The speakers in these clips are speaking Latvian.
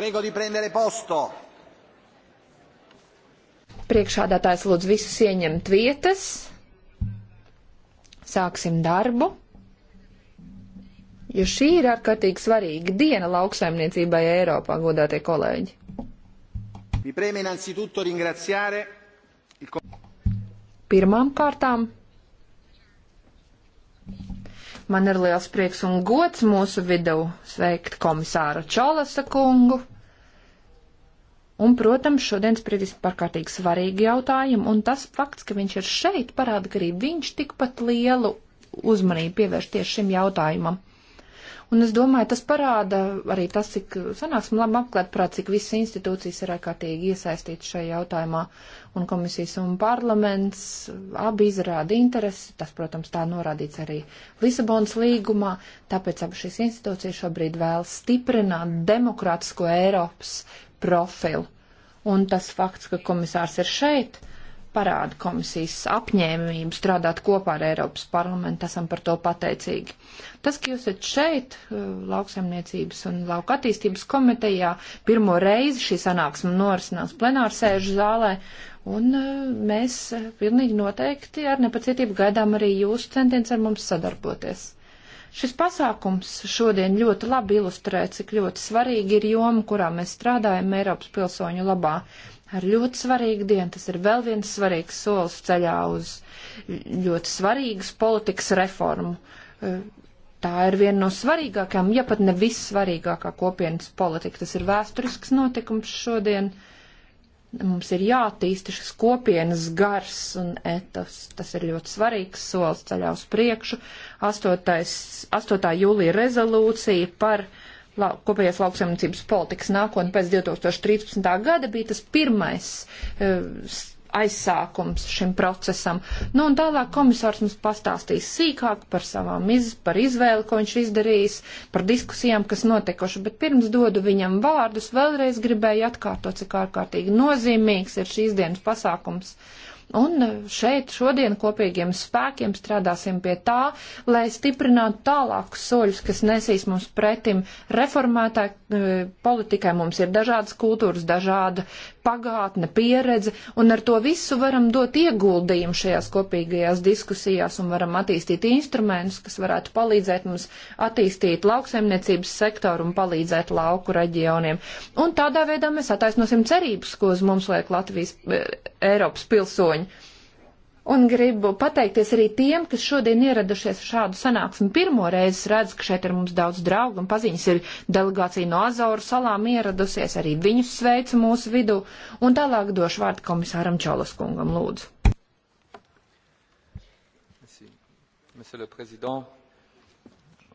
Prego di prendere posto. Priekšādātājs lūdz visus ieņemt vietas. Sāksim darbu. Jo šī ir ārkārtīgi svarīga diena lauksaimniecībai Eiropā, godātie kolēģi. Pirmām kārtām man ir liels prieks un gods mūsu vidū sveikt komisāru Čolasa kungu. Un, protams, šodien spriedīs par kārtīgi svarīgu jautājumu, un tas fakts, ka viņš ir šeit, parāda, ka arī viņš tikpat lielu uzmanību pievērš tieši šim jautājumam. Un es domāju, tas parāda arī tas, cik sanāksim labi apklāt prāt, cik visas institūcijas ir ārkārtīgi iesaistītas šajā jautājumā, un komisijas un parlaments abi izrāda interesi, tas, protams, tā norādīts arī Lisabonas līgumā, tāpēc abi šīs institūcijas šobrīd vēlas stiprināt demokrātisko Eiropas profilu. Un tas fakts, ka komisārs ir šeit, parāda komisijas apņēmību strādāt kopā ar Eiropas parlamentu. Esam par to pateicīgi. Tas, ka jūs esat šeit, eh, lauksaimniecības un lauka attīstības komitejā, pirmo reizi šī sanāksme norisinās plenārsēžu zālē, un eh, mēs eh, pilnīgi noteikti ar nepacietību gaidām arī jūsu centienus ar mums sadarboties. Šis pasākums šodien ļoti labi ilustrē, cik ļoti svarīgi ir joma, kurā mēs strādājam Eiropas pilsoņu labā. Ar ļoti svarīgu dienu tas ir vēl viens svarīgs solis ceļā uz ļoti svarīgas politikas reformu. Eh, Tā ir viena no svarīgākajām, ja pat ne vissvarīgākā kopienas politika. Tas ir vēsturisks notikums šodien. Uh, Mums ir jātīsta šis kopienas gars un etas. Tas ir ļoti svarīgs solis ceļā uz priekšu. 8. 8. jūlija rezolūcija par la, kopējās lauksaimniecības politikas nākotni pēc 2013. gada bija tas pirmais uh, aizsākums šim procesam. Nu, un tālāk komisārs mums pastāstīs sīkāk par savām iz, par izvēli, ko viņš izdarījis, par diskusijām, kas notikuši, bet pirms dodu viņam vārdus, vēlreiz gribēju atkārtot, cik ārkārtīgi nozīmīgs ir šīs dienas pasākums. Uh, Un šeit šodien kopīgiem spēkiem strādāsim pie tā, lai stiprinātu tālākus soļus, kas nesīs mums pretim reformētā e, politikai. Mums ir dažādas kultūras, dažāda pagātne, pieredze, un ar to visu varam dot ieguldījumu šajās kopīgajās diskusijās un varam attīstīt instrumentus, kas varētu palīdzēt mums attīstīt lauksaimniecības sektoru un palīdzēt lauku reģioniem. Un tādā veidā mēs attaisnosim cerības, ko uz mums liek Latvijas, e, Eiropas pilsoņi Un gribu pateikties arī tiem, kas šodien ieradušies šādu sanāksmi pirmo reizi. Es redzu, ka šeit ir mums daudz draugu un paziņas. Ir delegācija no Azoru salām ieradusies, arī viņus sveicu mūsu vidū. Un tālāk došu vārdu komisāram Čalaskungam, lūdzu. Monsieur le Président,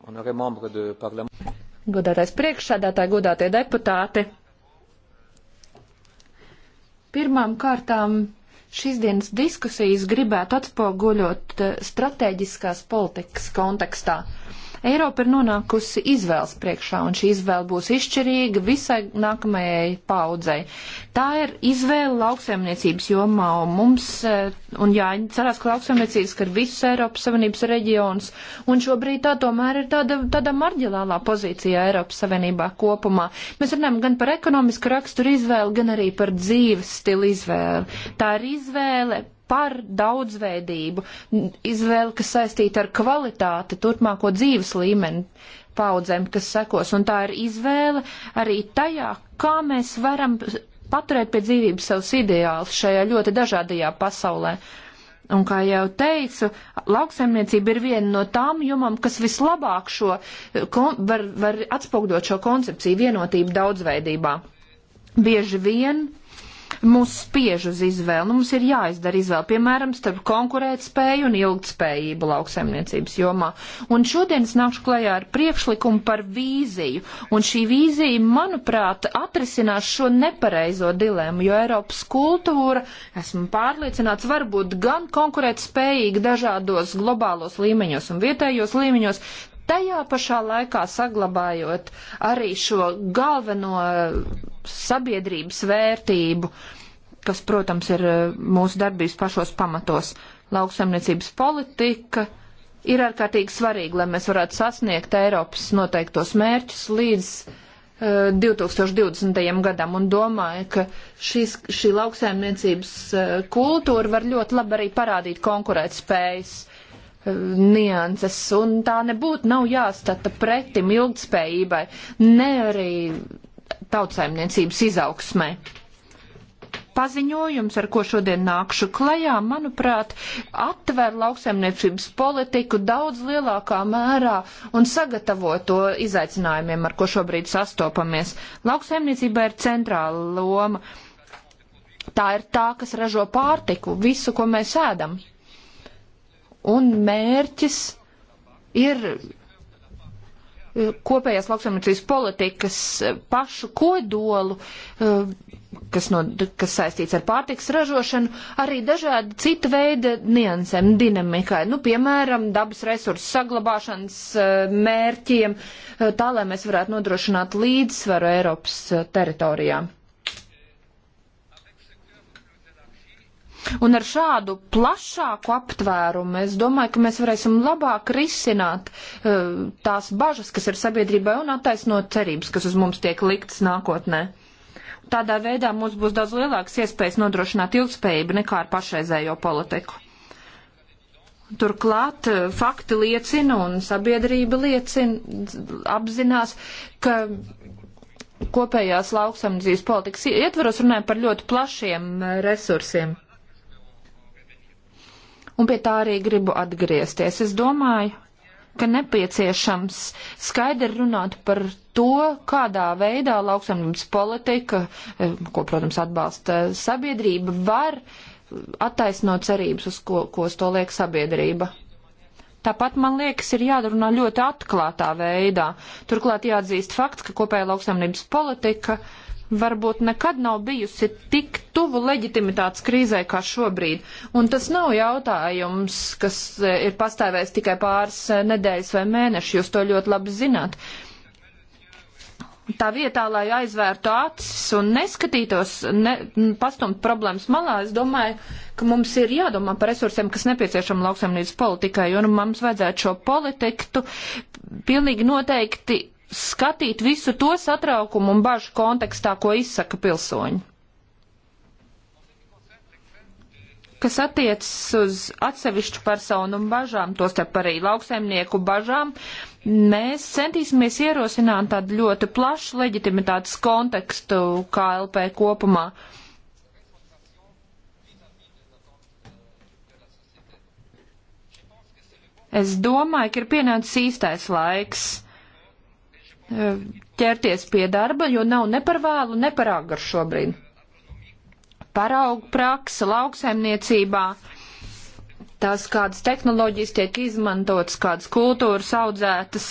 honoré membre de Parlement. Godātais priekšsādātāji, godātie deputāti. Pirmām kārtām Šīs dienas diskusijas gribētu atspoguļot eh, stratēģiskās politikas kontekstā. Uh, Eiropa ir nonākusi izvēles priekšā, un šī izvēle būs izšķirīga visai nākamajai paudzei. Tā ir izvēle lauksaimniecības jomā, un mums, eh, un jācerās, ka lauksaimniecības, ka ir visas Eiropas Savienības reģions, un šobrīd tā tomēr ir tāda, tāda marģinālā pozīcijā Eiropas Savienībā kopumā. Mēs runājam gan par ekonomisku raksturu izvēli, gan arī par dzīves stilu izvēli. Tā ir izvēle par daudzveidību, izvēli, kas saistīta ar kvalitāti, turpmāko dzīves līmeni paudzēm, kas sekos. Un tā ir izvēle arī tajā, kā mēs varam paturēt pie dzīvības savus ideālus šajā ļoti dažādajā pasaulē. Un kā jau teicu, lauksaimniecība ir viena no tām jomām, kas vislabāk šo, var, var atspogdot šo koncepciju vienotību daudzveidībā. Bieži vien uh, mūs spiež uz izvēli. Nu, mums ir jāizdara izvēle, piemēram, starp konkurētspēju un ilgtspējību lauksaimniecības jomā. Un šodien es nākšu klajā ar priekšlikumu par vīziju. Un šī vīzija, manuprāt, atrisinās šo nepareizo dilēmu, jo Eiropas kultūra, esmu pārliecināts, var būt gan konkurētspējīga dažādos globālos līmeņos un vietējos līmeņos, tajā pašā laikā saglabājot arī šo galveno eh, sabiedrības vērtību, kas, protams, ir eh, mūsu darbības pašos pamatos. Lauksaimniecības politika ir ārkārtīgi svarīga, lai mēs varētu sasniegt Eiropas noteiktos mērķus līdz 2020. Eh, gadam un domāju, ka šis, šī lauksaimniecības kultūra var ļoti labi arī parādīt konkurētspējas nianses, un tā nebūtu nav jāstata pretim ilgtspējībai, ne arī tautsaimniecības izaugsmai paziņojums, ar ko šodien nākšu klajā, manuprāt, atver lauksaimniecības politiku daudz lielākā mērā un sagatavo to izaicinājumiem, ar ko šobrīd sastopamies. Lauksaimniecība ir centrāla loma. Tā ir tā, kas ražo pārtiku, visu, ko mēs ēdam un mērķis ir eh, kopējās lauksaimniecības politikas eh, pašu kodolu, eh, kas, no, kas saistīts ar pārtiks ražošanu, arī dažādi cita veida niansēm, dinamikai, nu, piemēram, dabas resursu saglabāšanas mērķiem, tā, lai mēs varētu nodrošināt līdzsvaru Eiropas teritorijām. Un ar šādu plašāku aptvērumu es domāju, ka mēs varēsim labāk risināt uh, tās bažas, kas ir sabiedrībai un attaisnot cerības, kas uz mums tiek liktas nākotnē. Tādā veidā mums būs daudz lielākas iespējas nodrošināt ilgspējību nekā ar pašreizējo politiku. Turklāt eh, fakti liecina un sabiedrība liecina, apzinās, ka kopējās lauksamdzības politikas ietvaros runājam par ļoti plašiem eh, resursiem un pie tā arī gribu atgriezties. Es domāju, ka nepieciešams skaidri runāt par to, kādā veidā lauksaimnības politika, eh, ko, protams, atbalsta sabiedrība, var attaisnot cerības, uz ko, ko to liek sabiedrība. Tāpat, man liekas, ir jādrunā ļoti atklātā veidā. Turklāt jāatzīst fakts, ka kopēja lauksaimnības politika uh, varbūt nekad nav bijusi tik tuvu leģitimitātes krīzē kā šobrīd. Un tas nav jautājums, kas e, ir pastāvējis tikai pāris e, nedēļas vai mēneši, jūs to ļoti labi zināt. Tā vietā, lai aizvērtu acis un neskatītos, ne, pastumt problēmas malā, es domāju, ka mums ir jādomā par resursiem, kas nepieciešami lauksaimnības politikai, un mums vajadzētu šo politiku pilnīgi noteikti skatīt visu to satraukumu un bažu kontekstā, ko izsaka pilsoņi. Kas attiecas uz atsevišķu personu un bažām, tostarp arī lauksaimnieku bažām, mēs centīsimies ierosināt tādu ļoti plašu leģitimitātes kontekstu KLP kopumā. Es domāju, ka ir pienācis īstais laiks ķerties pie darba, jo nav ne par vēlu, ne par agru šobrīd. Paraugu praksa lauksaimniecībā, tās kādas tehnoloģijas tiek izmantotas, kādas kultūras audzētas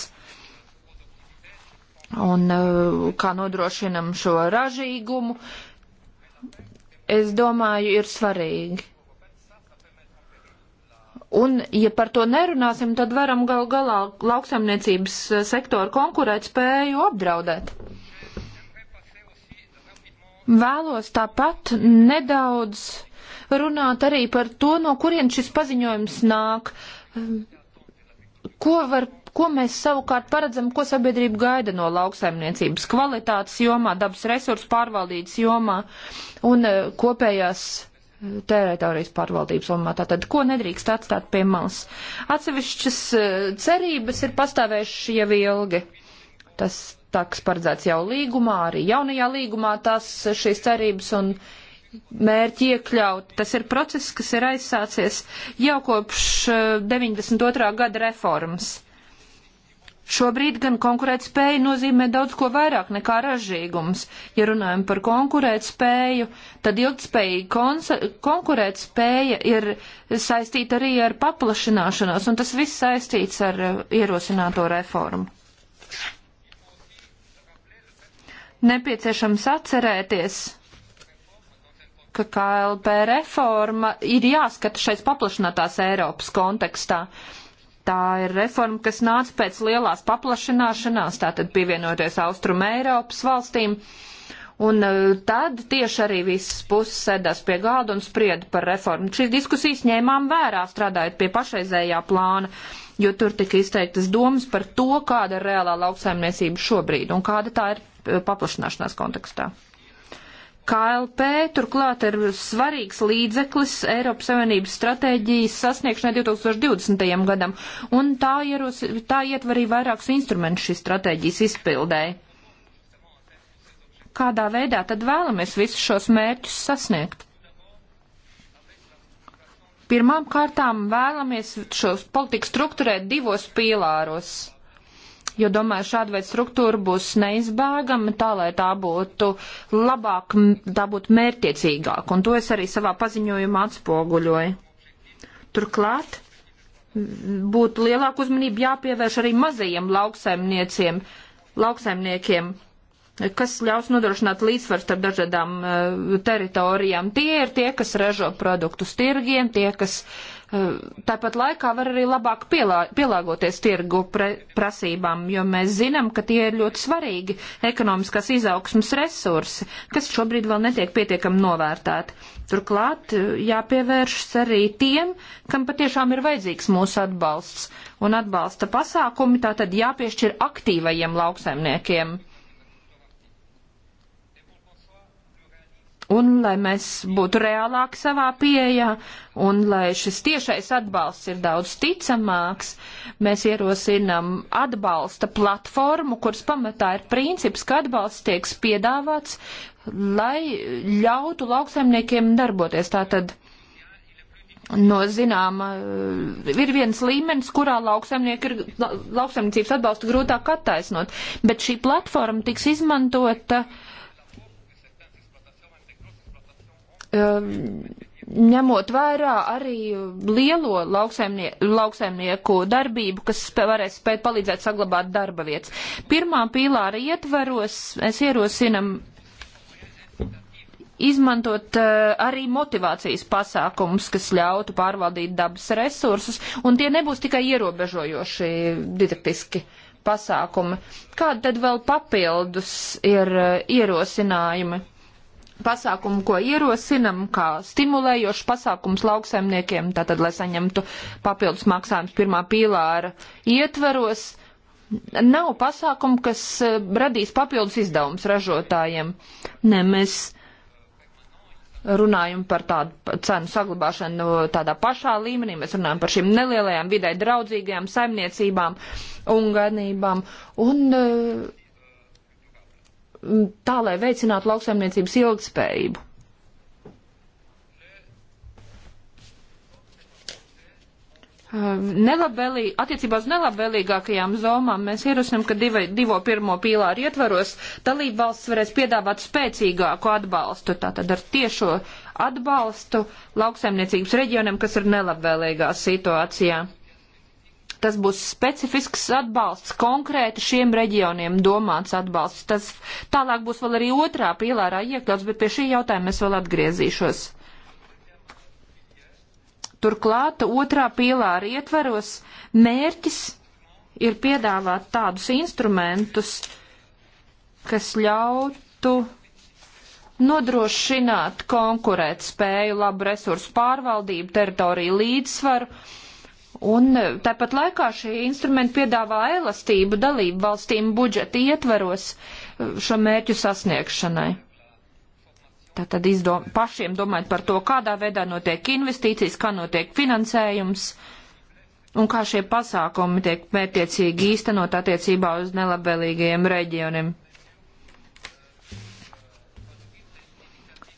un uh, kā nodrošinam šo ražīgumu, es domāju, ir svarīgi. Un, ja par to nerunāsim, tad varam gal galā lauksaimniecības eh, sektoru konkurēt spēju apdraudēt. Vēlos tāpat nedaudz runāt arī par to, no kurien šis paziņojums nāk, ko var ko mēs savukārt paredzam, ko sabiedrība gaida no lauksaimniecības kvalitātes jomā, dabas resursu pārvaldības jomā un eh, kopējās teritorijas pārvaldības lomā. Tātad, ko nedrīkst atstāt pie malas? Atsevišķas eh, cerības ir pastāvējušas jau ilgi. Tas tāks paredzēts jau līgumā, arī jaunajā līgumā tās eh, šīs cerības un mērķi iekļaut. Tas ir process, kas ir aizsācies jau kopš 92. Eh, gada reformas. Šobrīd gan konkurētspēja nozīmē daudz ko vairāk nekā ražīgums. Ja runājam par konkurētspēju, tad ilgtspējīga konkurētspēja ir saistīta arī ar paplašināšanos, un tas viss saistīts ar uh, ierosināto reformu. Nepieciešams atcerēties, ka KLP reforma ir jāskata šais paplašinātās Eiropas kontekstā. Uh, Tā ir reforma, kas nāca pēc lielās paplašināšanās, tātad pievienoties Austrum Eiropas valstīm. Un e, tad tieši arī visas puses sēdās pie galda un sprieda par reformu. Šīs diskusijas ņēmām vērā, strādājot pie pašreizējā plāna, jo tur tika izteiktas domas par to, kāda ir reālā lauksaimniecība šobrīd un kāda tā ir e, paplašināšanās kontekstā. KLP turklāt ir svarīgs līdzeklis Eiropas Savienības stratēģijas sasniegšanai 2020. gadam, un tā, ieros, tā ietver arī vairākus instrumentus šīs stratēģijas izpildēji. Kādā veidā tad vēlamies visus šos mērķus sasniegt? Pirmām kārtām vēlamies šos politiku strukturēt divos pīlāros jo domāju, šāda veida struktūra būs neizbēgama tā, lai tā būtu labāk, tā būtu mērtiecīgāk, un to es arī savā paziņojumā atspoguļoju. Turklāt būtu lielāka uzmanība jāpievērš arī mazajiem lauksaimnieciem, lauksaimniekiem, kas ļaus nodrošināt līdzsvaru starp dažādām uh, teritorijām. Tie ir tie, kas ražo produktus tirgiem, tie, kas uh, Eh, tāpat laikā var arī labāk pielā, pielāgoties tirgu pre, prasībām, jo mēs zinām, ka tie ir ļoti svarīgi ekonomiskās izaugsmas resursi, kas šobrīd vēl netiek pietiekami novērtēti. Turklāt eh, jāpievēršas arī tiem, kam patiešām ir vajadzīgs mūsu atbalsts un atbalsta pasākumi, tātad jāpiešķir aktīvajiem lauksaimniekiem un lai mēs būtu reālāki savā pieejā, un lai šis tiešais atbalsts ir daudz ticamāks, mēs ierosinām atbalsta platformu, kuras pamatā ir princips, ka atbalsts tiek piedāvāts, lai ļautu lauksaimniekiem darboties. Tātad no zināma, ir viens līmenis, kurā lauksaimnieki ir lauksaimniecības atbalstu grūtāk attaisnot, bet šī platforma tiks izmantota uh, Um, ņemot vērā arī lielo lauksaimnie, lauksaimnieku darbību, kas spē, varēs spēt palīdzēt saglabāt darba vietas. Pirmā pīlāra ietvaros es ierosinam izmantot uh, arī motivācijas pasākums, kas ļautu pārvaldīt dabas resursus, un tie nebūs tikai ierobežojoši didaktiski pasākumi. Kādi tad vēl papildus ir uh, ierosinājumi? pasākumu, ko ierosinam, kā stimulējošu pasākums lauksaimniekiem, tātad, lai saņemtu papildus maksājums pirmā pīlāra ietvaros, nav pasākumu, kas eh, radīs papildus izdevums ražotājiem. Nē, mēs runājam par tādu cenu saglabāšanu tādā pašā līmenī, mēs runājam par šīm nelielajām vidē draudzīgajām saimniecībām un ganībām. Un, uh, eh, tā, lai veicinātu lauksaimniecības ilgspējību. Um, Nelabelī, attiecībā uz nelabvēlīgākajām zomām mēs ierosinām, ka divi, divo pirmo pīlāru ietvaros dalību valsts varēs piedāvāt spēcīgāku atbalstu, tātad ar tiešo atbalstu lauksaimniecības reģionam, kas ir nelabvēlīgā situācijā. Tas būs specifisks atbalsts konkrēti šiem reģioniem domāts atbalsts. Tas tālāk būs vēl arī otrā pīlārā iekļauts, bet pie šī jautājuma es vēl atgriezīšos. Turklāt otrā pīlāra ietveros mērķis ir piedāvāt tādus instrumentus, kas ļautu nodrošināt konkurēt spēju, labu resursu pārvaldību, teritoriju līdzsvaru Un e, tāpat laikā šie instrumenti piedāvā elastību dalību valstīm budžeta ietveros e, šo mērķu sasniegšanai. Tātad izdom, pašiem domājot par to, kādā veidā notiek investīcijas, kā notiek finansējums un kā šie pasākumi tiek mērķiecīgi īstenot attiecībā uz nelabvēlīgajiem reģioniem.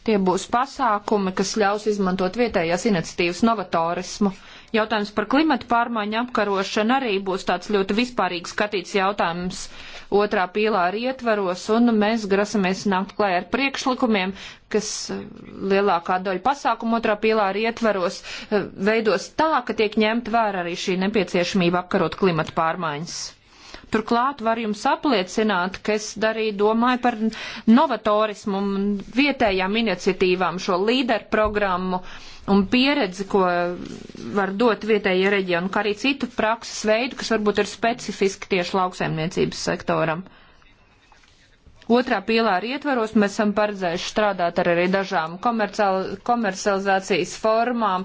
Tie būs pasākumi, kas ļaus izmantot vietējās iniciatīvas novatorismu Jautājums par klimatu pārmaiņu apkarošanu arī būs tāds ļoti vispārīgi skatīts jautājums otrā pīlāra ietvaros, un mēs grasamies nākt klāj ar priekšlikumiem, kas eh, lielākā daļa pasākumu otrā pīlāra ietvaros eh, veidos tā, ka tiek ņemt vērā arī šī nepieciešamība apkarot klimatu pārmaiņas. Turklāt var jums apliecināt, ka es arī domāju par novatorismu un vietējām iniciatīvām šo līderu programmu. Uh, un pieredzi, ko var dot vietējie reģioni, kā arī citu prakses veidu, kas varbūt ir specifiski tieši lauksaimniecības sektoram. Otrā pīlāra ietvaros mēs esam paredzējuši strādāt ar arī dažām komercializācijas formām,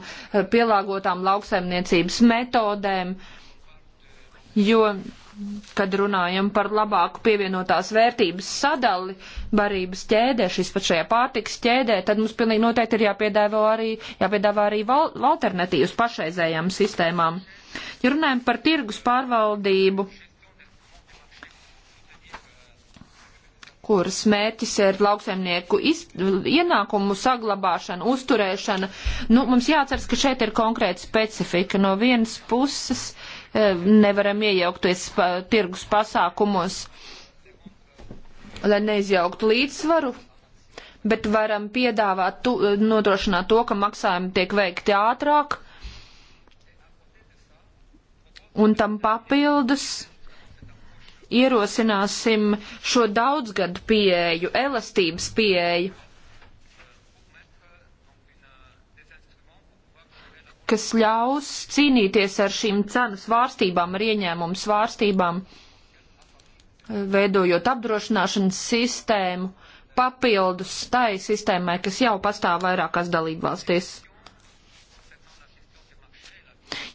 pielāgotām lauksaimniecības metodēm, jo kad runājam par labāku pievienotās vērtības sadali barības ķēdē, šis pat šajā pārtiks ķēdē, tad mums pilnīgi noteikti ir jāpiedāvā arī, jāpiedāvā arī val, alternatīvas pašreizējām sistēmām. Ja runājam par tirgus pārvaldību, kuras mērķis ir lauksaimnieku iz, ienākumu saglabāšana, uzturēšana, nu, mums jāatceras, ka šeit ir konkrēta specifika. No vienas puses, uh, nevaram iejaukties pa, tirgus pasākumos, lai neizjauktu līdzsvaru bet varam piedāvāt, tu, nodrošināt to, ka maksājumi tiek veikti ātrāk. Un tam papildus ierosināsim šo daudzgadu pieeju, elastības pieeju kas ļaus cīnīties ar šīm cenu svārstībām, ar ieņēmumu svārstībām, veidojot apdrošināšanas sistēmu papildus tai sistēmai, kas jau pastāv vairākās dalībvalstīs.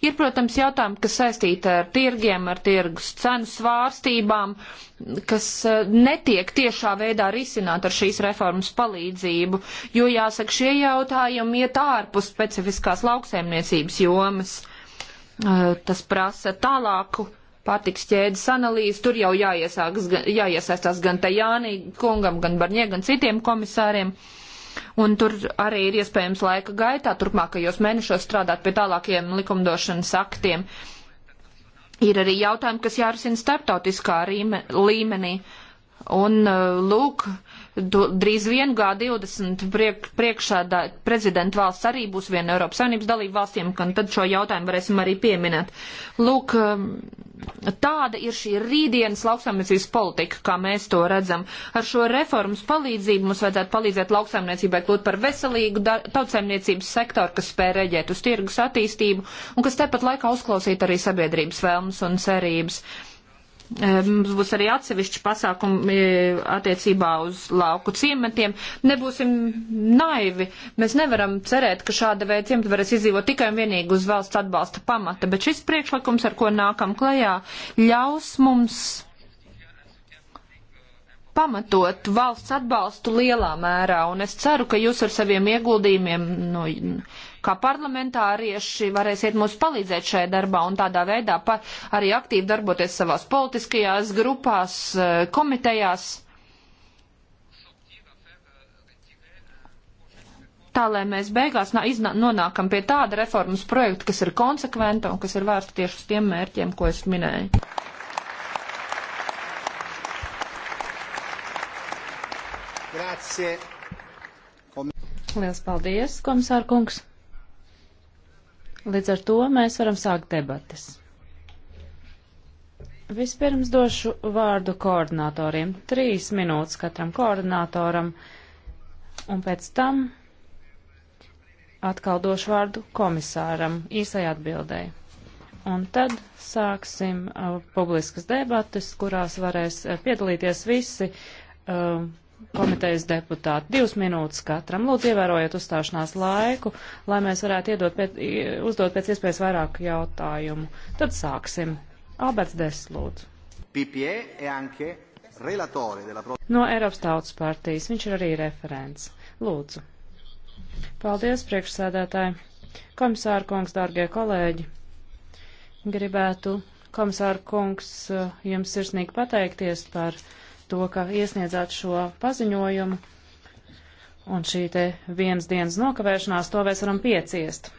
Ir, protams, jautājumi, kas saistīti ar tirgiem, ar tirgus cenu svārstībām, kas eh, netiek tiešā veidā risināt ar šīs reformas palīdzību, jo, jāsaka, šie jautājumi iet ārpus specifiskās lauksaimniecības jomas. Eh, tas prasa tālāku pārtiks ķēdes analīzi, tur jau jāiesāks, jāiesaistās gan Tajānī kungam, gan Barņē, gan citiem komisāriem. Uh, Un tur arī ir iespējams laika gaitā, turpmākajos mēnešos strādāt pie tālākiem likumdošanas aktiem. Ir arī jautājumi, kas jārisina starptautiskā rīme, līmenī. Un uh, lūk, do, drīz vien G20 priek, priekšādā prezidenta valsts arī būs viena Eiropas Savienības dalība valstīm, un tad šo jautājumu varēsim arī pieminēt. Lūk, um, tāda ir šī rītdienas lauksaimniecības politika, kā mēs to redzam. Ar šo reformas palīdzību mums vajadzētu palīdzēt lauksaimniecībai kļūt par veselīgu tautsaimniecības sektoru, kas spēj reģēt uz tirgus attīstību un kas tepat laikā uzklausīt arī sabiedrības vēlmes un cerības. Ehm, mums būs arī atsevišķi pasākumi e, attiecībā uz lauku ciematiem. Nebūsim naivi. Mēs nevaram cerēt, ka šāda veida ciemati varēs izdzīvot tikai un vienīgi uz valsts atbalsta pamata, bet šis priekšlikums, ar ko nākam klajā, ļaus mums pamatot valsts atbalstu lielā mērā, un es ceru, ka jūs ar saviem ieguldījumiem. Nu, no, kā parlamentārieši varēsiet mums palīdzēt šajā darbā un tādā veidā arī aktīvi darboties savās politiskajās grupās, e, komitejās. tā, lai mēs beigās nonākam pie tāda reformas projekta, kas ir konsekventa un kas ir vērsta tieši uz tiem mērķiem, ko es minēju. Grazie. Kom... Liels paldies, komisārkungs. Līdz ar to mēs varam sākt debatas. Vispirms došu vārdu koordinatoriem. Trīs minūtes katram koordinatoram, un pēc tam atkal došu vārdu komisāram īsai atbildēji. Un tad sāksim uh, publiskas debatas, kurās varēs uh, piedalīties visi uh, komitejas deputāti. Divas minūtes katram. Lūdzu, ievērojiet uzstāšanās laiku, lai mēs varētu iedot pēc, uzdot pēc iespējas vairāk jautājumu. Tad sāksim. Alberts Des, lūdzu. E no Eiropas Tautas partijas. Viņš ir arī referents. Lūdzu. Paldies, priekšsēdētāji. Komisāra kungs, dārgie kolēģi, gribētu komisāra kungs jums sirsnīgi pateikties par to, ka iesniedzāt šo paziņojumu. Un šī te vienas dienas nokavēšanās to mēs varam pieciest.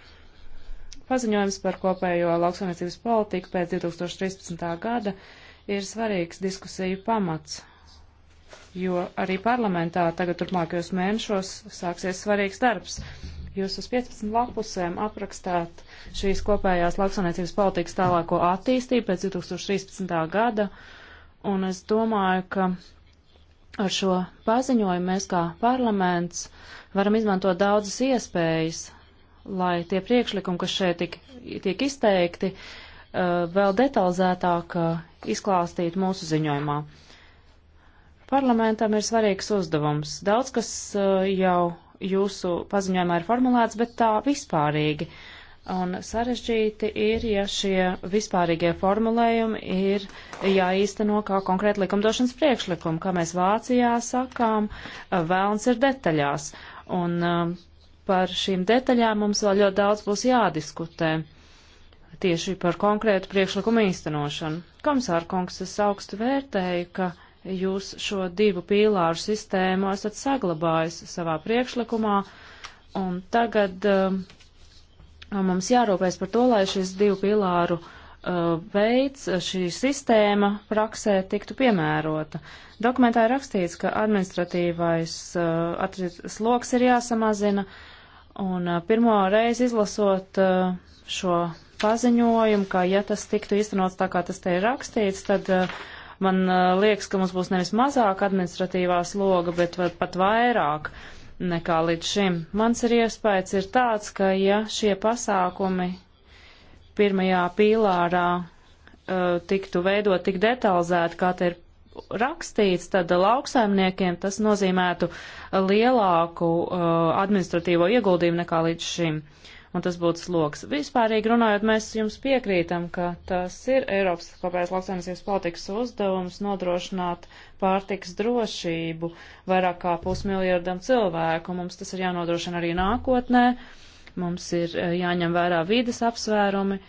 Paziņojums par kopējo lauksaimniecības politiku pēc 2013. gada ir svarīgs diskusiju pamats, jo arī parlamentā tagad turpmākajos mēnešos sāksies svarīgs darbs. Jūs uz 15 lapusēm aprakstāt šīs kopējās lauksaimniecības politikas tālāko attīstību pēc 2013. gada Un es domāju, ka ar šo paziņojumu mēs kā parlaments varam izmantot daudzas iespējas, lai tie priekšlikumi, kas šeit tik, tiek izteikti, eh, vēl detalizētāk eh, izklāstītu mūsu ziņojumā. Parlamentam ir svarīgs uzdevums. Daudz kas eh, jau jūsu paziņojumā ir formulēts, bet tā vispārīgi. Uh, Un sarežģīti ir, ja šie vispārīgie formulējumi ir jāīsteno kā konkrēti likumdošanas priekšlikumi, kā mēs Vācijā sakām, vēlns ir detaļās. Un um, par šīm detaļām mums vēl ļoti daudz būs jādiskutē tieši par konkrētu priekšlikumu īstenošanu. Komisāra kungs, es augstu vērtēju, ka jūs šo divu pīlāru sistēmu esat saglabājis savā priekšlikumā, un tagad uh, Mums jārūpēs par to, lai šis divu pilāru uh, veids, uh, šī sistēma praksē tiktu piemērota. Dokumentā ir rakstīts, ka administratīvais uh, sloks ir jāsamazina, un pirmo reizi izlasot šo paziņojumu, ka ja tas tiktu īstenots tā, kā tas te ir rakstīts, tad man liekas, ka mums būs nevis mazāk administratīvā sloga, bet pat vairāk. Uh, nekā līdz šim. Mans ir iespējas ir tāds, ka ja šie pasākumi pirmajā pīlārā uh, tiktu veidot tik detalizēti, kā te ir rakstīts, tad lauksaimniekiem tas nozīmētu lielāku uh, administratīvo ieguldījumu nekā līdz šim. Uh, un tas būtu sloks. Vispārīgi runājot, mēs jums piekrītam, ka tas ir Eiropas kopējās lauksaimniecības politikas uzdevums nodrošināt pārtiks drošību vairāk kā pusmiljardam cilvēku. Mums tas ir jānodrošina arī nākotnē, mums ir eh, jāņem vērā vīdes apsvērumi.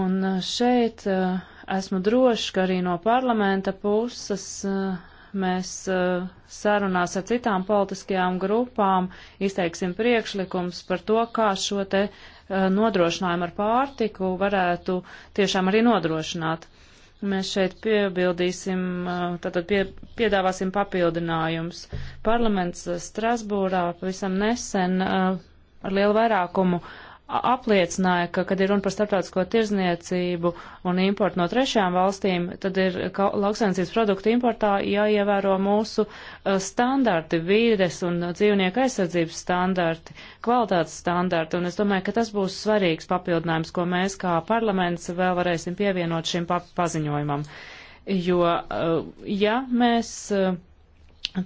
Un eh, šeit eh, esmu drošs, ka arī no parlamenta puses uh, mēs uh, sarunās ar citām politiskajām grupām izteiksim priekšlikums par to, kā šo te uh, nodrošinājumu ar pārtiku varētu tiešām arī nodrošināt. Mēs šeit piebildīsim, uh, tātad pie, piedāvāsim papildinājums. Parlaments Strasbūrā pavisam nesen ar lielu vairākumu uh, apliecināja, ka, kad ir runa par starptautisko tirzniecību un importu no trešajām valstīm, tad ir lauksainicības produktu importā jāievēro mūsu standarti, vīdes un dzīvnieku aizsardzības standarti, kvalitātes standarti, un es domāju, ka tas būs svarīgs papildinājums, ko mēs kā parlaments vēl varēsim pievienot šim pa paziņojumam. Jo, ja mēs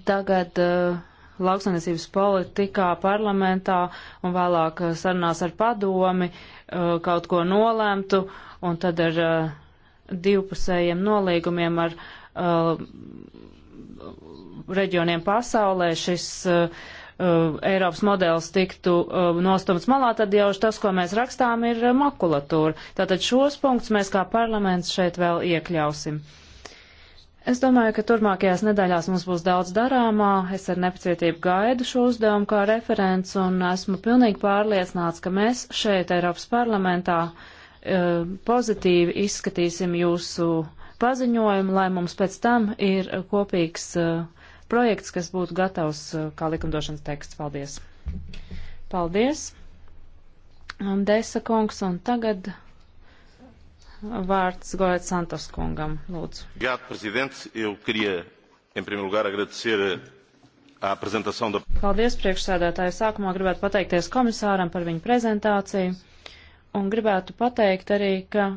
tagad lauksainiecības politikā, parlamentā un vēlāk eh, sarunās ar padomi eh, kaut ko nolēmtu un tad ar eh, divpusējiem nolīgumiem ar reģioniem pasaulē šis Eiropas modelis tiktu nostumts malā, tad jau tas, ko mēs rakstām, ir makulatūra. Tātad šos punktus mēs kā parlaments šeit vēl iekļausim. Uh, Es domāju, ka turpmākajās nedēļās mums būs daudz darāmā. Es ar nepacietību gaidu šo uzdevumu kā referents un esmu pilnīgi pārliecināts, ka mēs šeit Eiropas parlamentā eh, pozitīvi izskatīsim jūsu paziņojumu, lai mums pēc tam ir kopīgs eh, projekts, kas būtu gatavs eh, kā likumdošanas teksts. Paldies! Paldies! Desa kungs un tagad vārds Goet Santos kungam. Lūdzu. Obrigado, prezidents. Eu queria, em primeiro lugar, agradecer a apresentação da... Paldies, priekšsēdētāji. Sākumā gribētu pateikties komisāram par viņu prezentāciju. Un gribētu pateikt arī, ka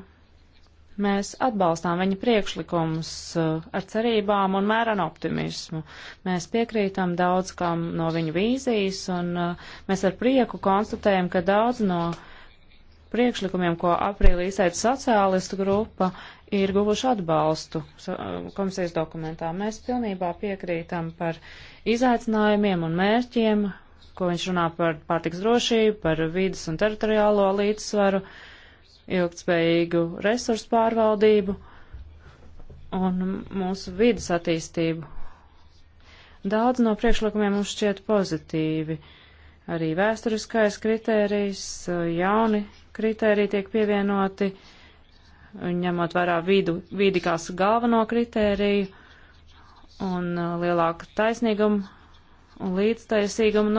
Mēs atbalstām viņa priekšlikumus uh, ar cerībām un mēran optimismu. Mēs piekrītam daudz kam no viņa vīzijas, un uh, mēs ar prieku konstatējam, ka daudz no priekšlikumiem, ko aprīlī izteica sociālistu grupa, ir guvuši atbalstu um, komisijas dokumentā. Mēs pilnībā piekrītam par izaicinājumiem un mērķiem, ko viņš runā par pārtiks drošību, par vidas un teritoriālo līdzsvaru, ilgtspējīgu resursu pārvaldību un mūsu vidas attīstību. Daudz no priekšlikumiem mums šķiet pozitīvi. Arī vēsturiskais kritērijs, uh, jauni kritēriji tiek pievienoti, ņemot vērā vidu, vidi kā galveno kritēriju un uh, lielāku taisnīgumu un līdztaisīgumu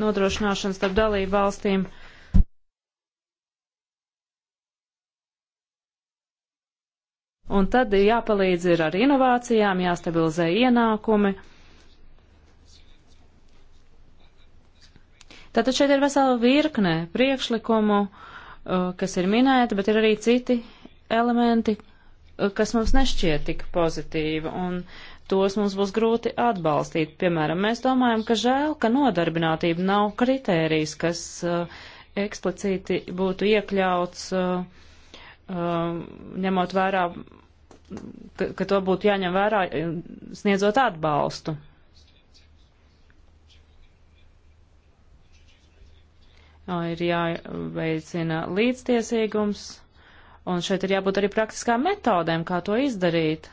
nodrošināšanu starp dalību valstīm. Un tad jāpalīdz ir ar inovācijām, jāstabilizē ienākumi. Tātad šeit ir vesela virkne priekšlikumu, uh, Uh, kas ir minēti, bet ir arī citi elementi, uh, kas mums nešķiet tik pozitīvi, un tos mums būs grūti atbalstīt. Piemēram, mēs domājam, ka žēl, ka nodarbinātība nav kritērijs, kas uh, eksplicīti būtu iekļauts, uh, uh, ņemot vērā, ka, ka to būtu jāņem vērā, sniedzot atbalstu ir jāveicina līdztiesīgums, un šeit ir jābūt arī praktiskām metodēm, kā to izdarīt.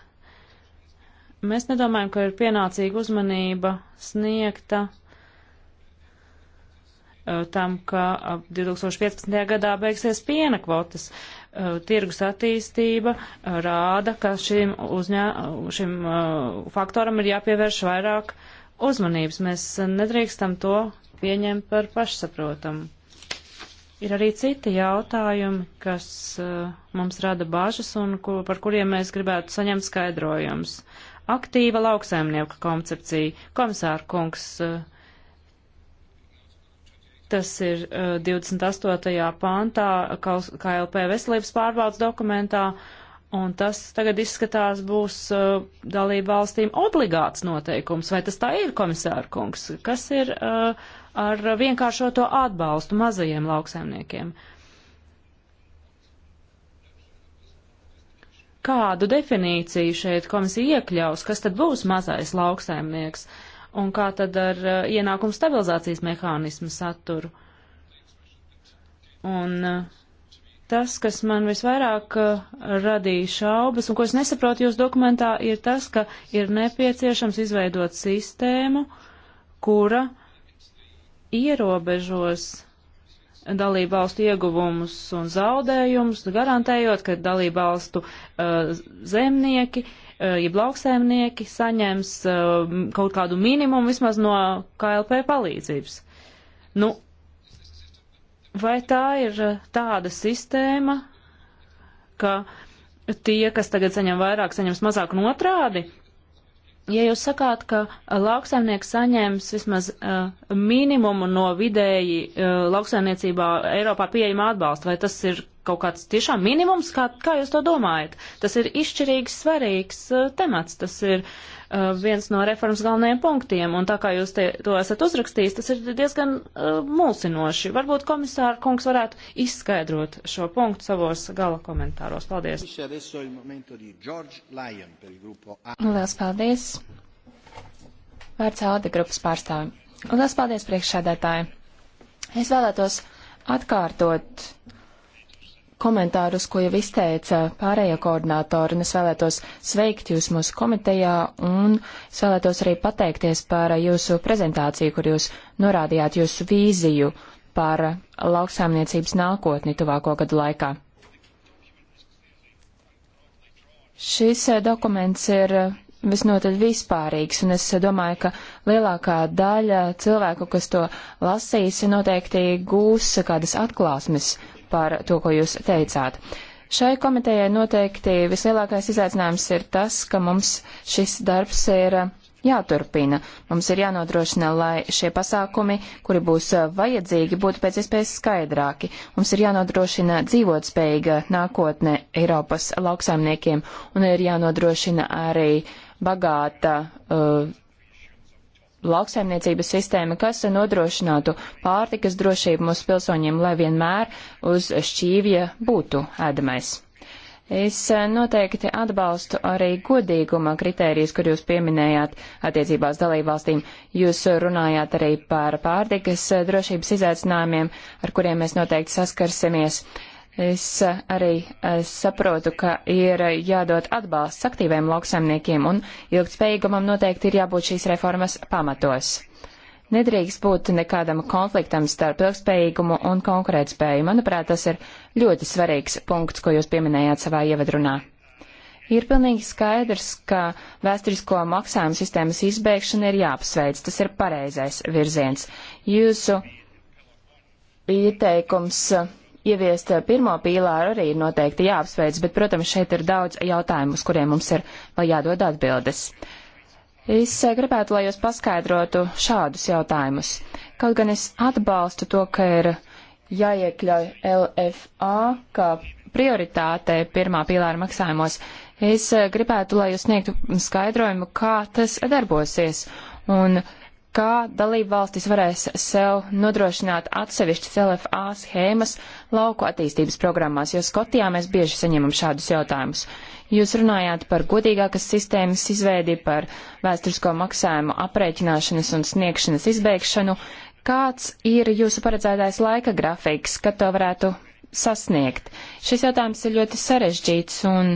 Mēs nedomājam, ka ir pienācīga uzmanība sniegta tam, ka 2015. gadā beigsies piena kvotas. Tirgus attīstība rāda, ka šim, uzņē, šim faktoram ir jāpievērš vairāk uzmanības. Mēs nedrīkstam to pieņemt par pašsaprotamu. Ir arī citi jautājumi, kas uh, mums rada bažas un ko, par kuriem mēs gribētu saņemt skaidrojumus. Aktīva lauksaimnieka koncepcija. Komisāra kungs, uh, tas ir uh, 28. pāntā KLP veselības pārbaudas dokumentā, un tas tagad izskatās būs eh, dalību valstīm obligāts noteikums. Vai tas tā ir, komisāra kungs? Kas ir uh, ar vienkāršoto atbalstu mazajiem lauksaimniekiem. Kādu definīciju šeit komisija iekļaus, kas tad būs mazais lauksaimnieks un kā tad ar uh, ienākumu stabilizācijas mehānismu saturu? Un uh, tas, kas man visvairāk uh, radīja šaubas un ko es nesaprotu jūsu dokumentā, ir tas, ka ir nepieciešams izveidot sistēmu, kura ierobežos dalību valstu ieguvumus un zaudējumus, garantējot, ka dalību valstu uh, zemnieki, uh, jeb lauksēmnieki saņems uh, kaut kādu minimumu vismaz no KLP palīdzības. Nu, vai tā ir tāda sistēma, ka tie, kas tagad saņem vairāk, saņems mazāk un otrādi? ja jūs sakāt, ka uh, lauksaimnieks saņems vismaz uh, minimumu no vidēji uh, lauksaimniecībā Eiropā pieejama atbalsta, vai tas ir kaut kāds tiešām minimums, kā, kā jūs to domājat? Tas ir izšķirīgs, svarīgs uh, temats, tas ir uh, viens no reformas galvenajiem punktiem, un tā kā jūs te, to esat uzrakstījis, tas ir diezgan uh, mulsinoši. Varbūt komisāra kungs varētu izskaidrot šo punktu savos gala komentāros. Paldies. Lielas paldies. Vārds Alde grupas pārstāvim. Lielas paldies priekšsēdētāji. Es vēlētos atkārtot komentārus, ko jau izteica pārējie koordinātori, un es vēlētos sveikt jūs mūsu komitejā, un es vēlētos arī pateikties par jūsu prezentāciju, kur jūs norādījāt jūsu vīziju par lauksaimniecības nākotni tuvāko gadu laikā. Šis dokuments ir visnotaļ vispārīgs, un es domāju, ka lielākā daļa cilvēku, kas to lasīs, noteikti gūs kādas atklāsmes par to, ko jūs teicāt. Šai komitejai noteikti vislielākais izaicinājums ir tas, ka mums šis darbs ir uh, jāturpina. Mums ir jānodrošina, lai šie pasākumi, kuri būs uh, vajadzīgi, būtu pēc iespējas skaidrāki. Mums ir jānodrošina dzīvotspējīga nākotne Eiropas lauksaimniekiem un ir jānodrošina arī bagāta uh, lauksaimniecības sistēma, kas nodrošinātu pārtikas drošību mūsu pilsoņiem, lai vienmēr uz šķīvja būtu ēdamais. Es e, noteikti atbalstu arī godīguma kritērijas, kur jūs pieminējāt attiecībās dalībvalstīm. Jūs runājāt arī par pārtikas e, drošības izaicinājumiem, ar kuriem mēs noteikti saskarsimies. Uh, Es eh, arī eh, saprotu, ka ir eh, jādod atbalsts aktīviem lauksaimniekiem un ilgtspējīgumam noteikti ir jābūt šīs reformas pamatos. Nedrīkst būt nekādam konfliktam starp ilgspējīgumu un konkurētspēju. Manuprāt, tas ir ļoti svarīgs punkts, ko jūs pieminējāt savā ievadrunā. Ir pilnīgi skaidrs, ka vēsturisko maksājumu sistēmas izbēgšana ir jāapsveic. Tas ir pareizais virziens. Jūsu ieteikums. Uh, ieviest eh, pirmo pīlāru arī ir noteikti jāapsveic, bet, protams, šeit ir daudz jautājumu, uz kuriem mums ir vēl jādod atbildes. Es eh, gribētu, lai jūs paskaidrotu šādus jautājumus. Kaut gan es atbalstu to, ka ir jāiekļauj LFA kā prioritāte pirmā pīlāra maksājumos, es eh, gribētu, lai jūs sniegtu skaidrojumu, kā tas darbosies. Un uh, kā dalībvalstis varēs sev nodrošināt atsevišķas LFA schēmas lauku attīstības programmās, jo Skotijā mēs bieži saņemam šādus jautājumus. Jūs runājāt par godīgākas sistēmas izveidi, par vēsturisko maksājumu aprēķināšanas un sniegšanas izbeigšanu. Kāds ir jūsu paredzētais laika grafiks, kad to varētu sasniegt? Šis jautājums ir ļoti sarežģīts un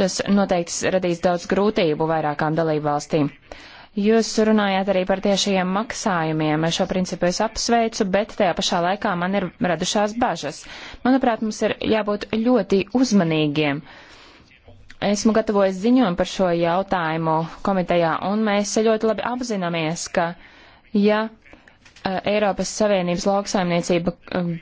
tas noteikti radīs daudz grūtību vairākām dalībvalstīm. valstīm. Jūs runājāt arī par tiešajiem maksājumiem. Šo principu es apsveicu, bet tajā pašā laikā man ir radušās bažas. Manuprāt, mums ir jābūt ļoti uzmanīgiem. Esmu gatavojis ziņojumu par šo jautājumu komitejā, un mēs ļoti labi apzināmies, ka ja eh, Eiropas Savienības lauksaimniecība eh,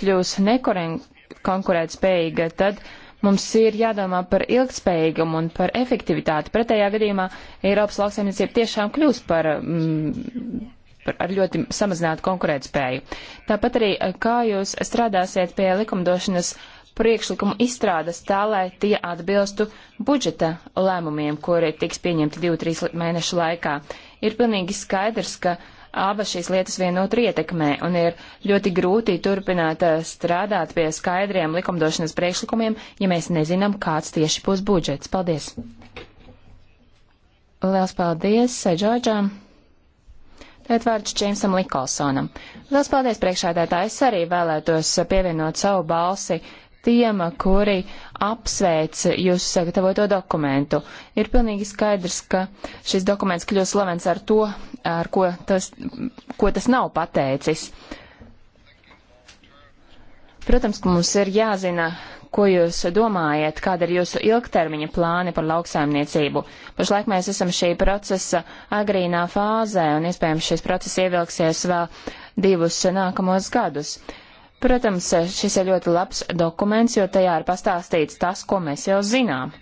kļūs nekonkurētspējīga, tad uh, Mums ir jādomā par ilgspējīgumu un par efektivitāti. Pretējā gadījumā Eiropas lauksaimniecība tiešām kļūs par, mm, par ar ļoti samazinātu konkurētspēju. Tāpat arī, eh, kā jūs strādāsiet pie likumdošanas priekšlikumu izstrādes tā, lai tie atbilstu budžeta lēmumiem, kuri tiks pieņemti 2-3 mēnešu laikā. Ir pilnīgi skaidrs, ka uh, abas šīs lietas vienotru ietekmē, un ir ļoti grūti turpināt eh, strādāt pie skaidriem likumdošanas priekšlikumiem, ja mēs nezinām, kāds tieši būs budžets. Paldies! Liels paldies, eh, Džordžām! Tagad vārds Džeimsam Likolsonam. Liels paldies priekšādētājs arī vēlētos pievienot savu balsi tiem, kuri apsveic jūsu sagatavoto dokumentu. Ir pilnīgi skaidrs, ka šis dokuments kļūst slavens ar to, ar ko tas, ko tas nav pateicis. Protams, ka mums ir jāzina, ko jūs domājat, kāda ir jūsu ilgtermiņa plāni par lauksaimniecību. Pašlaik mēs esam šī procesa agrīnā fāzē, un iespējams šis process ievilksies vēl divus nākamos gadus. Protams, šis ir ļoti labs dokuments, jo tajā ir pastāstīts tas, ko mēs jau zinām.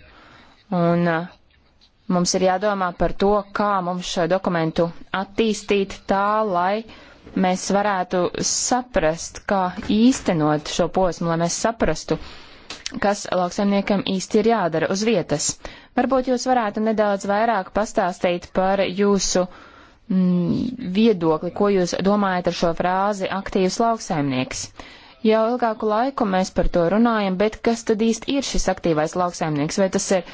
Un uh, mums ir jādomā par to, kā mums šo dokumentu attīstīt tā, lai mēs varētu saprast, kā īstenot šo posmu, lai mēs saprastu, kas lauksaimniekam īsti ir jādara uz vietas. Varbūt jūs varētu nedaudz vairāk pastāstīt par jūsu uh, mm, viedokli, ko jūs domājat ar šo frāzi aktīvs lauksaimnieks. Jau ilgāku laiku mēs par to runājam, bet kas tad īsti ir šis aktīvais lauksaimnieks? Vai tas ir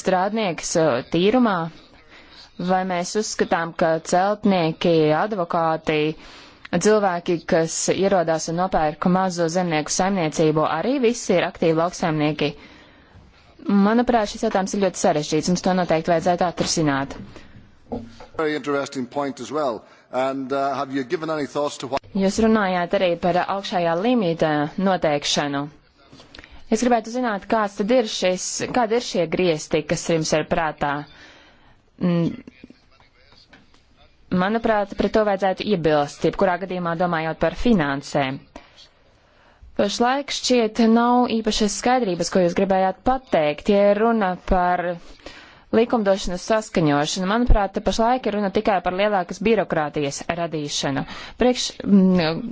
strādnieks uh, tīrumā? Vai mēs uzskatām, ka celtnieki, advokāti, cilvēki, kas ierodās un nopērk mazo zemnieku saimniecību, arī visi ir aktīvi lauksaimnieki? Manuprāt, šis jautājums ir ļoti sarežģīts, mums to noteikti vajadzētu atrisināt. Uh, Well. And, uh, to... Jūs runājāt arī par augšējā limita noteikšanu. Es gribētu zināt, kāds tad ir šis, kādi ir šie griesti, kas jums ir prātā. Mm. Manuprāt, pret to vajadzētu iebilst, jebkurā gadījumā domājot par finansēm. Pašlaik šķiet nav īpašas skaidrības, ko jūs gribējāt pateikt, ja runa par uh, likumdošanas saskaņošana. Manuprāt, te pašlaik ir runa tikai par lielākas birokrātijas radīšanu. Priekš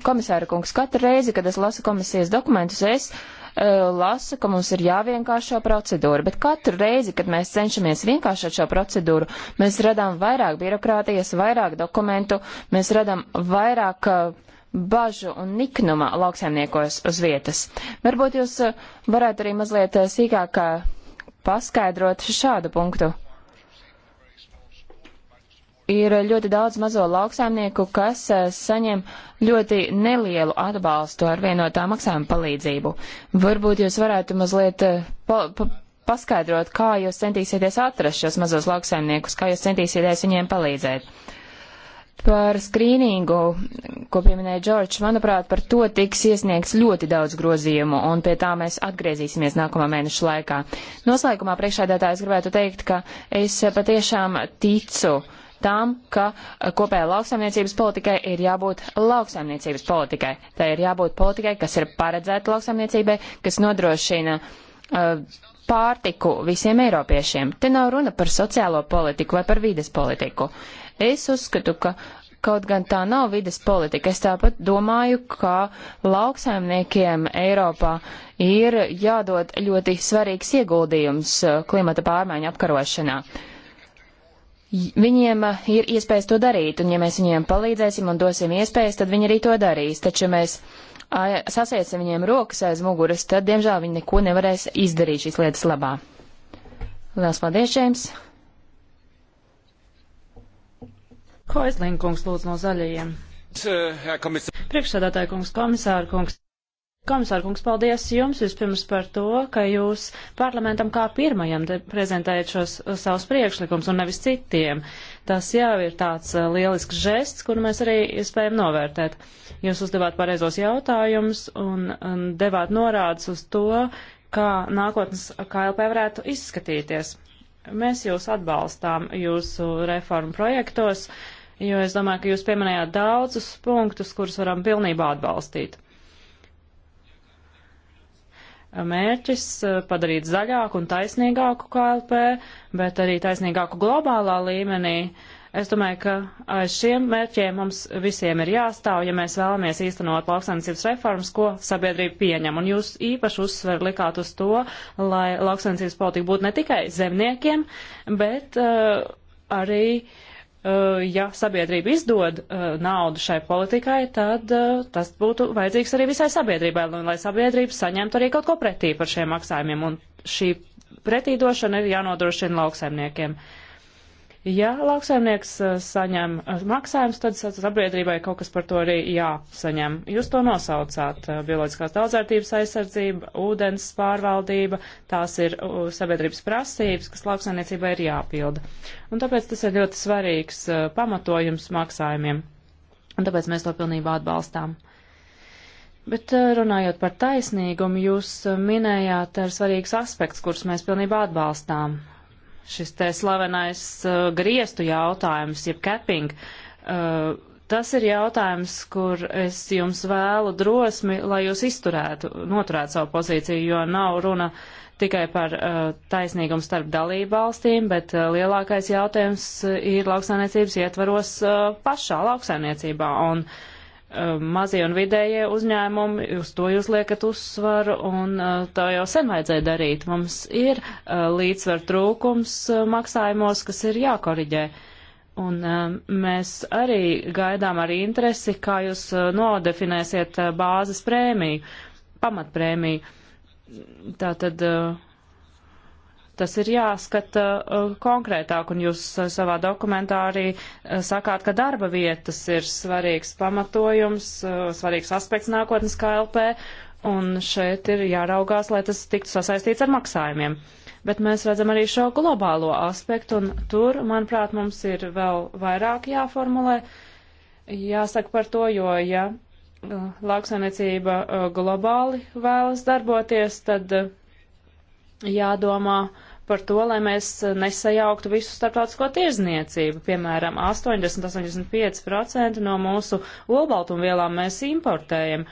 komisāra kungs, katru reizi, kad es lasu komisijas dokumentus, es uh, lasu, ka mums ir jāvienkāršo procedūra, bet katru reizi, kad mēs cenšamies vienkāršot šo procedūru, mēs radām vairāk birokrātijas, vairāk dokumentu, mēs radām vairāk uh, bažu un niknuma lauksaimniekos uz vietas. Varbūt jūs e, varētu arī mazliet sīkāk paskaidrot šādu punktu. Ir ļoti daudz mazo lauksaimnieku, kas eh, saņem ļoti nelielu atbalstu ar vienotā maksājuma palīdzību. Varbūt jūs varētu mazliet eh, pa, pa, paskaidrot, kā jūs centīsieties atrast šos mazos lauksaimniekus, kā jūs centīsieties viņiem palīdzēt. Par skrīningu, ko pieminēja Džordžs, manuprāt, par to tiks iesniegts ļoti daudz grozījumu, un pie tā mēs atgriezīsimies nākamā mēneša laikā. Noslēgumā priekšādātājs gribētu teikt, ka es patiešām ticu tam, ka kopējā lauksaimniecības politikai ir jābūt lauksaimniecības politikai. Tā ir jābūt politikai, kas ir paredzēta lauksaimniecībai, kas nodrošina uh, pārtiku visiem eiropiešiem. Te nav runa par sociālo politiku vai par vides politiku. Uh, Es uzskatu, ka kaut gan tā nav vides politika, es tāpat domāju, ka lauksaimniekiem Eiropā ir jādod ļoti svarīgs ieguldījums uh, klimata pārmaiņu apkarošanā. Viņiem uh, ir iespējas to darīt, un ja mēs viņiem palīdzēsim un dosim iespējas, tad viņi arī to darīs. Taču mēs sasiesim viņiem rokas aiz muguras, tad, diemžēl, viņi neko nevarēs izdarīt šīs lietas labā. Lielas paldies, Čēms! Koizlīna kungs lūdzu no zaļajiem. Priekšsēdētāja kungs, komisāra kungs. Komisāra kungs, paldies jums vispirms par to, ka jūs parlamentam kā pirmajam prezentējat šos uh, savus priekšlikums un nevis citiem. Tas jau ir tāds uh, lielisks žests, kuru mēs arī spējam novērtēt. Jūs uzdevāt pareizos jautājumus un, un devāt norādes uz to, kā nākotnes KLP varētu izskatīties. Mēs jūs atbalstām jūsu reformu projektos. Uh, jo es domāju, ka jūs pieminējāt daudzus punktus, kurus varam pilnībā atbalstīt. Mērķis eh, padarīt zaļāku un taisnīgāku KLP, bet arī taisnīgāku globālā līmenī. Es domāju, ka aiz šiem mērķiem mums visiem ir jāstāv, ja mēs vēlamies īstenot lauksaimniecības reformas, ko sabiedrība pieņem. Un jūs īpaši uzsver likāt uz to, lai lauksaimniecības politika būtu ne tikai zemniekiem, bet uh, arī uh, Eh, ja sabiedrība izdod eh, naudu šai politikai, tad eh, tas būtu vajadzīgs arī visai sabiedrībai, lai sabiedrība saņemtu arī kaut ko pretī par šiem maksājumiem. Un šī pretīdošana ir jānodrošina lauksaimniekiem. Uh, Ja lauksaimnieks eh, saņem eh, maksājumus, tad sabiedrībai kaut kas par to arī jāsaņem. Jūs to nosaucāt eh, - bioloģiskās daudzvērtības aizsardzība, ūdens pārvaldība, tās ir sabiedrības prasības, kas lauksaimniecībai ir jāpilda. Un tāpēc tas ir ļoti svarīgs pamatojums maksājumiem. Un tāpēc mēs to pilnībā atbalstām. Bet runājot par taisnīgumu, jūs minējāt ar svarīgus aspektus, kurus mēs pilnībā atbalstām šis te slavenais uh, griestu jautājums, jeb capping. Uh, tas ir jautājums, kur es jums vēlu drosmi, lai jūs izturētu, noturētu savu pozīciju, jo nav runa tikai par uh, taisnīgumu starp dalību valstīm, bet uh, lielākais jautājums uh, ir lauksainiecības ietvaros uh, pašā lauksainiecībā. Un, uh, Um, mazie un vidējie uzņēmumi, uz to jūs liekat uzsvaru, un uh, tā jau sen vajadzēja darīt. Mums ir uh, līdzsvar trūkums uh, maksājumos, kas ir jākoriģē. Un um, mēs arī gaidām ar interesi, kā jūs nodefinēsiet bāzes prēmiju, pamatprēmiju. Tātad. Uh, Tas ir jāskata uh, konkrētāk, un jūs uh, savā dokumentā arī uh, sakāt, ka darba vietas ir svarīgs pamatojums, svarīgs aspekts nākotnes KLP, un šeit ir jāraugās, lai tas tiktu sasaistīts ar maksājumiem. Bet mēs redzam arī šo globālo aspektu, un tur, manuprāt, mums ir vēl vairāk jāformulē, jāsaka par to, jo, ja lauksainiecība globāli vēlas darboties, tad jādomā par to, lai mēs nesajauktu visu starptautisko tirzniecību. Piemēram, 80-85% no mūsu olbaltumvielām mēs importējam,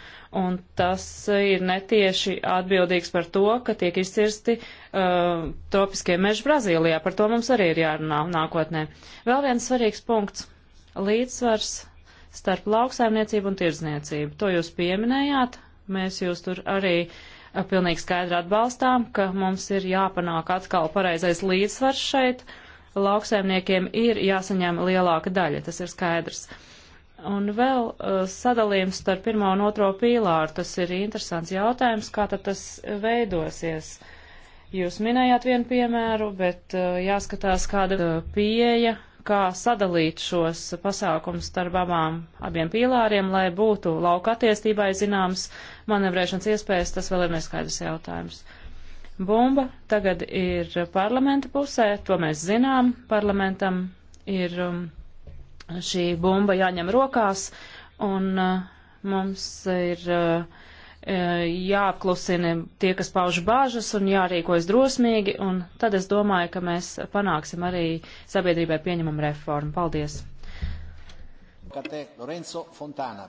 un tas ir netieši atbildīgs par to, ka tiek izcirsti uh, tropiskie meži Brazīlijā. Par to mums arī ir jārunā nākotnē. Vēl viens svarīgs punkts - līdzsvars starp lauksaimniecību un tirzniecību. To jūs pieminējāt, mēs jūs tur arī uh, pilnīgi skaidri atbalstām, ka mums ir jāpanāk atkal pareizais līdzsvars šeit. Lauksaimniekiem ir jāsaņem lielāka daļa, tas ir skaidrs. Un vēl sadalījums starp pirmo un otro pīlāru, tas ir interesants jautājums, kā tad tas veidosies. Jūs minējāt vienu piemēru, bet jāskatās, kāda pieeja kā sadalīt šos pasākums starp abām, abiem pīlāriem, lai būtu lauka attīstībai zināms manevrēšanas iespējas, tas vēl ir neskaidrs jautājums. Bumba tagad ir parlamenta pusē, to mēs zinām, parlamentam ir um, šī bumba jāņem rokās, un uh, mums ir uh, E, jāapklusina tie, kas pauž bāžas un jārīkojas drosmīgi, un tad es domāju, ka mēs panāksim arī sabiedrībai pieņemam reformu. Paldies! Lorenzo Fontana,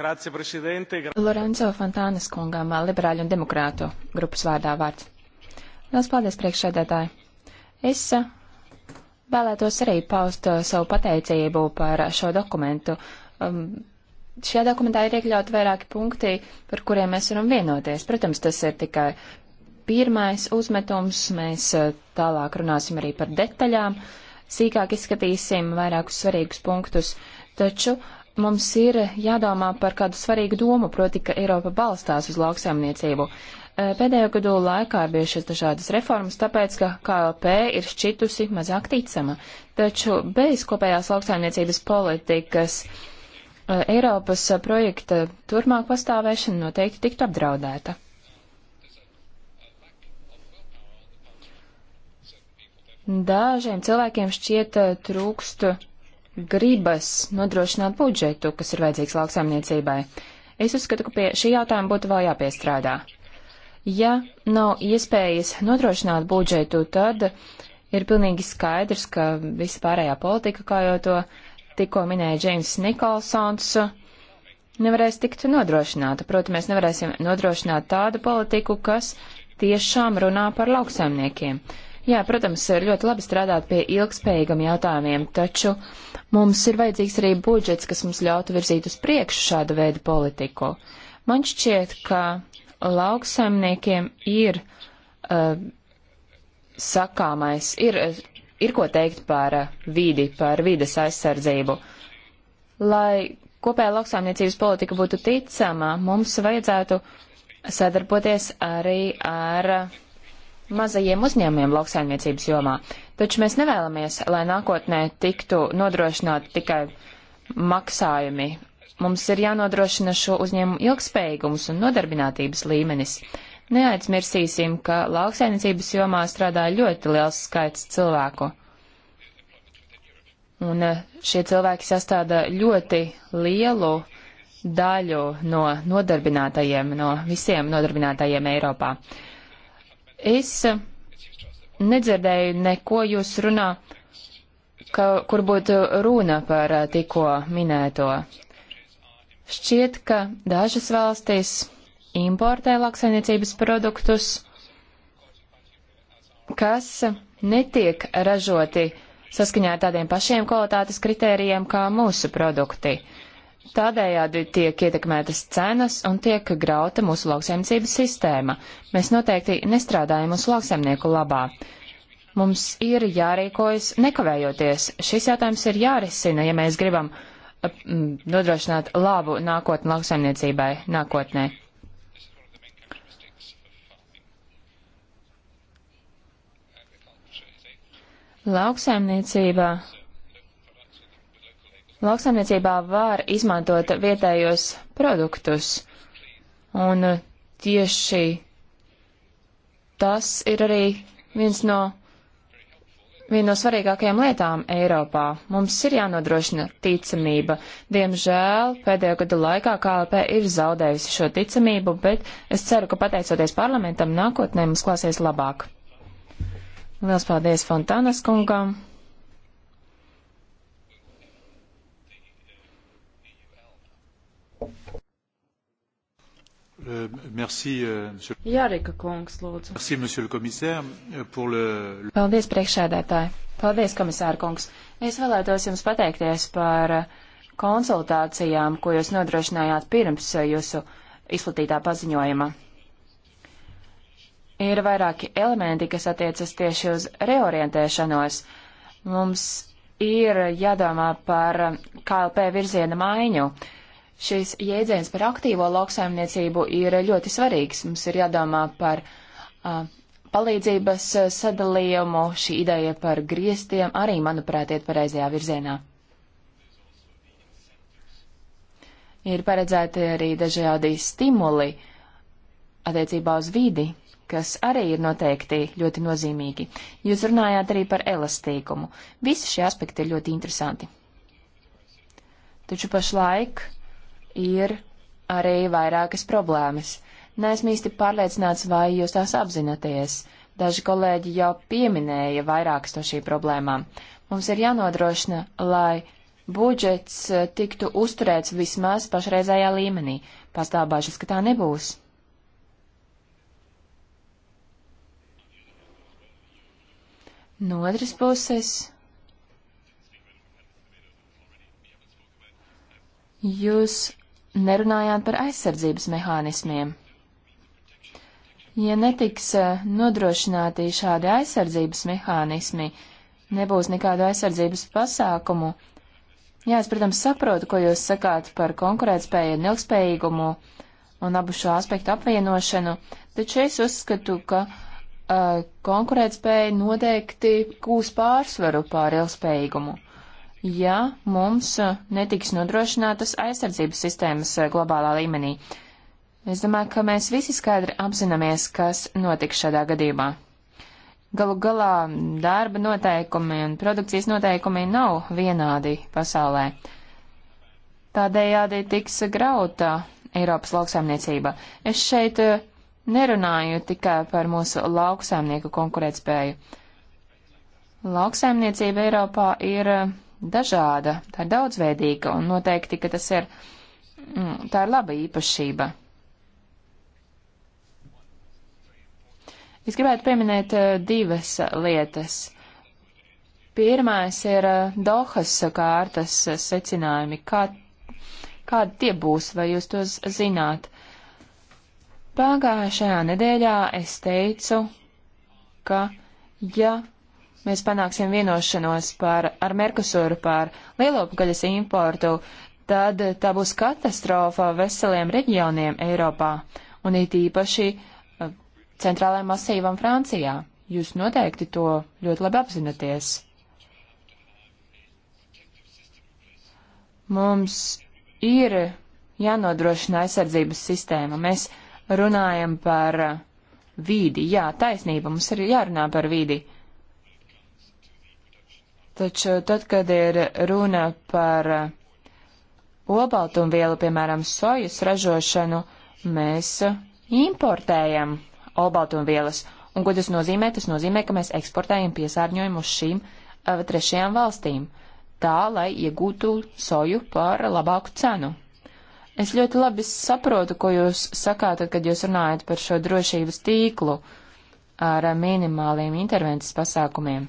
Grazie, Presidente. Lorenzo Fontānas kungām, liberāļu un demokrātu grupas vārdā vārds. Lielas paldies, priekšsēdētāji. Es vēlētos arī paust savu pateicību par šo dokumentu. Um, šajā dokumentā ir iekļaut vairāki punkti, par kuriem mēs varam vienoties. Protams, tas ir tikai pirmais uzmetums, mēs eh, tālāk runāsim arī par detaļām, sīkāk izskatīsim vairākus svarīgus punktus, taču mums ir jādomā par kādu svarīgu domu, proti, ka Eiropa balstās uz lauksaimniecību. Eh, pēdējo gadu laikā ir bijušas dažādas reformas, tāpēc, ka KLP ir šķitusi mazāk ticama, taču bez kopējās lauksaimniecības politikas uh, Eiropas projekta turmāk pastāvēšana noteikti tiktu apdraudēta. Dažiem cilvēkiem šķiet trūkst gribas nodrošināt budžetu, kas ir vajadzīgs lauksaimniecībai. Es uzskatu, ka pie šī jautājuma būtu vēl jāpiestrādā. Ja nav iespējas nodrošināt budžetu, tad ir pilnīgi skaidrs, ka visa pārējā politika, kā jau to uh, tikko minēja Džeims Nikolsons, nevarēs tikt nodrošināta. Proti, mēs nevarēsim nodrošināt tādu politiku, kas tiešām runā par lauksaimniekiem. Jā, protams, ir ļoti labi strādāt pie ilgspējīgam jautājumiem, taču mums ir vajadzīgs arī budžets, kas mums ļautu virzīt uz priekšu šādu veidu politiku. Man šķiet, ka lauksaimniekiem ir uh, sakāmais, ir ir ko teikt par eh, vīdi, par vīdes aizsardzību. Lai kopējā lauksaimniecības politika būtu ticama, mums vajadzētu sadarboties arī ar mazajiem uzņēmumiem lauksaimniecības jomā. Taču mēs nevēlamies, lai nākotnē tiktu nodrošināti tikai maksājumi. Mums ir jānodrošina šo uzņēmumu ilgspējīgums un nodarbinātības līmenis. Neaizmirsīsim, ka lauksainicības jomā strādā ļoti liels skaits cilvēku. Un eh, šie cilvēki sastāda ļoti lielu daļu no nodarbinātajiem, no visiem nodarbinātajiem Eiropā. Es eh, nedzirdēju neko jūs runā, ka, kur būtu runa par eh, tikko minēto. Šķiet, ka dažas valstis importē lauksainiecības produktus, kas netiek ražoti saskaņā ar tādiem pašiem kvalitātes kritērijiem kā mūsu produkti. Tādējādi tiek ietekmētas cenas un tiek grauta mūsu lauksaimniecības sistēma. Mēs noteikti nestrādājam mūsu lauksaimnieku labā. Mums ir jārīkojas nekavējoties. Šis jautājums ir jārisina, ja mēs gribam mm, nodrošināt labu nākotni lauksaimniecībai nākotnē. Lauksaimniecībā. Lauksaimniecībā var izmantot vietējos produktus, un uh, tieši tas ir arī viens no, viena no svarīgākajām lietām Eiropā. Mums ir jānodrošina ticamība. Diemžēl pēdējo gadu laikā KLP ir zaudējusi šo ticamību, bet es ceru, ka pateicoties parlamentam, nākotnē mums klāsies labāk. Liels paldies Fontānas kungam. Euh, merci, euh, monsieur... Jārika kungs, lūdzu. Merci, monsieur le commissaire, euh, pour le... Paldies, priekšsēdētāji. Paldies, komisāra kungs. Es vēlētos jums pateikties par konsultācijām, ko jūs nodrošinājāt pirms jūsu izplatītā paziņojuma. Ir vairāki elementi, kas attiecas tieši uz reorientēšanos. Mums ir jādomā par KLP virziena maiņu. Šis jēdziens par aktīvo lauksaimniecību ir ļoti svarīgs. Mums ir jādomā par uh, palīdzības sadalījumu. Šī ideja par griestiem arī, manuprāt, iet pareizajā virzienā. Ir paredzēti arī dažādi stimuli attiecībā uz vidi kas arī ir noteikti ļoti nozīmīgi. Jūs runājāt arī par elastīgumu. Visi šie aspekti ir ļoti interesanti. Taču pašlaik ir arī vairākas problēmas. Neesmu īsti pārliecināts, vai jūs tās apzināties. Daži kolēģi jau pieminēja vairākas no šīm problēmām. Mums ir jānodrošina, lai budžets eh, tiktu uzturēts vismaz pašreizējā līmenī. Pastāv bažas, ka tā nebūs. No otras puses, jūs nerunājāt par aizsardzības mehānismiem. Ja netiks eh, nodrošināti šādi aizsardzības mehānismi, nebūs nekādu aizsardzības pasākumu. Jā, es, protams, saprotu, ko jūs sakāt par konkurētspēju un ilgspējīgumu un abu šo aspektu apvienošanu, taču es uzskatu, ka uh, Uh, konkurētspēja noteikti gūs pārsvaru pār ilgspējīgumu, ja mums uh, netiks nodrošinātas aizsardzības sistēmas uh, globālā līmenī. Es domāju, ka mēs visi skaidri apzināmies, kas notiks šādā gadījumā. Galu galā darba noteikumi un produkcijas noteikumi nav vienādi pasaulē. Tādējādi tiks grauta Eiropas lauksaimniecība. Es šeit nerunāju tikai par mūsu lauksaimnieku konkurētspēju. Lauksaimniecība Eiropā ir eh, dažāda, tā ir daudzveidīga un noteikti, ka tas ir, mm, tā ir laba īpašība. Es gribētu pieminēt eh, divas lietas. Pirmais ir eh, Dohas kārtas secinājumi. Kā, kādi tie būs, vai jūs tos zināt? Pagājušajā nedēļā es teicu, ka ja mēs panāksim vienošanos par, ar Merkusuru par lielopgaļas importu, tad tā būs katastrofa veseliem reģioniem Eiropā un it īpaši eh, centrālajam masīvam Francijā. Jūs noteikti to ļoti labi apzināties. Mums ir jānodrošina aizsardzības sistēma. Mēs runājam par uh, vīdi. Jā, taisnība, mums ir jārunā par vīdi. Taču tad, kad ir runa par uh, olbaltumvielu, piemēram, sojas ražošanu, mēs uh, importējam olbaltumvielas. Un ko tas nozīmē? Tas nozīmē, ka mēs eksportējam piesārņojumu uz šīm trešajām valstīm, tā lai iegūtu soju par labāku cenu. Es ļoti labi saprotu, ko jūs sakāt, kad jūs runājat par šo drošības tīklu ar minimāliem intervences pasākumiem.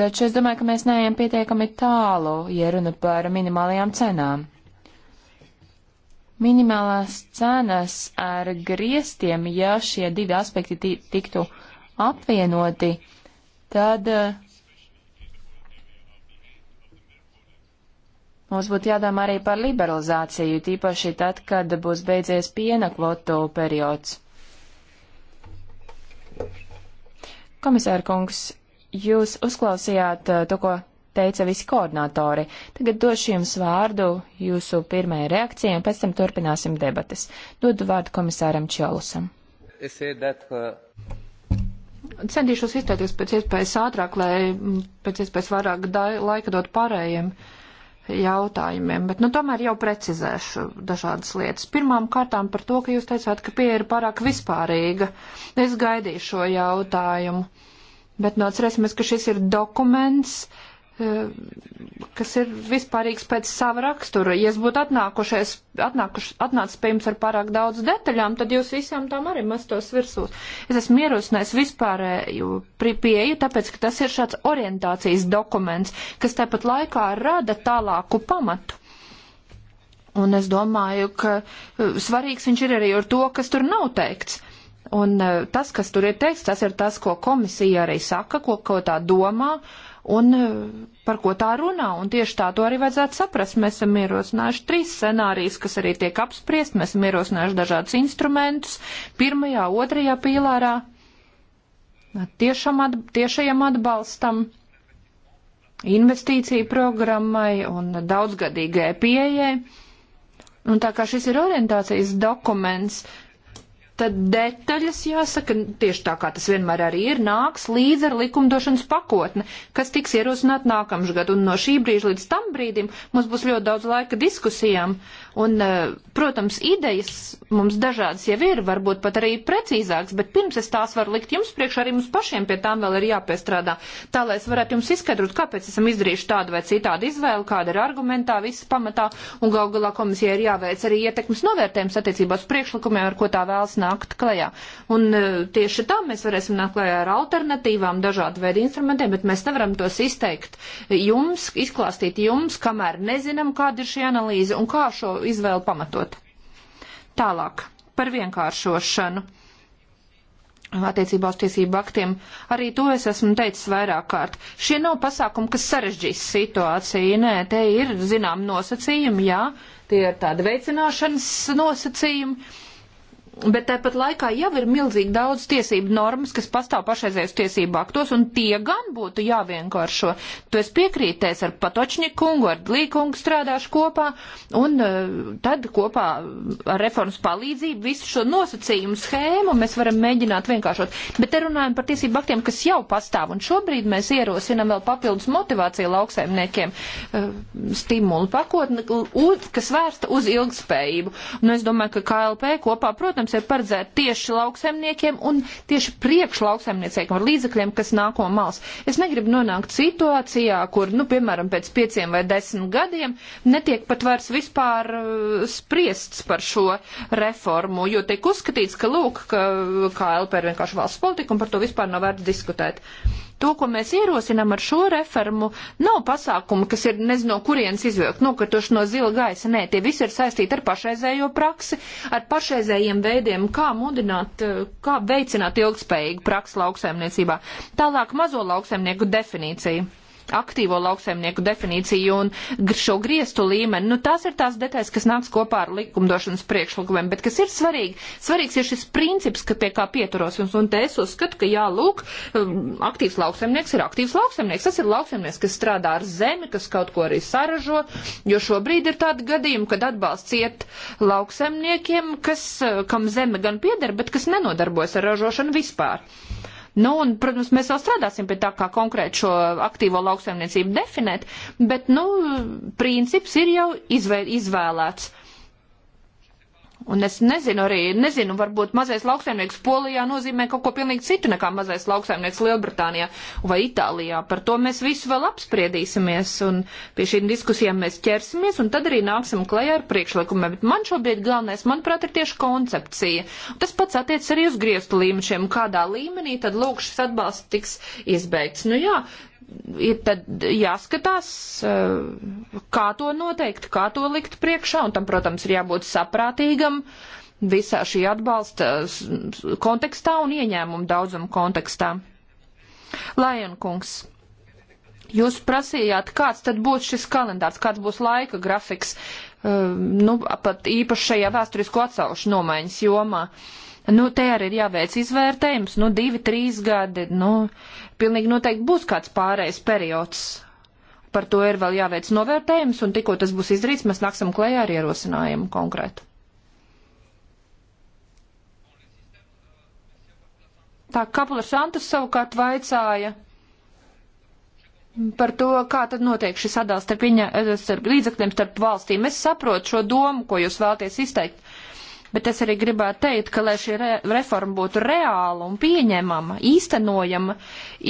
Taču es domāju, ka mēs neejam pietiekami tālu, ja runa par minimālajām cenām. Minimālās cenas ar griestiem, ja šie divi aspekti tiktu apvienoti, tad uh, Mums būtu jādomā arī par liberalizāciju, tīpaši tad, kad būs beidzies piena kvotu periods. Komisāra kungs, jūs uzklausījāt uh, to, ko teica visi koordinātori. Tagad došu jums vārdu jūsu pirmajai reakcijai, un pēc tam turpināsim debatas. Dodu vārdu komisāram Čiolusam. Centīšos izteikties pēc iespējas ātrāk, lai pēc iespējas vairāk laika dot pārējiem. Uh, jautājumiem, bet nu tomēr jau precizēšu dažādas lietas. Pirmām kārtām par to, ka jūs teicāt, ka pieeja ir pārāk vispārīga. Es gaidīju šo jautājumu, bet nu atcerēsimies, ka šis ir dokuments, uh, Eh, kas ir vispārīgs pēc sava rakstura. Ja es būtu atnākušies, atnākuši, atnācis pie jums ar pārāk daudz detaļām, tad jūs visām tām arī mestos virsūs. Es esmu ierosinājis vispārēju pieeju, tāpēc, ka tas ir šāds orientācijas dokuments, kas tāpat laikā rada tālāku pamatu. Un es domāju, ka eh, svarīgs viņš ir arī ar to, kas tur nav teikts. Un eh, tas, kas tur ir teikts, tas ir tas, ko komisija arī saka, ko, ko tā domā. Uh, un e, par ko tā runā. Un tieši tā to arī vajadzētu saprast. Mēs esam ierosinājuši trīs scenārijas, kas arī tiek apspriest. Mēs esam ierosinājuši dažādus instrumentus pirmajā, otrajā pīlārā tiešam, at, tiešajam atbalstam, investīciju programmai un daudzgadīgai pieejai. Un tā kā šis ir orientācijas dokuments, uh, tad detaļas, jāsaka, tieši tā kā tas vienmēr arī ir, nāks līdz ar likumdošanas pakotne, kas tiks ierosināt nākamšgad. Un no šī brīža līdz tam brīdim mums būs ļoti daudz laika diskusijām Un, eh, protams, idejas mums dažādas jau ir, varbūt pat arī precīzākas, bet pirms es tās varu likt jums priekšā, arī mums pašiem pie tām vēl ir jāpiestrādā, tā lai es varētu jums izskaidrot, kāpēc esam izdarījuši tādu vai citādu izvēlu, kāda ir argumentā, viss pamatā, un gal galā komisija ir jāveic arī ietekmes novērtējums attiecībās priekšlikumiem, ar ko tā vēlas nākt klajā. Un eh, tieši tā mēs varēsim nākt klajā ar alternatīvām dažādu veidu instrumentiem, bet mēs nevaram tos izteikt jums, izklāstīt jums, kamēr nezinām, kāda ir šī analīze un kā šo izvēli pamatot. Tālāk par vienkāršošanu attiecībā uz tiesību aktiem. Arī to es esmu teicis vairāk kārt. Šie nav pasākumi, kas sarežģīs situāciju. Nē, te ir zinām nosacījumi, jā, tie ir tādi veicināšanas nosacījumi Bet tāpat laikā jau ir milzīgi daudz tiesību normas, kas pastāv pašreizējos tiesību aktos, un tie gan būtu jāvienkāršo. To es piekrītēs ar Patočņiku kungu, ar Dlīkungu strādāšu kopā, un eh, tad kopā ar reformas palīdzību visu šo nosacījumu schēmu mēs varam mēģināt vienkāršot. Bet te runājam par tiesību aktiem, kas jau pastāv, un šobrīd mēs ierosinam vēl papildus motivāciju lauksaimniekiem eh, stimulu pakotni, kas vērsta uz ilgspējību. Un nu, es domāju, ka KLP kopā, protams, jautājums ir paredzēt tieši lauksaimniekiem un tieši priekš lauksaimniecēkiem ar līdzekļiem, kas nāk no malas. Es negribu nonākt situācijā, kur, nu, piemēram, pēc pieciem vai desmit gadiem netiek pat vairs vispār uh, spriests par šo reformu, jo tiek uzskatīts, ka, lūk, ka KLP ir vienkārši valsts politika un par to vispār nav vērts diskutēt. Uh, To, ko mēs ierosinām ar šo reformu, nav pasākumi, kas ir nezinu, no kurienes izvilkt, nokrituši no zila gaisa. Nē, tie visi ir saistīti ar pašreizējo praksi, ar pašreizējiem veidiem, kā mudināt, eh, kā veicināt ilgspējīgu praksi lauksaimniecībā. Tālāk mazo lauksaimnieku definīciju aktīvo lauksaimnieku definīciju un šo griestu līmeni. Nu, tās ir tās detaļas, kas nāks kopā ar likumdošanas priekšlikumiem, bet kas ir svarīgi. Svarīgs ir šis princips, ka pie kā pieturos. Un, un te es uzskatu, ka jā, lūk, um, aktīvs lauksaimnieks ir aktīvs lauksaimnieks. Tas ir lauksaimnieks, kas strādā ar zemi, kas kaut ko arī saražo, jo šobrīd ir tādi gadījumi, kad atbalsts iet lauksaimniekiem, kas, uh, kam zeme gan pieder, bet kas nenodarbojas ar ražošanu vispār. Nu, un, protams, mēs vēl strādāsim pie tā, kā konkrēt šo aktīvo lauksaimniecību definēt, bet, nu, princips ir jau izvēlēts. Un es nezinu arī, nezinu, varbūt mazais lauksaimnieks Polijā nozīmē kaut ko pilnīgi citu nekā mazais lauksaimnieks Lielbritānijā vai Itālijā. Par to mēs visu vēl apspriedīsimies un pie šīm diskusijām mēs ķersimies un tad arī nāksim klajā ar priekšlikumiem. Bet man šobrīd galvenais, manuprāt, ir tieši koncepcija. Tas pats attiec arī uz griestu līmešiem. Kādā līmenī tad lūk šis atbalsts tiks izbeigts. Nu jā, ir tad jāskatās, eh, kā to noteikt, kā to likt priekšā, un tam, protams, ir jābūt saprātīgam visā šī atbalsta kontekstā un ieņēmumu daudzuma kontekstā. Lajonkungs. Jūs prasījāt, kāds tad būs šis kalendārs, kāds būs laika grafiks, eh, nu, pat īpaši šajā vēsturisko atsaušu nomaiņas jomā. Uh, Nu, te arī ir jāveic izvērtējums, nu, divi, trīs gadi, nu, pilnīgi noteikti būs kāds pārējais periods. Par to ir vēl jāveic novērtējums, un tikko tas būs izdarīts, mēs nāksim klējā ar ierosinājumu konkrētu. Tā Kapula Šantus savukārt vaicāja par to, kā tad notiek šis atdals starp, viņa, eh, starp līdzekļiem starp valstīm. Es saprotu šo domu, ko jūs vēlties izteikt. Bet es arī gribētu teikt, ka, lai šī re reforma būtu reāla un pieņemama, īstenojama,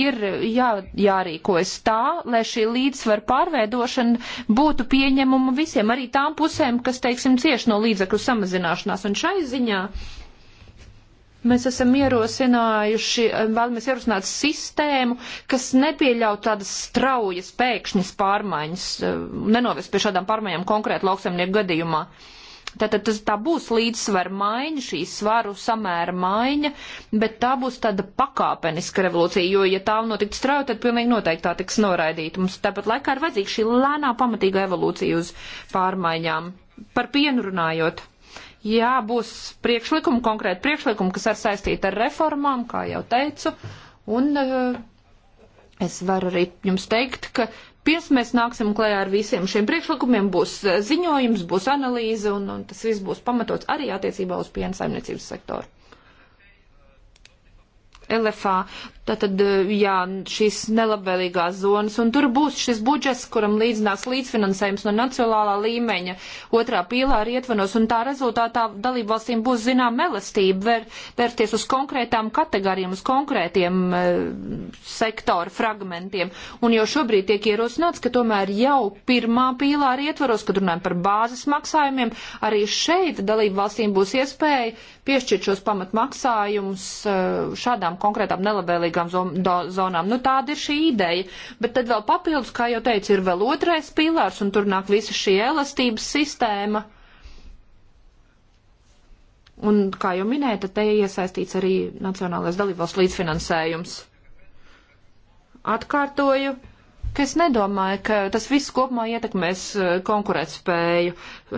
ir jā, jārīkojas tā, lai šī līdzsvaru pārveidošana būtu pieņemama visiem, arī tām pusēm, kas, teiksim, cieši no līdzekļu samazināšanās. Un šai ziņā mēs esam ierosinājuši, vēlamies ierosināt sistēmu, kas nepieļauj tādas straujas pēkšņas pārmaiņas, eh, nenovest pie šādām pārmaiņām konkrēti lauksaimnieku gadījumā. Uh, Tātad tas tā būs līdzsvara maiņa, šī svaru samēra maiņa, bet tā būs tāda pakāpeniska revolūcija, jo, ja tā notikt strauji, tad pilnīgi noteikti tā tiks noraidīta. Mums tāpat laikā ir vajadzīga šī lēnā pamatīga evolūcija uz pārmaiņām. Par pienu runājot. Jā, būs priekšlikumi, konkrēti priekšlikumi, kas ir saistīti ar reformām, kā jau teicu, un uh, Es varu arī jums teikt, ka Pirms mēs nāksim klajā ar visiem šiem priekšlikumiem, būs eh, ziņojums, būs analīze un, un tas viss būs pamatots arī attiecībā uz piena saimniecības sektoru. LFA. Tātad, eh, jā, šīs nelabvēlīgās zonas, un tur būs šis budžets, kuram līdzinās līdzfinansējums no nacionālā līmeņa otrā pīlā ar ietvanos, un tā rezultātā dalību valstīm būs zinām elastība vēr, vērsties uz konkrētām kategorijām, uz konkrētiem e, sektoru fragmentiem. Un jau šobrīd tiek ierosināts, ka tomēr jau pirmā pīlā ar ietvaros, kad runājam par bāzes maksājumiem, arī šeit dalību valstīm būs iespēja piešķirt šos pamatmaksājumus e, šādām konkrētām nelabvēlīgām draudzīgām zonām. Nu, tāda ir šī ideja. Bet tad vēl papildus, kā jau teicu, ir vēl otrais pilārs, un tur nāk visa šī elastības sistēma. Un, kā jau minēja, tad te iesaistīts arī Nacionālais dalībvalsts līdzfinansējums. Atkārtoju, ka es nedomāju, ka tas viss kopumā ietekmēs eh, konkurētspēju,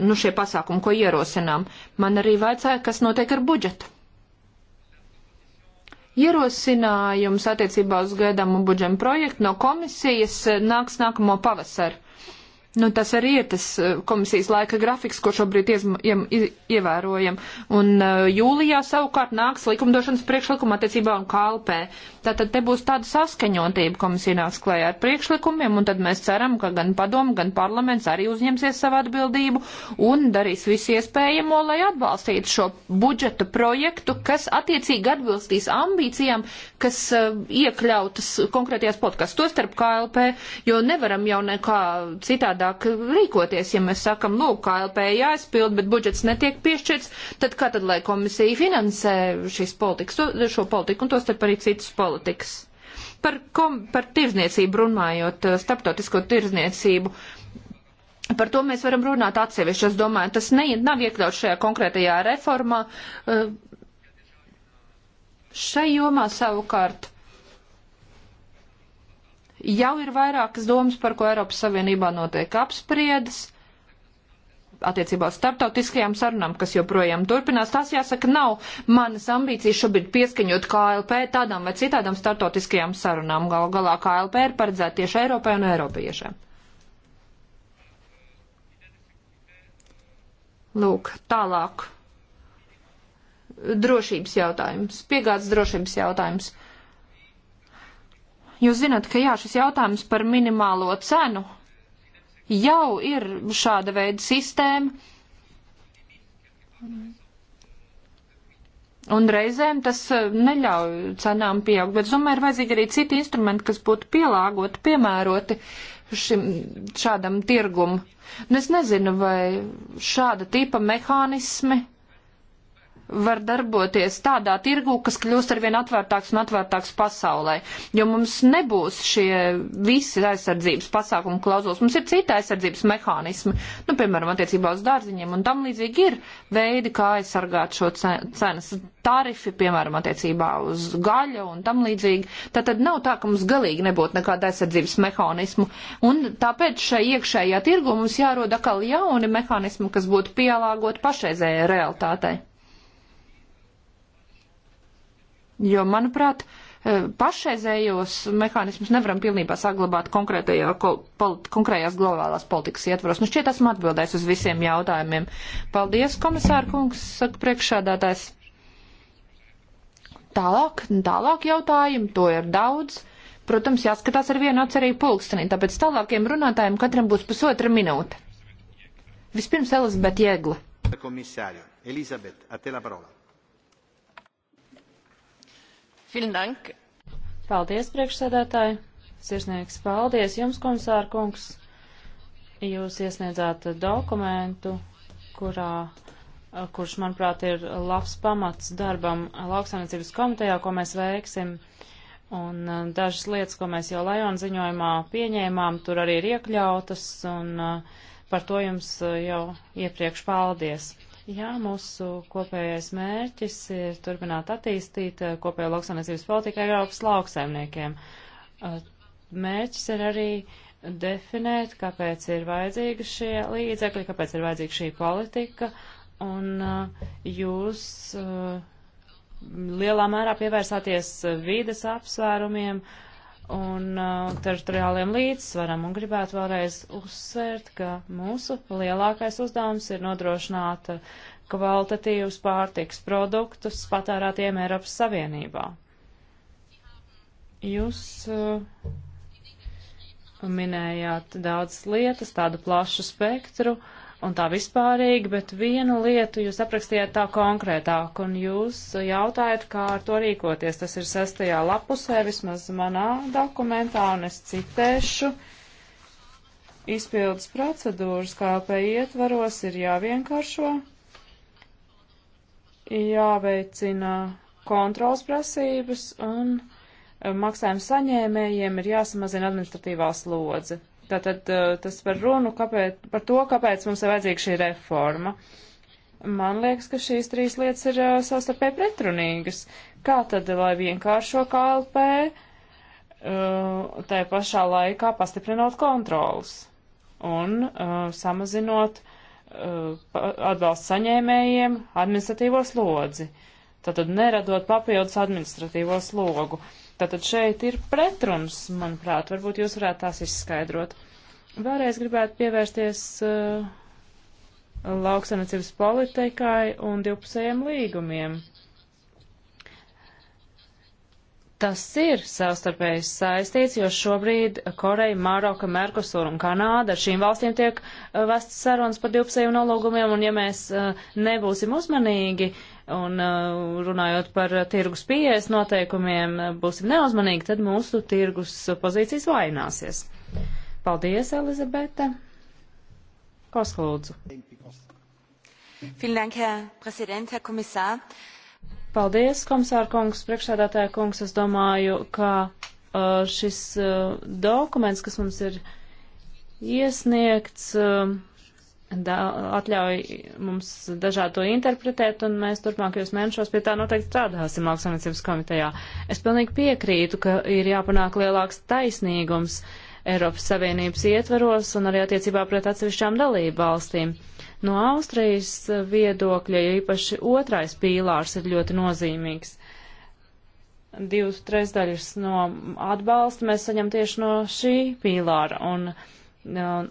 nu, šie pasākumi, ko ierosinām. Man arī vajadzēja, kas notiek ar budžetu. Ierosinājums attiecībā uz gaidāmu budžetu projektu no komisijas eh, nāks nākamo pavasaru. Nu, tas arī ir tas eh, komisijas laika grafiks, ko šobrīd iezma, ie, ievērojam. Un uh, jūlijā savukārt nāks likumdošanas priekšlikuma attiecībā un KLP. Tātad te būs tāda saskaņotība, komisija nāks klējā ar priekšlikumiem, un tad mēs ceram, ka gan padomu, gan parlaments arī uzņemsies savu atbildību un darīs visu iespējamo, lai atbalstītu šo budžeta projektu, kas attiecīgi atbilstīs ambīcijām, kas uh, iekļautas konkrētajās podkās, to starp KLP, jo nevaram jau nekā citādāk rīkoties, ja mēs sakam, lūk, KLP jāizpild, bet budžets netiek piešķirts, tad kā tad, lai komisija finansē šīs politikas, šo politiku un to starp arī citus politikas? politikas. Par, kom, par tirzniecību runājot, eh, starptautisko tirzniecību, Par to mēs varam runāt atsevišķi. Es domāju, tas ne, nav iekļauts šajā konkrētajā reformā. Eh, šai jomā savukārt jau ir vairākas domas, par ko Eiropas Savienībā notiek apspriedas attiecībā uz starptautiskajām sarunām, kas joprojām turpinās. Tās jāsaka, nav manas ambīcijas šobrīd pieskaņot KLP tādām vai citādām starptautiskajām sarunām. Galu galā KLP ir paredzēta tieši Eiropai un Eiropiešiem. Lūk, tālāk. Drošības jautājums, piegādes drošības jautājums. Jūs zināt, ka jā, šis jautājums par minimālo cenu jau ir šāda veida sistēma. Un reizēm tas eh, neļauj cenām pieaugt, bet, domāju, ir vajadzīgi arī citi instrumenti, kas būtu pielāgoti, piemēroti šim, šādam tirgumam. Nu, es nezinu, vai šāda tipa mehānismi var darboties tādā tirgu, kas kļūst arvien atvērtāks un atvērtāks pasaulē. Jo mums nebūs šie visi aizsardzības pasākumu klauzulas. Mums ir cita aizsardzības mehānismi. Nu, piemēram, attiecībā uz dārziņiem un tam līdzīgi ir veidi, kā aizsargāt šo cenas tarifi, piemēram, attiecībā uz gaļu un tam līdzīgi. Tā tad nav tā, ka mums galīgi nebūtu nekāda aizsardzības mehānismu. Un tāpēc šai iekšējā tirgu mums jāroda atkal jauni mehānismi, kas būtu pielāgoti pašreizējai realitātei. Jo, manuprāt, eh, pašreizējos mehānismus nevaram pilnībā saglabāt konkrētajā, polit, konkrējās globālās politikas ietvaros. Nu, šķiet, esmu atbildējis uz visiem jautājumiem. Paldies, komisāra kungs, saka priekšādātājs. Tālāk, tālāk jautājumi, to ir daudz. Protams, jāskatās ar vienu acu arī pulkstenī, tāpēc tālākiem runātājiem katram būs pusotra minūte. Vispirms Elizabete Jēgla. Komisāri, Elizabete, a te la parola. Fildank. Paldies, priekšsēdētāji. Sirsnieks, paldies jums, komisāra kungs. Jūs iesniedzāt dokumentu, kurā, kurš, manuprāt, ir labs pamats darbam lauksainicības komitejā, ko mēs veiksim. Un dažas lietas, ko mēs jau Lajona ziņojumā pieņēmām, tur arī ir iekļautas, un par to jums jau iepriekš paldies. Jā, mūsu kopējais mērķis ir turpināt attīstīt uh, kopējo lauksaimniecības politiku Eiropas lauksaimniekiem. Uh, mērķis ir arī definēt, kāpēc ir vajadzīgi šie līdzekļi, kāpēc ir vajadzīga šī politika, un uh, jūs lielā mērā pievērsāties vīdes apsvērumiem, uh, un uh, teritoriāliem līdzsvaram. Un gribētu vēlreiz uzsvērt, ka mūsu lielākais uzdevums ir nodrošināt uh, kvalitatīvus pārtiks produktus patērētiem Eiropas Savienībā. Jūs uh, minējāt daudzas lietas, tādu plašu spektru. Uh, un tā vispārīgi, bet vienu lietu jūs aprakstījāt tā konkrētāk, un jūs jautājat, kā ar to rīkoties. Tas ir sestajā lapusē, vismaz manā dokumentā, un es citēšu. Izpildes procedūras KLP ietvaros ir jāvienkāršo, jāveicina kontrols prasības un maksājuma saņēmējiem ir jāsamazina administratīvā slodze. Tātad eh, tas par runu, kāpēc, par to, kāpēc mums ir vajadzīga šī reforma. Man liekas, ka šīs trīs lietas ir uh, savstarpēji pretrunīgas. Kā tad, lai vienkāršo KLP, uh, eh, tai pašā laikā pastiprinot kontrolas un uh, samazinot uh, atbalstu saņēmējiem administratīvo slodzi. Tātad neradot papildus administratīvo slogu. Uh, Tātad šeit ir pretruns, manuprāt, varbūt jūs varētu tās izskaidrot. Vēlreiz gribētu pievērsties uh, lauksanacības politikai un divpusējiem līgumiem. Tas ir savstarpēji saistīts, jo šobrīd Koreja, Maroka, Merkosur un Kanāda ar šīm valstīm tiek uh, vestas sarunas par divpusējiem nolūgumiem, un ja mēs uh, nebūsim uzmanīgi, Un uh, runājot par uh, tirgus pieejas noteikumiem, uh, būsim neuzmanīgi, tad mūsu tirgus pozīcijas vaināsies. Paldies, Elizabete. Koslūdzu. Paldies, komisāra kungs, priekšsēdētāja kungs. Es domāju, ka šis dokuments, kas mums ir iesniegts, da, atļauj mums dažādi to interpretēt, un mēs turpmākajos mēnešos pie tā noteikti strādāsim lauksaimniecības komitejā. Es pilnīgi piekrītu, ka ir jāpanāk lielāks taisnīgums Eiropas Savienības ietveros un arī attiecībā pret atsevišķām dalību valstīm. No Austrijas viedokļa īpaši otrais pīlārs ir ļoti nozīmīgs. Divas trešdaļas no atbalsta mēs saņem tieši no šī pīlāra. Un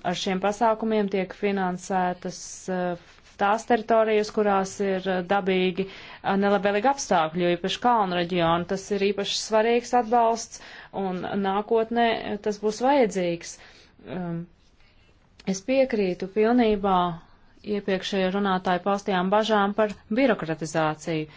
Ar šiem pasākumiem tiek finansētas eh, tās teritorijas, kurās ir eh, dabīgi eh, nelabvēlīgi apstākļi, jo īpaši kalnu reģionu tas ir īpaši svarīgs atbalsts un nākotnē tas būs vajadzīgs. Um, es piekrītu pilnībā iepriekšējo runātāju paustajām bažām par birokratizāciju.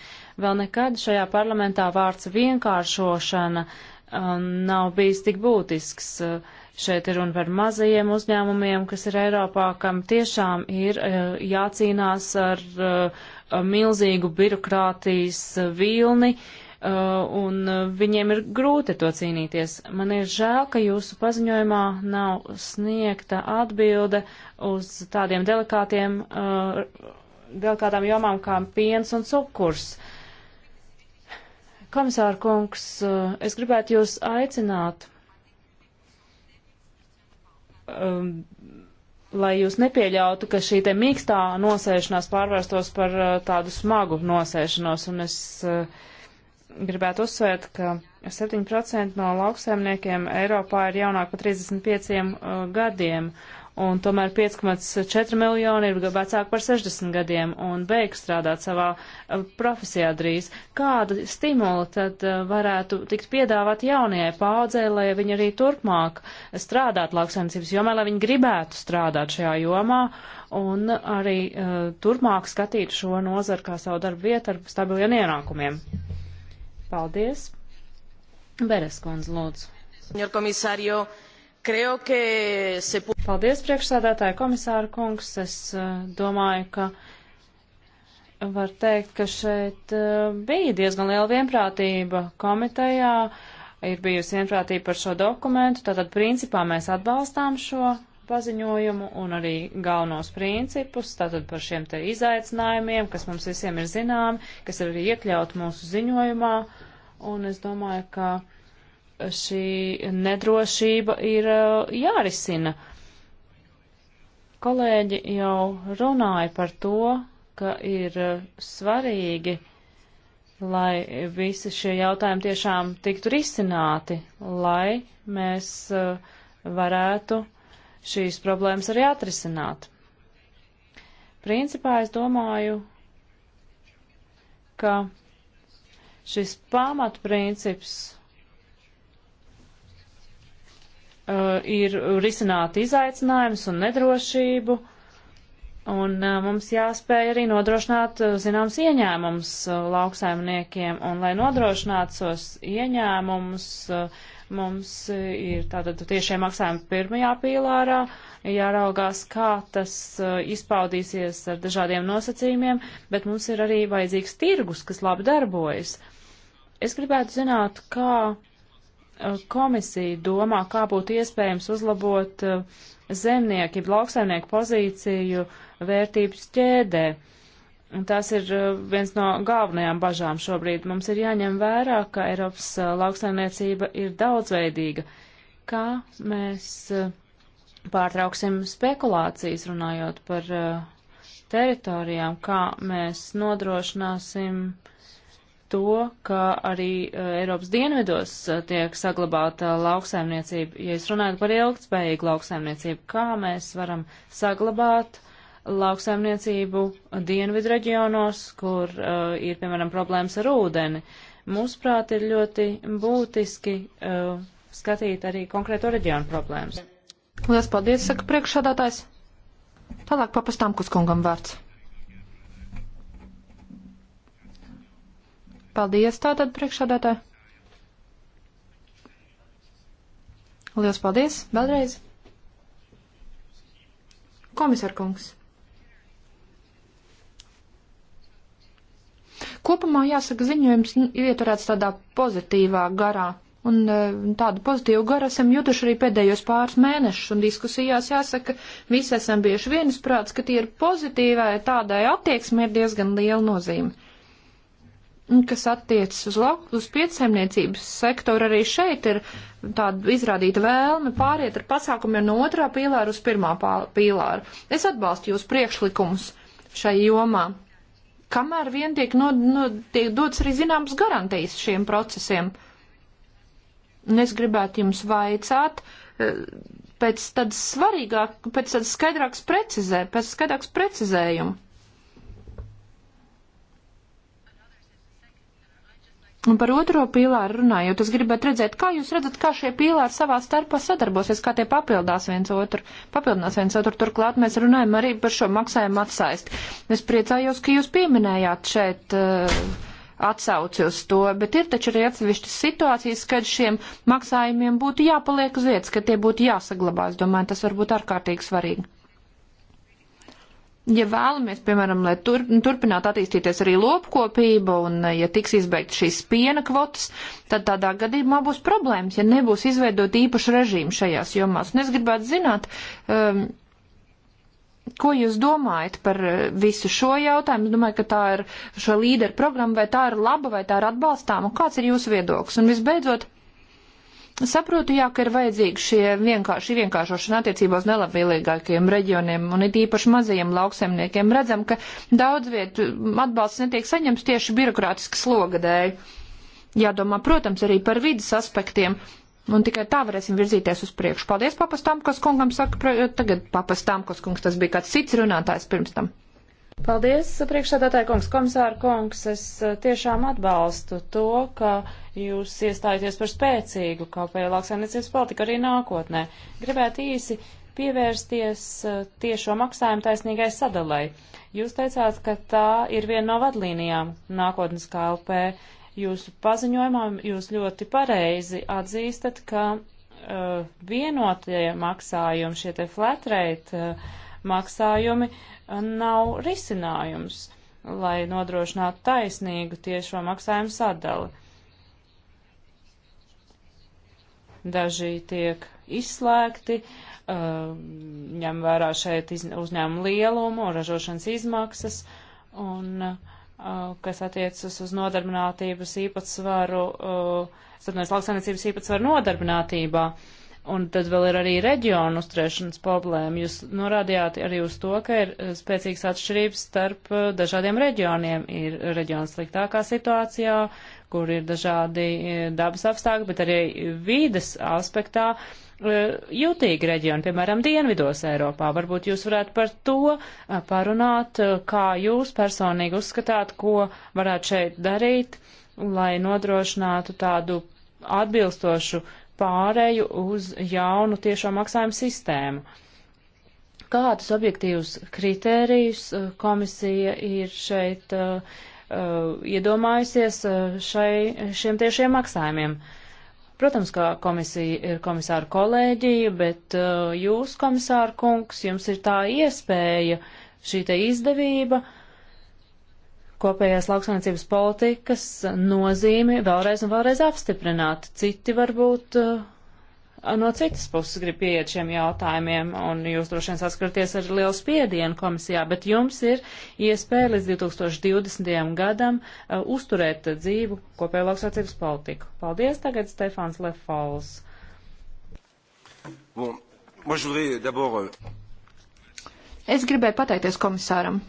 Vēl nekad šajā parlamentā vārds vienkāršošana um, nav bijis tik būtisks. Uh, Šeit ir runa par mazajiem uzņēmumiem, kas ir Eiropā, kam tiešām ir eh, jācīnās ar eh, milzīgu birokrātijas eh, vilni, un viņiem ir grūti to cīnīties. Man ir žēl, ka jūsu paziņojumā nav sniegta atbilde uz tādiem delikātiem, delikātām jomām kā piens un cukurs. Komisāra kungs, es gribētu jūs aicināt um, lai jūs nepieļautu, ka šī te mīkstā nosēšanās pārvērstos par uh, tādu smagu nosēšanos. Un es uh, gribētu uzsvērt, ka 7% no lauksaimniekiem Eiropā ir jaunāk par 35 uh, gadiem. Uh, un tomēr 5,4 miljoni ir vecāki par 60 gadiem un beigs strādāt savā eh, profesijā drīz. Kāda stimula tad eh, varētu tikt piedāvāt jaunajai paudzē, lai viņi arī turpmāk strādāt lauksaimniecības jomā, lai viņi gribētu strādāt šajā jomā un arī uh, turpmāk skatīt šo nozaru kā savu darbu vietu ar stabiliem ienākumiem? Paldies! Beres kundze, lūdzu. Señor comisario, Se... Paldies, priekšsādātāja komisāra kungs. Es eh, domāju, ka var teikt, ka šeit eh, bija diezgan liela vienprātība komitejā. Ir bijusi vienprātība par šo dokumentu. Tātad, principā, mēs atbalstām šo paziņojumu un arī galvenos principus, tātad par šiem te izaicinājumiem, kas mums visiem ir zināmi, kas ir arī iekļaut mūsu ziņojumā. Un es domāju, ka šī nedrošība ir eh, jārisina. Kolēģi jau runāja par to, ka ir eh, svarīgi, lai visi šie jautājumi tiešām tiktu risināti, lai mēs eh, varētu šīs problēmas arī atrisināt. Principā es domāju, ka šis pamatprincips Uh, ir risināt izaicinājumus un nedrošību, un uh, mums jāspēj arī nodrošināt uh, zināms ieņēmums lauksaimniekiem, un lai nodrošinātu šos ieņēmumus, mums ir tātad tiešie maksājumi pirmajā pīlārā, jāraugās, kā tas izpaudīsies ar dažādiem nosacījumiem, bet mums ir arī vajadzīgs tirgus, kas labi darbojas. Es gribētu zināt, kā komisija domā, kā būtu iespējams uzlabot uh, zemnieku, lauksaimnieku pozīciju vērtības ķēdē. Un tas ir uh, viens no galvenajām bažām šobrīd. Mums ir jāņem vērā, ka Eiropas uh, lauksaimniecība ir daudzveidīga. Kā mēs pārtrauksim spekulācijas runājot par teritorijām, kā mēs nodrošināsim uh, to, ka arī eh, Eiropas dienvidos eh, tiek saglabāta lauksaimniecība. Ja es runāju par ilgtspējīgu lauksaimniecību, kā mēs varam saglabāt lauksaimniecību dienvidu reģionos, kur uh, ir, piemēram, problēmas ar ūdeni. Mūsuprāt, ir ļoti būtiski uh, skatīt arī konkrēto reģionu problēmas. Lielas paldies, saka priekšsādātājs. Tālāk papastām kuskungam vārds. Paldies tātad priekšādātāji. Lielas paldies vēlreiz. Komisārkungs. Kopumā jāsaka ziņojums ieturēts tādā pozitīvā garā. Un e, tādu pozitīvu garu esam jutuši arī pēdējos pāris mēnešus, un diskusijās jāsaka, visi esam bieži viensprāts, ka tie ir pozitīvai tādai attieksmei ir diezgan liela nozīme kas attiecas uz, uz pietsaimniecības sektoru, arī šeit ir tāda izrādīta vēlme pāriet ar pasākumiem no otrā pīlāra uz pirmā pīlāra. Es atbalstu jūs priekšlikumus šai jomā, kamēr vien tiek, no, no, tiek dots arī zināmas garantijas šiem procesiem. Un es gribētu jums vaicāt e, pēc tādas svarīgāk, pēc tādas skaidrākas precizē, pēc skaidrākas precizējuma Un par otro pīlāru runājot, es gribētu redzēt, kā jūs redzat, kā šie pīlāri savā starpā sadarbosies, kā tie papildās viens otru, papildinās viens otru. Turklāt mēs runājam arī par šo maksājumu atsaisti. Es priecājos, ka jūs pieminējāt šeit uh, atsauci uz to, bet ir taču arī atsevišķas situācijas, kad šiem maksājumiem būtu jāpaliek uz vietas, ka tie būtu jāsaglabā. Es domāju, tas var būt ārkārtīgi svarīgi ja vēlamies, piemēram, lai tur, turpinātu attīstīties arī lopkopība un eh, ja tiks izbeigt šīs piena kvotas, tad tādā gadījumā būs problēmas, ja nebūs izveidot īpašu režīmu šajās jomās. Un es gribētu zināt, um, ko jūs domājat par eh, visu šo jautājumu. Es domāju, ka tā ir šo līderu programma, vai tā ir laba, vai tā ir atbalstāma, un kāds ir jūsu viedoklis. Un visbeidzot, Saprotu, jā, ka ir vajadzīgi šie vienkārši vienkāršošana attiecībā uz nelabvēlīgākiem reģioniem un it īpaši mazajiem lauksemniekiem. Redzam, ka daudz vietu atbalsts netiek saņemts tieši birokrātiska sloga dēļ. Jādomā, protams, arī par vidas aspektiem. Un tikai tā varēsim virzīties uz priekšu. Paldies papastām, kas kungam saka, tagad papastām, kas kungs tas bija kāds cits runātājs pirms tam. Paldies, priekšsēdētāji kungs, komisāra kungs. Es eh, tiešām atbalstu to, ka jūs iestājaties par spēcīgu kopēju lauksaimniecības politiku arī nākotnē. Gribētu īsi pievērsties eh, tiešo maksājumu taisnīgai sadalai. Jūs teicāt, ka tā ir viena no vadlīnijām nākotnes KLP. Jūsu paziņojumā jūs ļoti pareizi atzīstat, ka uh, vienotie maksājumi, šie te flat rate, uh, maksājumi uh, nav risinājums, lai nodrošinātu taisnīgu tiešo maksājumu sadali. Daži tiek izslēgti, uh, ņem vērā šeit uzņēmumu lielumu un ražošanas izmaksas, un uh, kas attiecas uz nodarbinātības īpatsvaru, satunies lauksainiecības īpatsvaru nodarbinātībā. Uh, Un tad vēl ir arī reģionu uzturēšanas problēma. Jūs norādījāt arī uz to, ka ir eh, spēcīgs atšķirības starp eh, dažādiem reģioniem. Ir reģions sliktākā situācijā, kur ir dažādi eh, dabas apstākļi, bet arī vīdes aspektā jūtīgi reģioni, piemēram, dienvidos Eiropā. Varbūt jūs varētu par to parunāt, kā jūs personīgi uzskatāt, ko varētu šeit darīt, lai nodrošinātu tādu atbilstošu pārēju uz jaunu tiešo maksājumu sistēmu. Kādus objektīvus kritērijus uh, komisija ir šeit uh, uh iedomājusies uh, šai, šiem tiešiem maksājumiem? Protams, ka komisija ir komisāra kolēģija, bet uh, jūs, komisāra kungs, jums ir tā iespēja, šī te izdevība uh, kopējās lauksaimniecības politikas nozīmi vēlreiz un vēlreiz apstiprināt. Citi varbūt uh, no citas puses grib pieiet šiem jautājumiem, un jūs droši vien saskaraties ar lielu spiedienu komisijā, bet jums ir iespēja līdz 2020. gadam uh, uzturēt dzīvu kopēju lauksaimniecības politiku. Paldies, tagad Stefāns Lefols. Bon, moi, je voudrais d'abord. Euh, es gribēju pateikties komisāram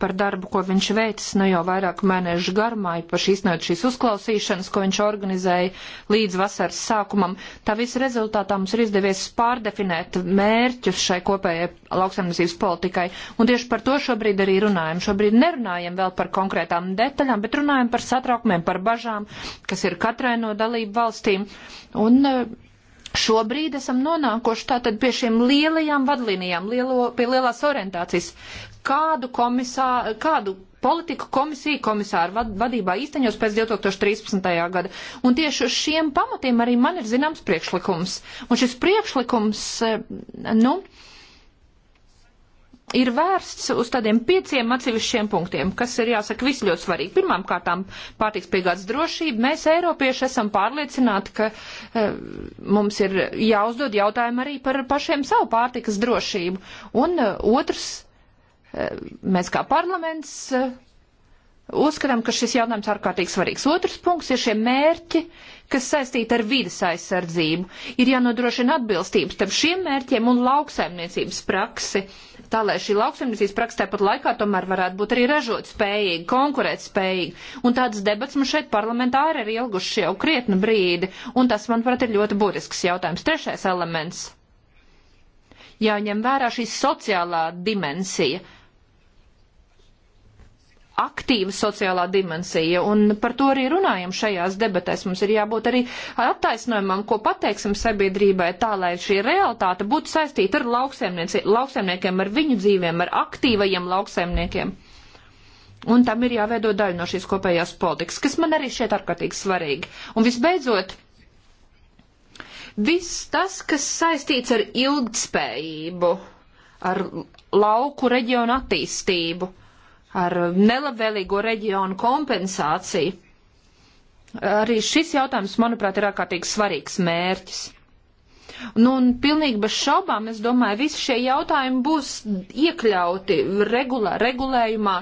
par darbu, ko viņš veicis nu jau vairāk mēnešu garumā, īpaši iznājot šīs uzklausīšanas, ko viņš organizēja līdz vasaras sākumam. Tā visa rezultātā mums ir izdevies pārdefinēt mērķus šai kopējai lauksaimniecības politikai. Un tieši par to šobrīd arī runājam. Šobrīd nerunājam vēl par konkrētām detaļām, bet runājam par satraukumiem, par bažām, kas ir katrai no dalību valstīm. Un, uh, Šobrīd esam nonākuši tātad pie šiem lielajām vadlīnijām, lielo, pie lielās orientācijas. Kādu, komisā, kādu politiku komisija komisāra vad, vadībā īsteņos pēc 2013. gada. Un tieši uz šiem pamatiem arī man ir zināms priekšlikums. Un šis priekšlikums, eh, nu, ir vērsts uz tādiem pieciem atsevišķiem punktiem, kas ir jāsaka visi ļoti svarīgi. Pirmām kārtām pārtiks piegādes drošība. Mēs, Eiropieši, esam pārliecināti, ka e, mums ir jāuzdod jautājumu arī par pašiem savu pārtikas drošību. Un e, otrs, e, mēs kā parlaments. E, Uzskatām, ka šis jautājums ārkārtīgi svarīgs. Otrs punkts ir šie mērķi, kas saistīti ar vidas aizsardzību. Ir jānodrošina atbilstības starp šiem mērķiem un lauksaimniecības praksi. Uh, tā lai šī lauksaimniecības praksa tāpat laikā tomēr varētu būt arī ražot spējīgi, konkurēt spējīgi. Un tādas debats mums šeit parlamentā arī ir ilgušas jau krietnu brīdi, un tas, manuprāt, ir ļoti būtisks jautājums. Trešais elements. Jāņem vērā šī sociālā dimensija aktīva sociālā dimensija, un par to arī runājam šajās debatēs. Mums ir jābūt arī attaisnojumam, ko pateiksim sabiedrībai, tā lai šī realitāte būtu saistīta ar lauksaimniekiem, ar viņu dzīvēm, ar aktīvajiem lauksaimniekiem. Un tam ir jāveido daļa no šīs kopējās politikas, kas man arī šķiet ārkārtīgi svarīgi. Un visbeidzot, viss tas, kas saistīts ar ilgtspējību, ar lauku reģionu attīstību ar nelabvēlīgo reģionu kompensāciju. Arī šis jautājums, manuprāt, ir ārkārtīgi svarīgs mērķis. Nu, un pilnīgi bez šaubām, es domāju, visi šie jautājumi būs iekļauti regulā, regulējumā. regulējumā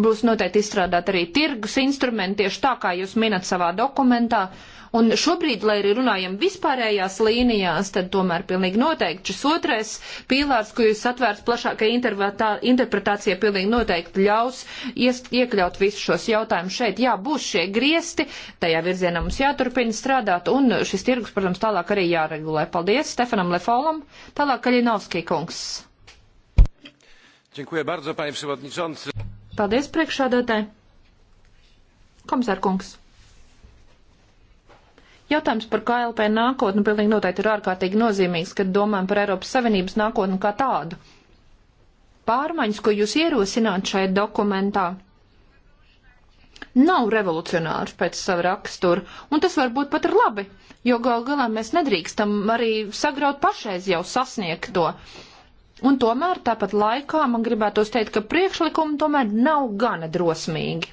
Būs noteikti izstrādāt arī tirgus instrumenti, tieši tā kā jūs minat savā dokumentā. Un šobrīd, lai arī runājam vispārējās līnijās, tad tomēr pilnīgi noteikti šis otrais pīlārs, ko jūs atvērs plašākai interpretācijai, pilnīgi noteikti ļaus iest, iekļaut visus šos jautājumus šeit. Jā, būs šie griesti, tajā virzienā mums jāturpina strādāt, un šis tirgus, protams, tālāk arī jāregulē. Paldies Stefanam Lefolam, tālāk Kaļinovskij kungs. Dziękuję bardzo, panie przewodniczący. Paldies priekšādātāji. Komisārkungs. Jautājums par KLP nākotni pilnīgi noteikti ir ārkārtīgi nozīmīgs, kad domājam par Eiropas Savienības nākotni kā tādu. Pārmaiņas, ko jūs ierosināt šajā dokumentā, nav revolucionārs pēc sava rakstura, un tas varbūt pat ir labi, jo gal galā mēs nedrīkstam arī sagraut pašreiz jau sasniegto. to Un tomēr tāpat laikā man gribētos teikt, ka priekšlikumi tomēr nav gana drosmīgi.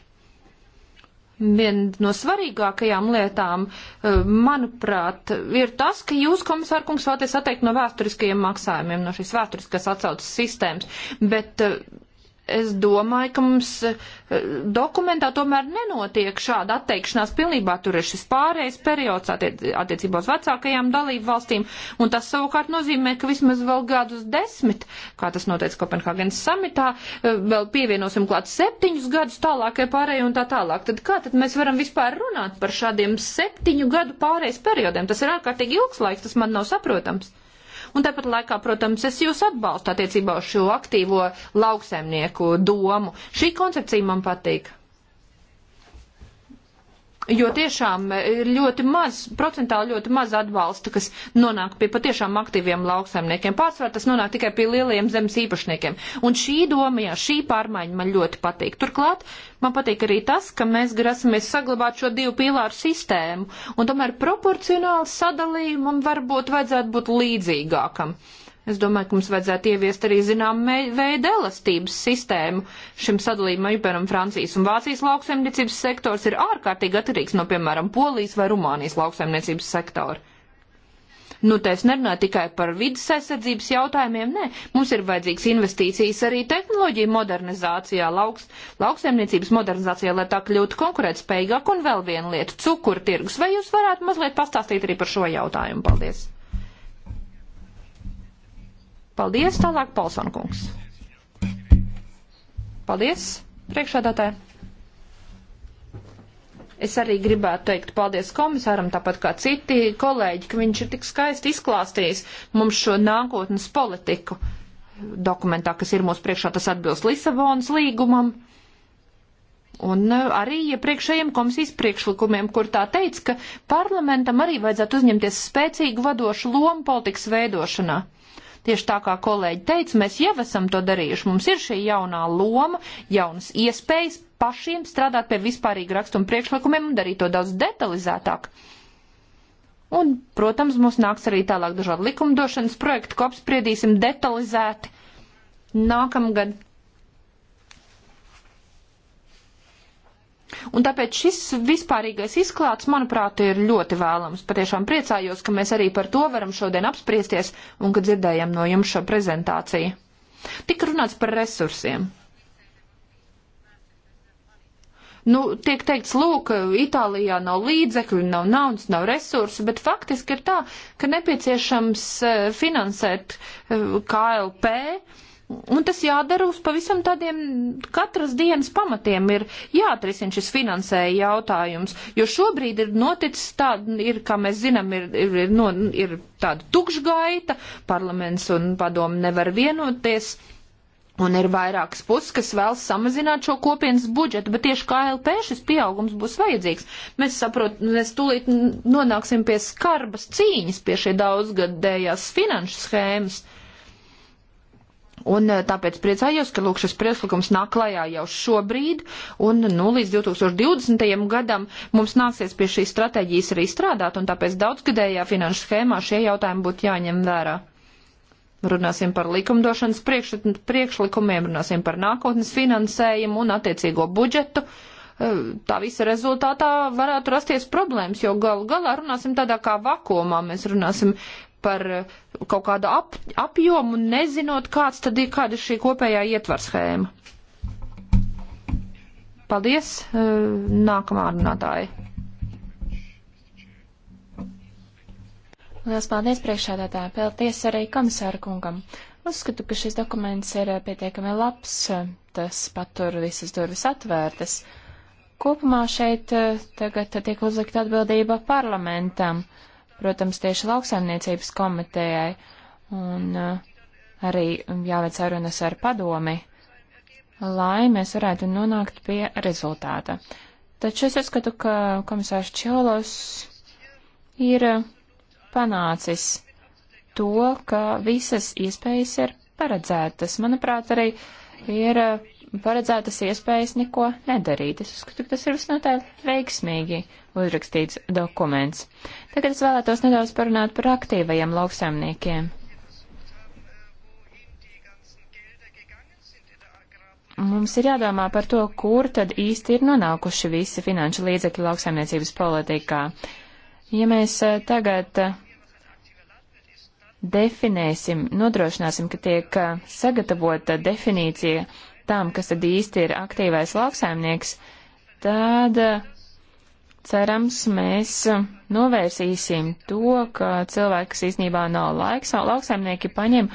Viena no svarīgākajām lietām, eh, manuprāt, ir tas, ka jūs, komisārkungs, vēlaties atteikt no vēsturiskajiem maksājumiem, no šīs vēsturiskās atsaucas sistēmas, bet eh, es domāju, ka mums eh, dokumentā tomēr nenotiek šāda atteikšanās pilnībā. Tur ir šis pārējais periods attiecībā uz vecākajām dalību valstīm, un tas savukārt nozīmē, ka vismaz vēl gadus desmit, kā tas noteica Kopenhāgenes samitā, eh, vēl pievienosim klāt septiņus gadus tālākai pārējai un tā tālāk. Tad kā tad mēs varam vispār runāt par šādiem septiņu gadu pārējais periodiem? Tas ir ārkārtīgi ilgs laiks, tas man nav saprotams. Un tāpat laikā, protams, es jūs atbalstu attiecībā uz šo aktīvo lauksaimnieku domu. Šī koncepcija man patīk jo tiešām ir ļoti maz, procentāli ļoti maz atbalsta, kas nonāk pie patiešām aktīviem lauksaimniekiem. Pārsvarā tas nonāk tikai pie lielajiem zemes īpašniekiem. Un šī doma, jā, šī pārmaiņa man ļoti patīk. Turklāt man patīk arī tas, ka mēs grasamies saglabāt šo divu pīlāru sistēmu, un tomēr proporcionāli sadalījumam varbūt vajadzētu būt līdzīgākam. Uh, Es domāju, ka mums vajadzētu ieviest arī zinām veidu elastības sistēmu šim sadalījumam, piemēram, Francijas un Vācijas lauksaimniecības sektors ir ārkārtīgi atkarīgs no, piemēram, Polijas vai Rumānijas lauksaimniecības sektora. Nu, te es nerunāju tikai par vidas aizsardzības jautājumiem, nē, mums ir vajadzīgs investīcijas arī tehnoloģiju modernizācijā, lauks, lauksaimniecības modernizācijā, lai tā kļūtu konkurētspējīgāk. Un vēl viena lieta - cukuru tirgus. Vai jūs varētu mazliet pastāstīt arī par šo jautājumu? Paldies! Paldies, tālāk Palsonkungs. Paldies, priekšādātāji. Es arī gribētu teikt paldies komisāram, tāpat kā citi kolēģi, ka viņš ir tik skaisti izklāstījis mums šo nākotnes politiku dokumentā, kas ir mūsu priekšā, tas atbilst Lisabonas līgumam. Un e, arī iepriekšējiem ja komisijas priekšlikumiem, kur tā teica, ka parlamentam arī vajadzētu uzņemties spēcīgu vadošu lomu politikas veidošanā. Tieši tā kā kolēģi teica, mēs jau esam to darījuši. Mums ir šī jaunā loma, jaunas iespējas pašiem strādāt pie vispārīga rakstuma priekšlikumiem un darīt to daudz detalizētāk. Un, protams, mums nāks arī tālāk dažādi likumdošanas projekti, ko apspriedīsim detalizēti nākamgad. Un tāpēc šis vispārīgais izklāts, manuprāt, ir ļoti vēlams. Patiešām priecājos, ka mēs arī par to varam šodien apspriesties un ka dzirdējam no jums šo prezentāciju. Tik runāts par resursiem. Nu, tiek teikts, lūk, Itālijā nav līdzekļu, nav naudas, nav resursu, bet faktiski ir tā, ka nepieciešams eh, finansēt eh, KLP Un tas jādara uz pavisam tādiem katras dienas pamatiem ir jāatrisina šis finansēja jautājums, jo šobrīd ir noticis tāda, ir, kā mēs zinām, ir, ir, ir, no, ir tāda tukšgaita, parlaments un padomu nevar vienoties. Un ir vairākas puses, kas vēlas samazināt šo kopienas budžetu, bet tieši KLP šis pieaugums būs vajadzīgs. Mēs saprotam, mēs tūlīt nonāksim pie skarbas cīņas, pie šie daudzgadējās finanšu schēmas. Uh, Un eh, tāpēc priecājos, ka lūk šis priekšlikums nāk klajā jau šobrīd, un nu, līdz 2020. gadam mums nāksies pie šīs stratēģijas arī strādāt, un tāpēc daudzgadējā finanšu schēmā šie jautājumi būtu jāņem vērā. Runāsim par likumdošanas priekš, priekšlikumiem, runāsim par nākotnes finansējumu un attiecīgo budžetu eh, tā visa rezultātā varētu rasties problēmas, jo galu galā runāsim tādā kā vakumā. Mēs runāsim par eh, kaut kādu ap, apjomu, nezinot, kāds tad ir, kāda ir šī kopējā ietvarschēma. Paldies, eh, nākamā runātāja. Lielas paldies priekšādātāji, paldies arī komisāra kungam. Uzskatu, ka šis dokuments ir eh, pietiekami labs, tas patur visas durvis atvērtas. Kopumā šeit tagad tiek uzlikta atbildība parlamentam. Uh, protams, tieši lauksaimniecības komitejai un uh, arī jāveic sarunas ar padomi, lai mēs varētu nonākt pie rezultāta. Taču es uzskatu, ka komisārs Čolos ir uh, panācis to, ka visas iespējas ir paredzētas. Manuprāt, arī ir uh, paredzētas iespējas neko nedarīt. Es uzskatu, ka tas ir visnotaļ veiksmīgi uzrakstīts dokuments. Tagad es vēlētos nedaudz parunāt par aktīvajiem lauksaimniekiem. Mums ir jādomā par to, kur tad īsti ir nonākuši visi finanšu līdzekļi lauksaimniecības politikā. Ja mēs eh, tagad eh, definēsim, nodrošināsim, ka tiek eh, sagatavota definīcija tām, kas tad īsti ir aktīvais lauksaimnieks, tad uh, Cerams, mēs novērsīsim to, ka cilvēki, kas īsnībā nav laiks, lauksaimnieki paņem,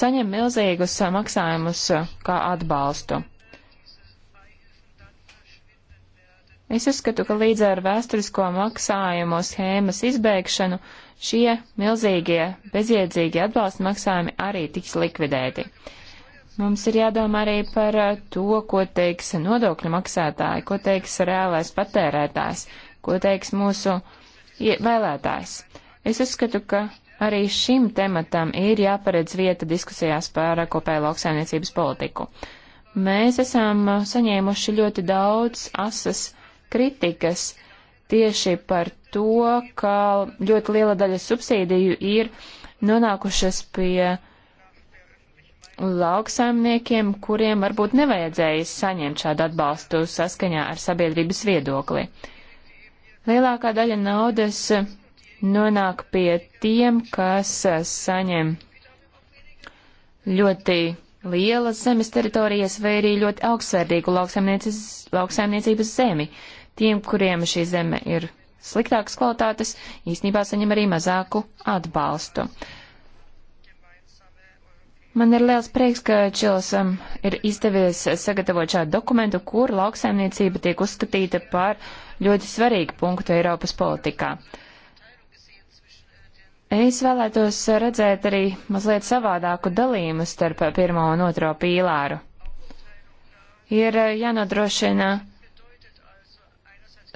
saņem milzīgus maksājumus kā atbalstu. Es uzskatu, ka līdz ar vēsturisko maksājumu schēmas izbēgšanu šie milzīgie bezjēdzīgie atbalsta maksājumi arī tiks likvidēti. Mums ir jādomā arī par to, ko teiks nodokļu maksātāji, ko teiks reālais patērētājs, ko teiks mūsu vēlētājs. Es uzskatu, ka arī šim tematam ir jāparedz vieta diskusijās par kopēju lauksaimniecības politiku. Mēs esam saņēmuši ļoti daudz asas kritikas tieši par to, ka ļoti liela daļa subsīdiju ir nonākušas pie lauksaimniekiem, kuriem varbūt nevajadzēja saņemt šādu atbalstu saskaņā ar sabiedrības viedokli. Uh, Lielākā daļa naudas nonāk pie tiem, kas saņem ļoti lielas zemes teritorijas vai arī ļoti augstsvērtīgu lauksaimniecības zemi. Tiem, kuriem šī zeme ir sliktākas kvalitātes, īsnībā saņem arī mazāku atbalstu. Man ir liels prieks, ka Čilsam ir izdevies sagatavot šādu dokumentu, kur lauksaimniecība tiek uzskatīta par ļoti svarīgu punktu Eiropas politikā. Es vēlētos redzēt arī mazliet savādāku dalījumu starp pirmo un otro pīlāru. Ir jānodrošina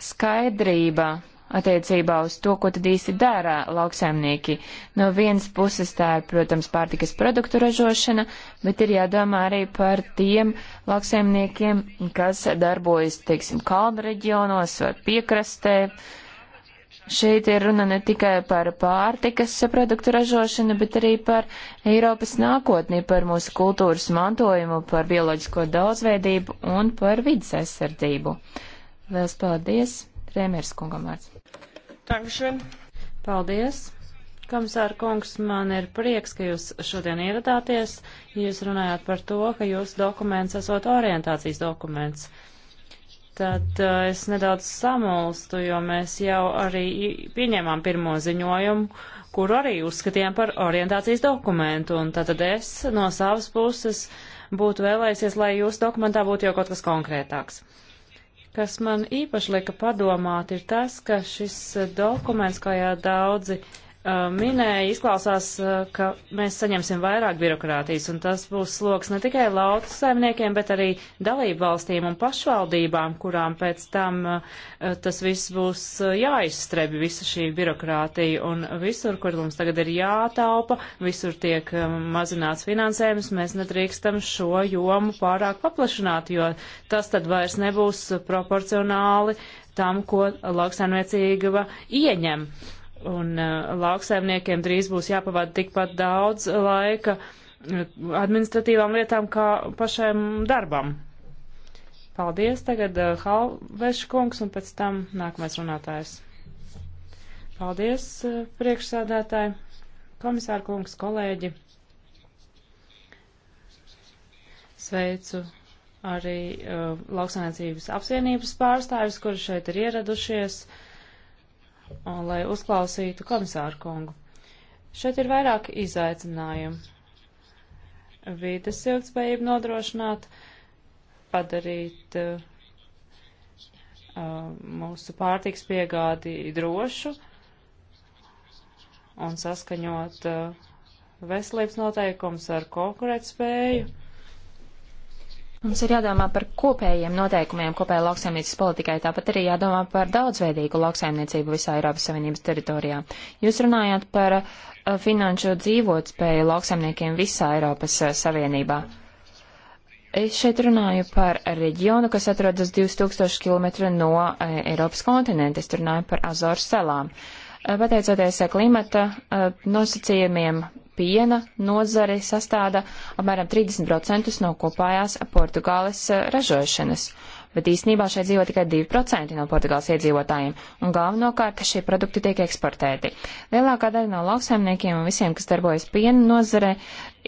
skaidrība attiecībā uz to, ko tad īsti dara lauksaimnieki. No vienas puses tā ir, protams, pārtikas produktu ražošana, bet ir jādomā arī par tiem lauksaimniekiem, kas darbojas, teiksim, kalnu reģionos vai piekrastē. Šeit ir runa ne tikai par pārtikas produktu ražošanu, bet arī par Eiropas nākotni, par mūsu kultūras mantojumu, par bioloģisko daudzveidību un par vidas aizsardzību. Liels paldies! Premjeras kungam vārds. Dankšen. Paldies. Komisāra kungs, man ir prieks, ka jūs šodien ieradāties. Jūs runājāt par to, ka jūsu dokuments esot orientācijas dokuments. Tad uh, es nedaudz samulstu, jo mēs jau arī pieņēmām pirmo ziņojumu, kuru arī uzskatījām par orientācijas dokumentu. Un tātad es no savas puses būtu vēlējusies, lai jūsu dokumentā būtu jau kaut kas konkrētāks. Uh, Kas man īpaši lika padomāt, ir tas, ka šis dokuments, kā jau daudzi Uh, minēja, izklausās, uh, ka mēs saņemsim vairāk birokrātijas, un tas būs sloks ne tikai lautas saimniekiem, bet arī dalību valstīm un pašvaldībām, kurām pēc tam uh, tas viss būs jāizstrebi, visa šī birokrātija, un visur, kur mums tagad ir jātaupa, visur tiek um, mazināts finansējums, mēs nedrīkstam šo jomu pārāk paplašināt, jo tas tad vairs nebūs proporcionāli tam, ko lauksaimniecība ieņem. Uh, un uh, lauksaimniekiem drīz būs jāpavada tikpat daudz laika uh, administratīvām lietām kā pašiem darbam. Paldies, tagad uh, Halveša kungs un pēc tam nākamais runātājs. Paldies, uh, priekšsādātāji, komisāra kungs, kolēģi. Sveicu arī uh, lauksaimniecības apvienības pārstāvis, kuri šeit ir ieradušies. Uh, un lai uzklausītu komisāru kungu. Šeit ir vairāk izaicinājumu. Vides ilgspējību nodrošināt, padarīt uh, mūsu pārtiks piegādi drošu un saskaņot uh, veselības noteikums ar konkurētspēju. Mums ir jādomā par kopējiem noteikumiem kopējai lauksaimniecības politikai, tāpat arī jādomā par daudzveidīgu lauksaimniecību visā Eiropas Savienības teritorijā. Jūs runājāt par uh, finanšu dzīvotspēju lauksaimniekiem visā Eiropas uh, Savienībā. Es šeit runāju par reģionu, kas atrodas 2000 km no uh, Eiropas kontinenta. Es runāju par Azoru salām. Pateicoties klimata nosacījumiem, piena nozare sastāda apmēram 30% no kopējās Portugāles eh, ražošanas. Bet īsnībā šeit dzīvo tikai 2% no Portugāles iedzīvotājiem, un galvenokārt šie produkti tiek eksportēti. Lielākā daļa no lauksaimniekiem un visiem, kas darbojas piena nozare,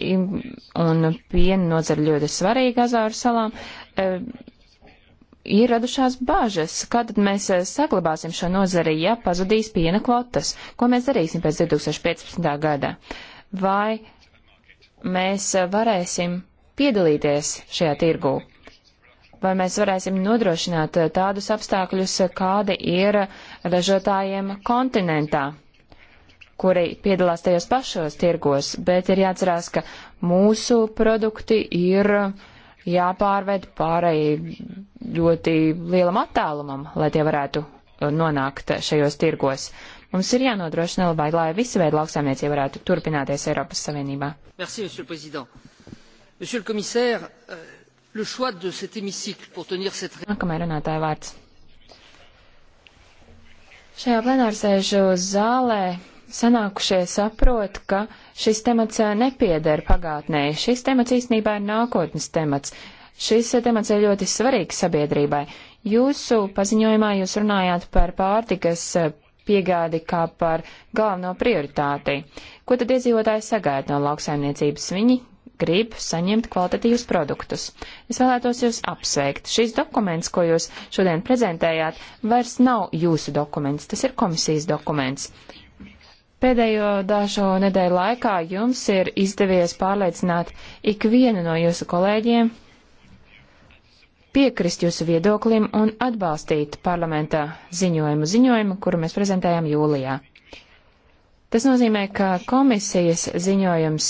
un piena nozare ļoti svarīga Azāru salām, eh, ir radušās bāžas, kā tad mēs eh, saglabāsim šo nozari, ja pazudīs piena kvotas, ko mēs darīsim pēc 2015. gadā vai mēs varēsim piedalīties šajā tirgū, vai mēs varēsim nodrošināt tādus apstākļus, kādi ir ražotājiem kontinentā kuri piedalās tajos pašos tirgos, bet ir jāatcerās, ka mūsu produkti ir jāpārved pārēji ļoti lielam attālumam, lai tie varētu nonākt šajos tirgos. Mums ir jānodrošina, labai, lai visi veidi lauksaimniecība varētu turpināties Eiropas Savienībā. Merci, monsieur le président. Monsieur le commissaire, euh, le choix de cet hémicycle pour tenir cette Nākamajai runātāja vārds. Šajā plenārsēžu zālē sanākušie saprot, ka šis temats uh, nepieder pagātnē. Šis temats īstenībā ir nākotnes temats. Šis uh, temats ir ļoti svarīgs sabiedrībai. Jūsu paziņojumā jūs runājāt par pārtikas uh, piegādi kā par galveno prioritāti. Ko tad iedzīvotāji sagaida no lauksaimniecības? Viņi grib saņemt kvalitatīvus produktus. Es vēlētos jūs apsveikt. Šīs dokuments, ko jūs šodien prezentējāt, vairs nav jūsu dokuments, tas ir komisijas dokuments. Pēdējo dažu nedēļu laikā jums ir izdevies pārliecināt ikvienu no jūsu kolēģiem piekrist jūsu viedoklim un atbalstīt parlamentā ziņojumu ziņojumu, kuru mēs prezentējām jūlijā. Tas nozīmē, ka komisijas ziņojums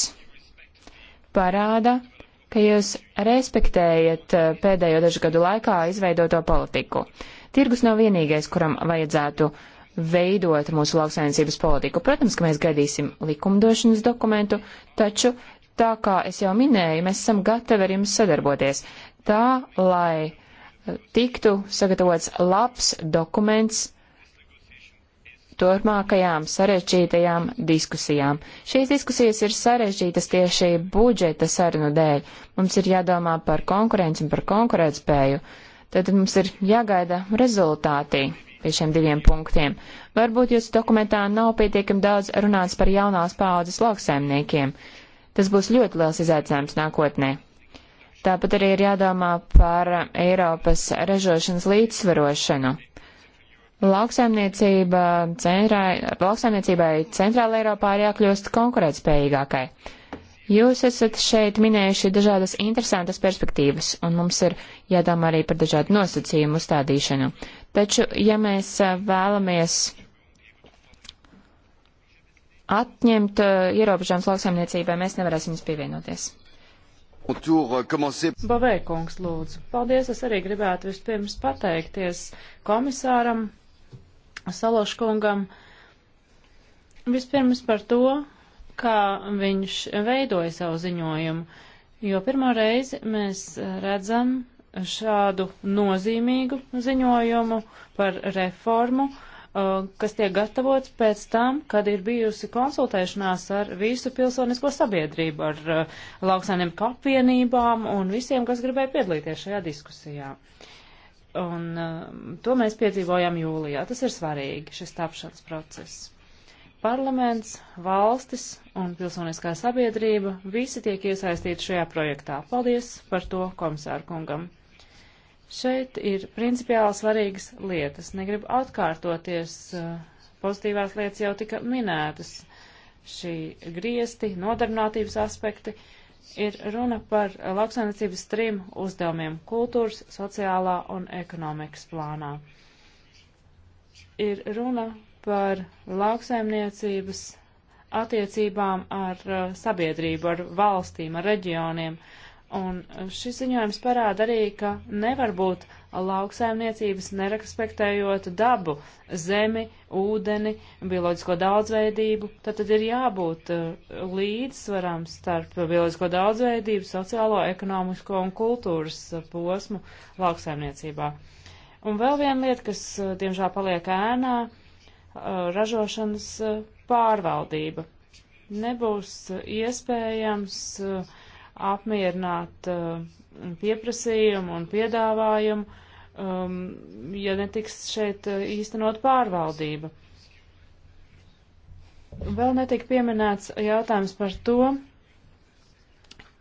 parāda, ka jūs respektējat eh, pēdējo dažu gadu laikā izveidoto politiku. Tirgus nav vienīgais, kuram vajadzētu veidot mūsu lauksainicības politiku. Protams, ka mēs gaidīsim likumdošanas dokumentu, taču Tā kā es jau minēju, mēs esam gatavi ar jums sadarboties tā, lai tiktu sagatavots labs dokuments turpmākajām sarežģītajām diskusijām. Šīs diskusijas ir sarežģītas tieši budžeta sarunu dēļ. Mums ir jādomā par konkurenci un par konkurētspēju. Tad mums ir jāgaida rezultāti pie šiem diviem punktiem. Varbūt jūsu dokumentā nav pietiekami daudz runāts par jaunās paaudzes lauksaimniekiem. Tas būs ļoti liels izaicinājums nākotnē. Tāpat arī ir jādomā par Eiropas ražošanas līdzsvarošanu. Lauksaimniecība centrā, lauksaimniecībai centrāla Eiropā ir jākļūst konkurētspējīgākai. Jūs esat šeit minējuši dažādas interesantas perspektīvas, un mums ir jādomā arī par dažādu nosacījumu uzstādīšanu. Taču, ja mēs vēlamies atņemt uh, ierobežojums lauksaimniecībai, mēs nevarēsim jums pievienoties. Uh, Bavēkungs, lūdzu. Paldies, es arī gribētu vispirms pateikties komisāram Saloškungam vispirms par to, kā viņš veidoja savu ziņojumu, jo pirmo reizi mēs redzam šādu nozīmīgu ziņojumu par reformu, Uh, kas tiek gatavots pēc tam, kad ir bijusi konsultēšanās ar visu pilsonisko sabiedrību, ar uh, lauksainiem kapienībām un visiem, kas gribēja piedalīties šajā diskusijā. Un uh, to mēs piedzīvojam jūlijā. Tas ir svarīgi, šis tapšanas process. Parlaments, valstis un pilsoniskā sabiedrība visi tiek iesaistīti šajā projektā. Paldies par to komisāru kungam! Šeit ir principiāli svarīgas lietas. Negribu atkārtoties, eh, pozitīvās lietas jau tika minētas. Šī griesti, nodarbinātības aspekti ir runa par lauksainicības trim uzdevumiem - kultūras, sociālā un ekonomikas plānā. Ir runa par lauksaimniecības attiecībām ar eh, sabiedrību, ar valstīm, ar reģioniem. Uh, Un šis ziņojums parāda arī, ka nevar būt lauksaimniecības nerespektējot dabu, zemi, ūdeni, bioloģisko daudzveidību. Tad, tad ir jābūt uh, līdzsvaram starp bioloģisko daudzveidību, sociālo, ekonomisko un kultūras uh, posmu lauksaimniecībā. Un vēl viena lieta, kas, uh, diemžēl, paliek ēnā - ražošanas pārvaldība. Nebūs iespējams uh, apmierināt uh, pieprasījumu un piedāvājumu, um, ja netiks šeit uh, īstenot pārvaldība. Vēl netika pieminēts jautājums par to,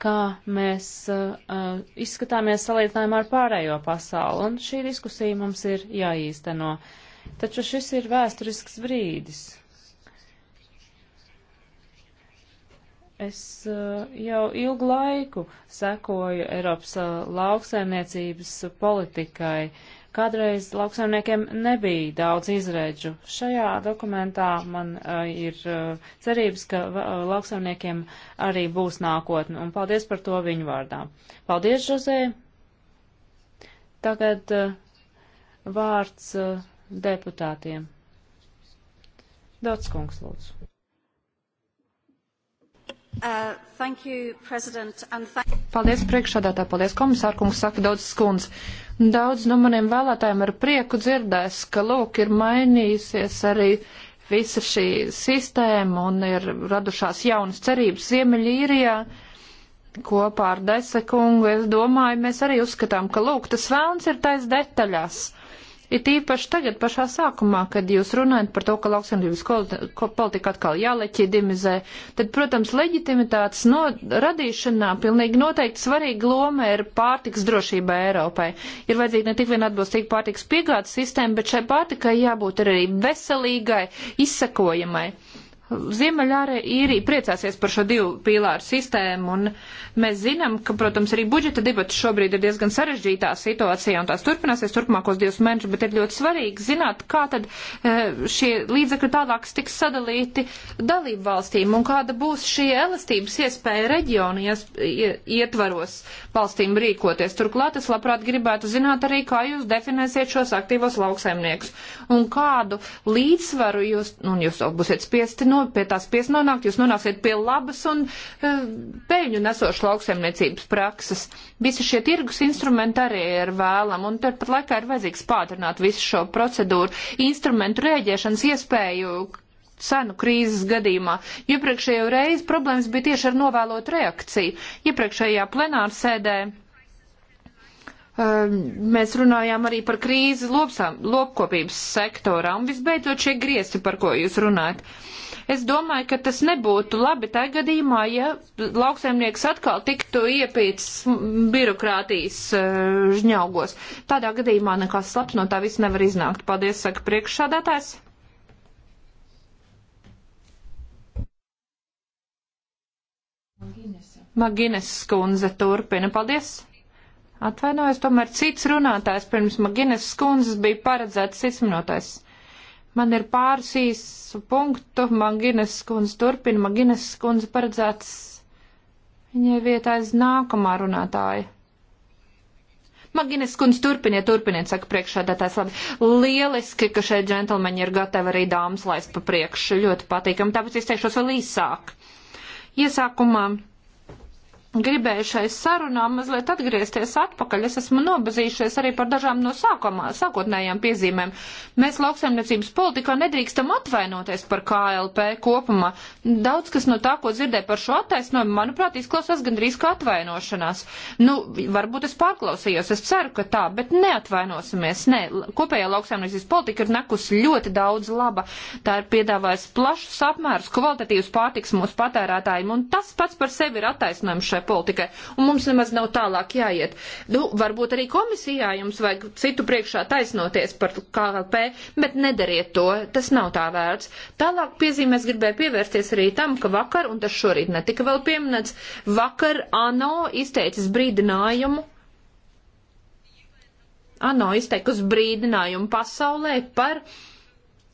kā mēs uh, uh, izskatāmies salīdzinājumā ar pārējo pasauli, un šī diskusija mums ir jāīsteno. Taču šis ir vēsturisks brīdis, Es eh, jau ilgu laiku sekoju Eiropas eh, lauksaimniecības politikai. Kādreiz lauksaimniekiem nebija daudz izredžu. Šajā dokumentā man uh, ir uh, cerības, ka uh, lauksaimniekiem arī būs nākotne, un paldies par to viņu vārdā. Paldies, Žozē! Tagad uh, vārds uh, deputātiem. Dots kungs, lūdzu. Uh, you, paldies priekšādātā, paldies komisārkungs, saka daudz skundz. Daudz no maniem vēlētājiem ar prieku dzirdēs, ka lūk ir mainījusies arī visa šī sistēma un ir radušās jaunas cerības Ziemeļīrijā. Kopā ar Desekungu es domāju, mēs arī uzskatām, ka lūk tas vēlns ir tais detaļās. Uh, Ir tīpaši tagad pašā sākumā, kad jūs runājat par to, ka lauksaimniecības politika atkal jāleķidimizē, tad, protams, leģitimitātes no radīšanā pilnīgi noteikti svarīga loma ir pārtiks drošība Eiropai. Ir vajadzīga ne tik vien atbilstīga pārtiks piegādes sistēma, bet šai pārtikai jābūt arī veselīgai, izsakojamai. Ziemeļārē īrija priecāsies par šo divu pīlāru sistēmu, un mēs zinām, ka, protams, arī budžeta debats šobrīd ir diezgan sarežģītā situācijā, un tās turpināsies turpmākos divus mēnešus, bet ir ļoti svarīgi zināt, kā tad e, šie līdzekļi tālākas tiks sadalīti dalību valstīm, un kāda būs šī elastības iespēja reģionu ietvaros valstīm rīkoties. Turklāt es labprāt gribētu zināt arī, kā jūs definēsiet šos aktīvos lauksaimniekus, un kādu līdzsvaru jūs, un jūs to būsiet spiesti no, pie tās pies nonākt, jūs nonāksiet pie labas un uh, peļņu nesošu lauksaimniecības prakses. Visi šie tirgus instrumenti arī ir vēlam, un tad pat laikā ir vajadzīgs pātrināt visu šo procedūru, instrumentu rēģēšanas iespēju cenu krīzes gadījumā. Iepriekšējo reizi problēmas bija tieši ar novēlot reakciju. Iepriekšējā plenārsēdē e, mēs runājām arī par krīzi lopsām, lopkopības sektorā un visbeidzot šie griesti, par ko jūs runājat. Uh, Es domāju, ka tas nebūtu labi tā gadījumā, ja lauksaimnieks atkal tiktu iepīts birokrātijas uh, žņaugos. Tādā gadījumā nekas slaps no tā viss nevar iznākt. Paldies, saka priekšsādātājs. Magines skundze turpina. Paldies! Atvainojos, tomēr cits runātājs pirms Magines skundzes bija paredzēts cits minūtājs. Man ir pāris īsu punktu. Maginas skundze turpina. Maginas skundze paredzēts viņai vietā aiz nākamā runātāja. Maginas skundze turpiniet, turpiniet, saka priekšādātājs. Labi, lieliski, ka šeit džentlmeņi ir gatavi arī dāmas laist pa priekšu. Ļoti patīkam. Tāpēc izteikšos vēl īsāk. Iesākumā gribēju šai sarunām mazliet atgriezties atpakaļ. Es esmu nobazījušies arī par dažām no sākumā, sākotnējām piezīmēm. Mēs lauksaimniecības politikā nedrīkstam atvainoties par KLP kopumā. Daudz, kas no tā, ko dzirdēju par šo attaisnojumu, manuprāt, izklausās gandrīz kā atvainošanās. Nu, varbūt es pārklausījos, es ceru, ka tā, bet neatvainosimies. Nē, kopējā lauksaimniecības politika ir nekusi ļoti daudz laba. Tā ir piedāvājusi plašus apmērus, kvalitatīvus pārtiks mūsu patērētājiem, un tas pats par sevi ir attaisnojums šai politikai, un mums nemaz nav tālāk jāiet. Nu, varbūt arī komisijā jums vajag citu priekšā taisnoties par KLP, bet nedariet to, tas nav tā vērts. Tālāk piezīmēs gribēju pievērsties arī tam, ka vakar, un tas šorīt netika vēl pieminēts, vakar ANO izteicis brīdinājumu ANO izteikusi brīdinājumu pasaulē par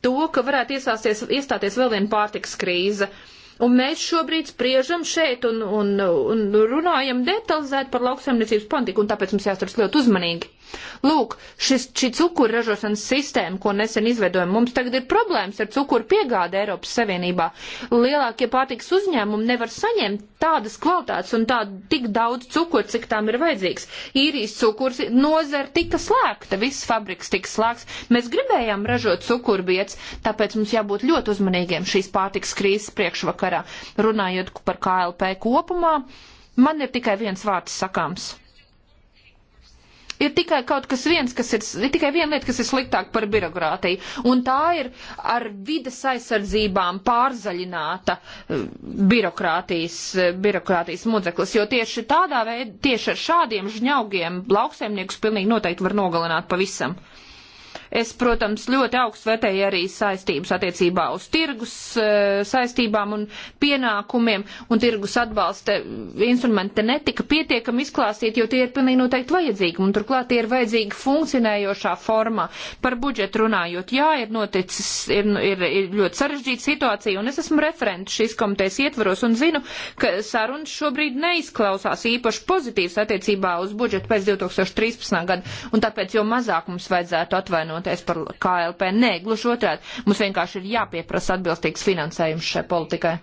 to, ka varētu iestāties vēl viena pārtiks krīze. Uh, Un mēs šobrīd spriežam šeit un, un, un runājam detalizēt par lauksaimniecības politiku, un tāpēc mums jāsturas ļoti uzmanīgi. Lūk, šis, šī cukurražošanas sistēma, ko nesen izveidojam, mums tagad ir problēmas ar cukuru piegādi Eiropas Savienībā. Lielākie pārtiks uzņēmumi nevar saņemt tādas kvalitātes un tādu tik daudz cukuru, cik tām ir vajadzīgs. Īrijas cukurs nozer tika slēgta, viss fabriks tika slēgts. Mēs gribējām ražot cukurbietes, tāpēc mums jābūt ļoti uzmanīgiem šīs pārtiks krīzes priekšvakarā. Runājot par KLP kopumā, man ir tikai viens vārds sakāms ir tikai kaut kas viens, kas ir, ir tikai viena lieta, kas ir sliktāk par birokrātiju, un tā ir ar vides aizsardzībām pārzaļināta eh, birokrātijas, eh, birokrātijas mudzeklis, jo tieši tādā veidā, tieši ar šādiem žņaugiem lauksaimniekus pilnīgi noteikti var nogalināt pavisam. Es, protams, ļoti augstu vērtēju arī saistības attiecībā uz tirgus e, saistībām un pienākumiem, un tirgus atbalsta instrumenti te netika pietiekami izklāstīti, jo tie ir pilnīgi noteikti vajadzīgi, un turklāt tie ir vajadzīgi funkcionējošā formā. Par budžetu runājot, jā, ir noticis, ir, nu, ir, ir ļoti sarežģīta situācija, un es esmu referents šīs komitejas ietvaros un zinu, ka sarunas šobrīd neizklausās īpaši pozitīvas attiecībā uz budžetu pēc 2013. gada, un tāpēc jau mazāk mums vajadzētu atvainot vienoties par KLP. Nē, gluži otrādi. Mums vienkārši ir jāpieprasa atbilstīgs finansējums šai politikai.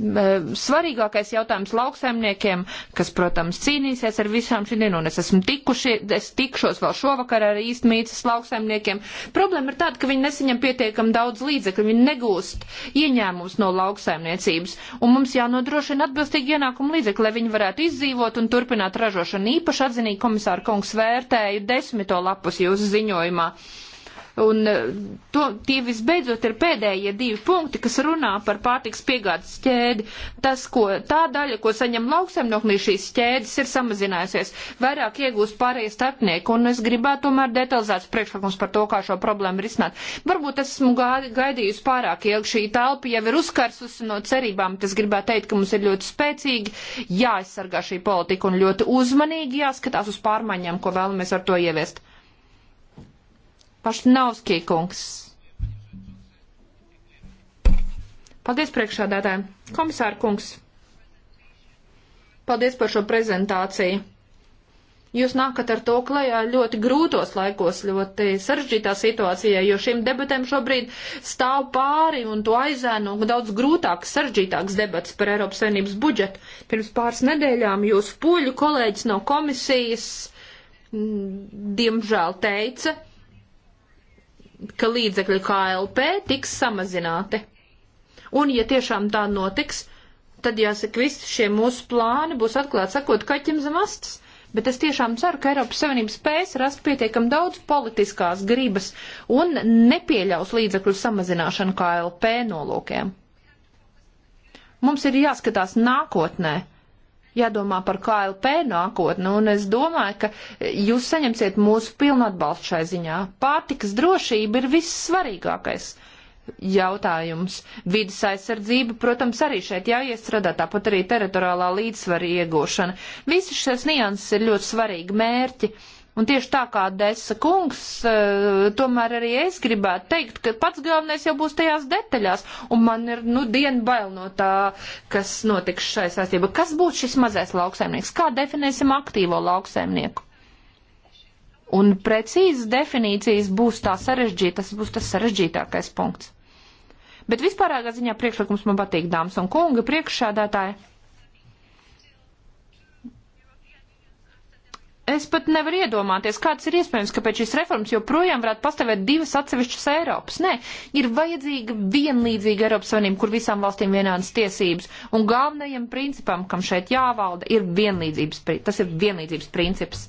Eh, svarīgākais jautājums lauksaimniekiem, kas, protams, cīnīsies ar visām šīm dienām, un es esmu tikuši, es tikšos vēl šovakar ar īstmīcas lauksaimniekiem. Problēma ir tāda, ka viņi nesaņem pietiekam daudz līdzekļu, viņi negūst ieņēmums no lauksaimniecības, un mums jānodrošina atbilstīgi ienākumu līdzekļi, lai viņi varētu izdzīvot un turpināt ražošanu. Īpaši atzinīgi komisāra kungs vērtēju desmito lapus jūsu ziņojumā. Un eh, to, tie visbeidzot ir pēdējie divi punkti, kas runā par pārtiks piegādes ķēdi. Tas, ko tā daļa, ko saņem lauksaimnieki šīs ķēdes, ir samazinājusies. Vairāk iegūst pārējie starpnieki, un es gribētu tomēr detalizēts priekšlikums par to, kā šo problēmu risināt. Varbūt esmu gaidījusi pārāk ilgi. Šī telpa jau ir uzkarsusi no cerībām, bet es gribētu teikt, ka mums ir ļoti spēcīgi jāaizsargā šī politika un ļoti uzmanīgi jāskatās uz pārmaiņām, ko vēlamies ar to ieviest. Pašnauskī kungs. Paldies priekšādātājiem. Komisāra kungs. Paldies par šo prezentāciju. Jūs nākat ar to klajā ļoti grūtos laikos, ļoti sarežģītā situācijā, jo šīm debatēm šobrīd stāv pāri un to aizēno daudz grūtāks, sarežģītāks debats par Eiropas Savienības budžetu. Pirms pāris nedēļām jūs poļu kolēģis no komisijas, mm, diemžēl, teica, ka līdzekļu KLP tiks samazināti. Un, ja tiešām tā notiks, tad jāsaka, visi šie mūsu plāni būs atklāti sakot kaķim zem astes. Bet es tiešām ceru, ka Eiropas Savienība spēs rast pietiekam daudz politiskās gribas un nepieļaus līdzekļu samazināšanu KLP nolūkiem. Mums ir jāskatās nākotnē jādomā par KLP nākotni, un es domāju, ka jūs saņemsiet mūsu pilnu atbalstu šai ziņā. Pārtikas drošība ir viss svarīgākais jautājums. Vides aizsardzība, protams, arī šeit jāiestrādā, tāpat arī teritoriālā līdzsvara iegūšana. Visas šīs nianses ir ļoti svarīgi mērķi. Uh, Un tieši tā kā Desa kungs, eh, tomēr arī es gribētu teikt, ka pats galvenais jau būs tajās detaļās, un man ir, nu, diena bail no tā, kas notiks šai saistībā. Kas būs šis mazais lauksaimnieks? Kā definēsim aktīvo lauksaimnieku? Un precīzas definīcijas būs tā sarežģītas, būs tas sarežģītākais punkts. Bet vispārākā ziņā priekšlikums man patīk, dāmas un kunga priekšsādātāji. Es pat nevaru iedomāties, kāds ir iespējams, ka pēc šīs reformas joprojām varētu pastāvēt divas atsevišķas Eiropas. Nē, ir vajadzīga vienlīdzīga Eiropas Savienība, kur visām valstīm vienādas tiesības. Un galvenajam principam, kam šeit jāvalda, ir vienlīdzības, tas ir vienlīdzības princips.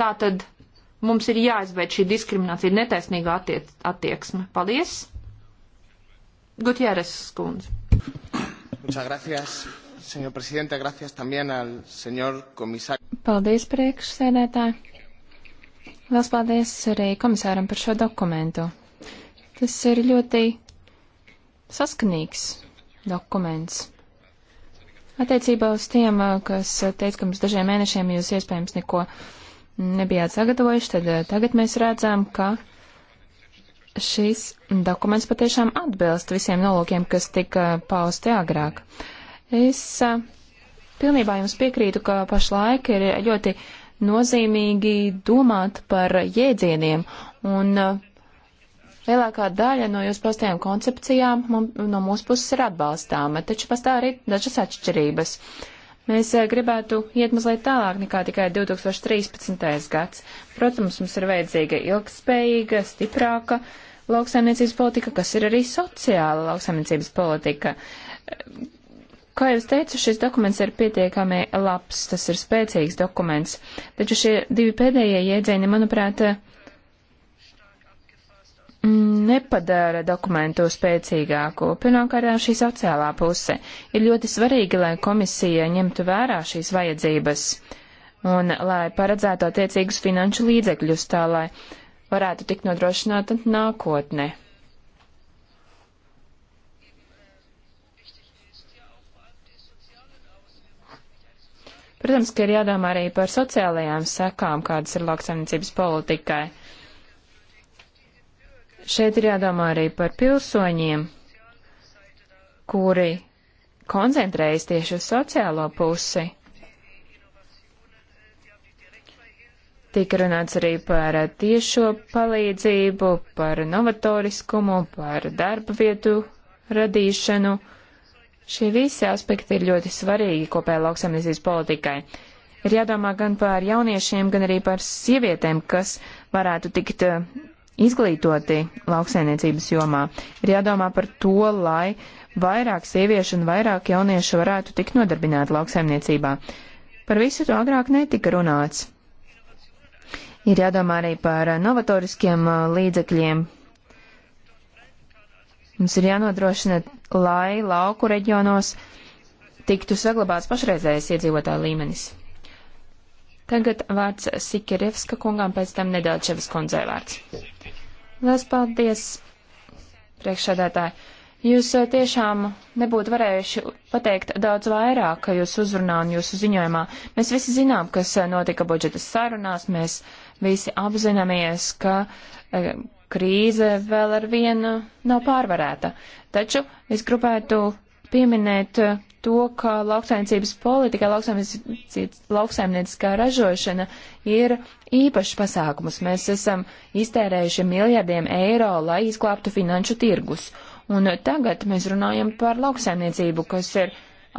Tātad mums ir jāizbeidz šī diskriminācija, netaisnīga attiec attieksme. Paldies! Gutjēres skundze. Muchas gracias, señor presidente. Gracias también al señor comisario. Paldies, priekšsēdētāji. Lielas paldies arī komisāram par šo dokumentu. Tas ir ļoti saskanīgs dokuments. Attiecībā uz tiem, eh, kas teica, ka mums dažiem mēnešiem jūs iespējams neko nebijāt sagatavojuši, tad eh, tagad mēs redzam, ka šis dokuments patiešām atbilst visiem nolūkiem, kas tika pausti agrāk. Es pilnībā jums piekrītu, ka pašlaik ir ļoti nozīmīgi domāt par jēdzieniem, un lielākā daļa no jūsu postajām koncepcijām no mūsu puses ir atbalstāma, taču pastāv arī dažas atšķirības. Uh, Mēs eh, gribētu iet mazliet tālāk nekā tikai 2013. gads. Protams, mums ir vajadzīga ilgspējīga, stiprāka lauksaimniecības politika, kas ir arī sociāla lauksaimniecības politika. Kā jau es teicu, šis dokuments ir pietiekami labs, tas ir spēcīgs dokuments, taču šie divi pēdējie jēdzieni, manuprāt, uh, nepadara dokumentu spēcīgāku. Pirmkārt, šī sociālā puse. Ir ļoti svarīgi, lai komisija ņemtu vērā šīs vajadzības un lai paredzētu attiecīgus finanšu līdzekļus tā, lai varētu tikt nodrošināta nākotne. Protams, ka ir jādomā arī par sociālajām sekām, kādas ir lauksaimniecības politikai. Šeit ir jādomā arī par pilsoņiem, kuri koncentrējas tieši uz sociālo pusi. Tika runāts arī par tiešo palīdzību, par novatoriskumu, par darba vietu radīšanu. Šie visi aspekti ir ļoti svarīgi kopējā lauksamniecības politikai. Ir jādomā gan par jauniešiem, gan arī par sievietēm, kas varētu tikt eh, izglītoti lauksainiecības jomā. Ir jādomā par to, lai vairāk sieviešu un vairāk jauniešu varētu tikt nodarbināti lauksaimniecībā. Par visu to agrāk netika runāts. Ir jādomā arī par novatoriskiem uh, līdzekļiem. Mums ir jānodrošina, lai lauku reģionos tiktu saglabāts pašreizējais iedzīvotāja līmenis. Tagad vārds Sikerevska kungām, pēc tam nedaudz Čevas kundzei vārds. Lielas paldies, priekšsēdētāji. Jūs eh, tiešām nebūtu varējuši pateikt daudz vairāk, ka jūs uzrunā un jūsu ziņojumā. Mēs visi zinām, kas eh, notika budžeta sarunās, mēs visi apzināmies, ka eh, krīze vēl ar vienu nav pārvarēta. Taču es gribētu pieminēt to, ka lauksaimniecības politika, lauksaimnieciskā ražošana ir īpašs pasākums. Mēs esam iztērējuši miljardiem eiro, lai izklāptu finanšu tirgus. Un tagad mēs runājam par lauksaimniecību, kas ir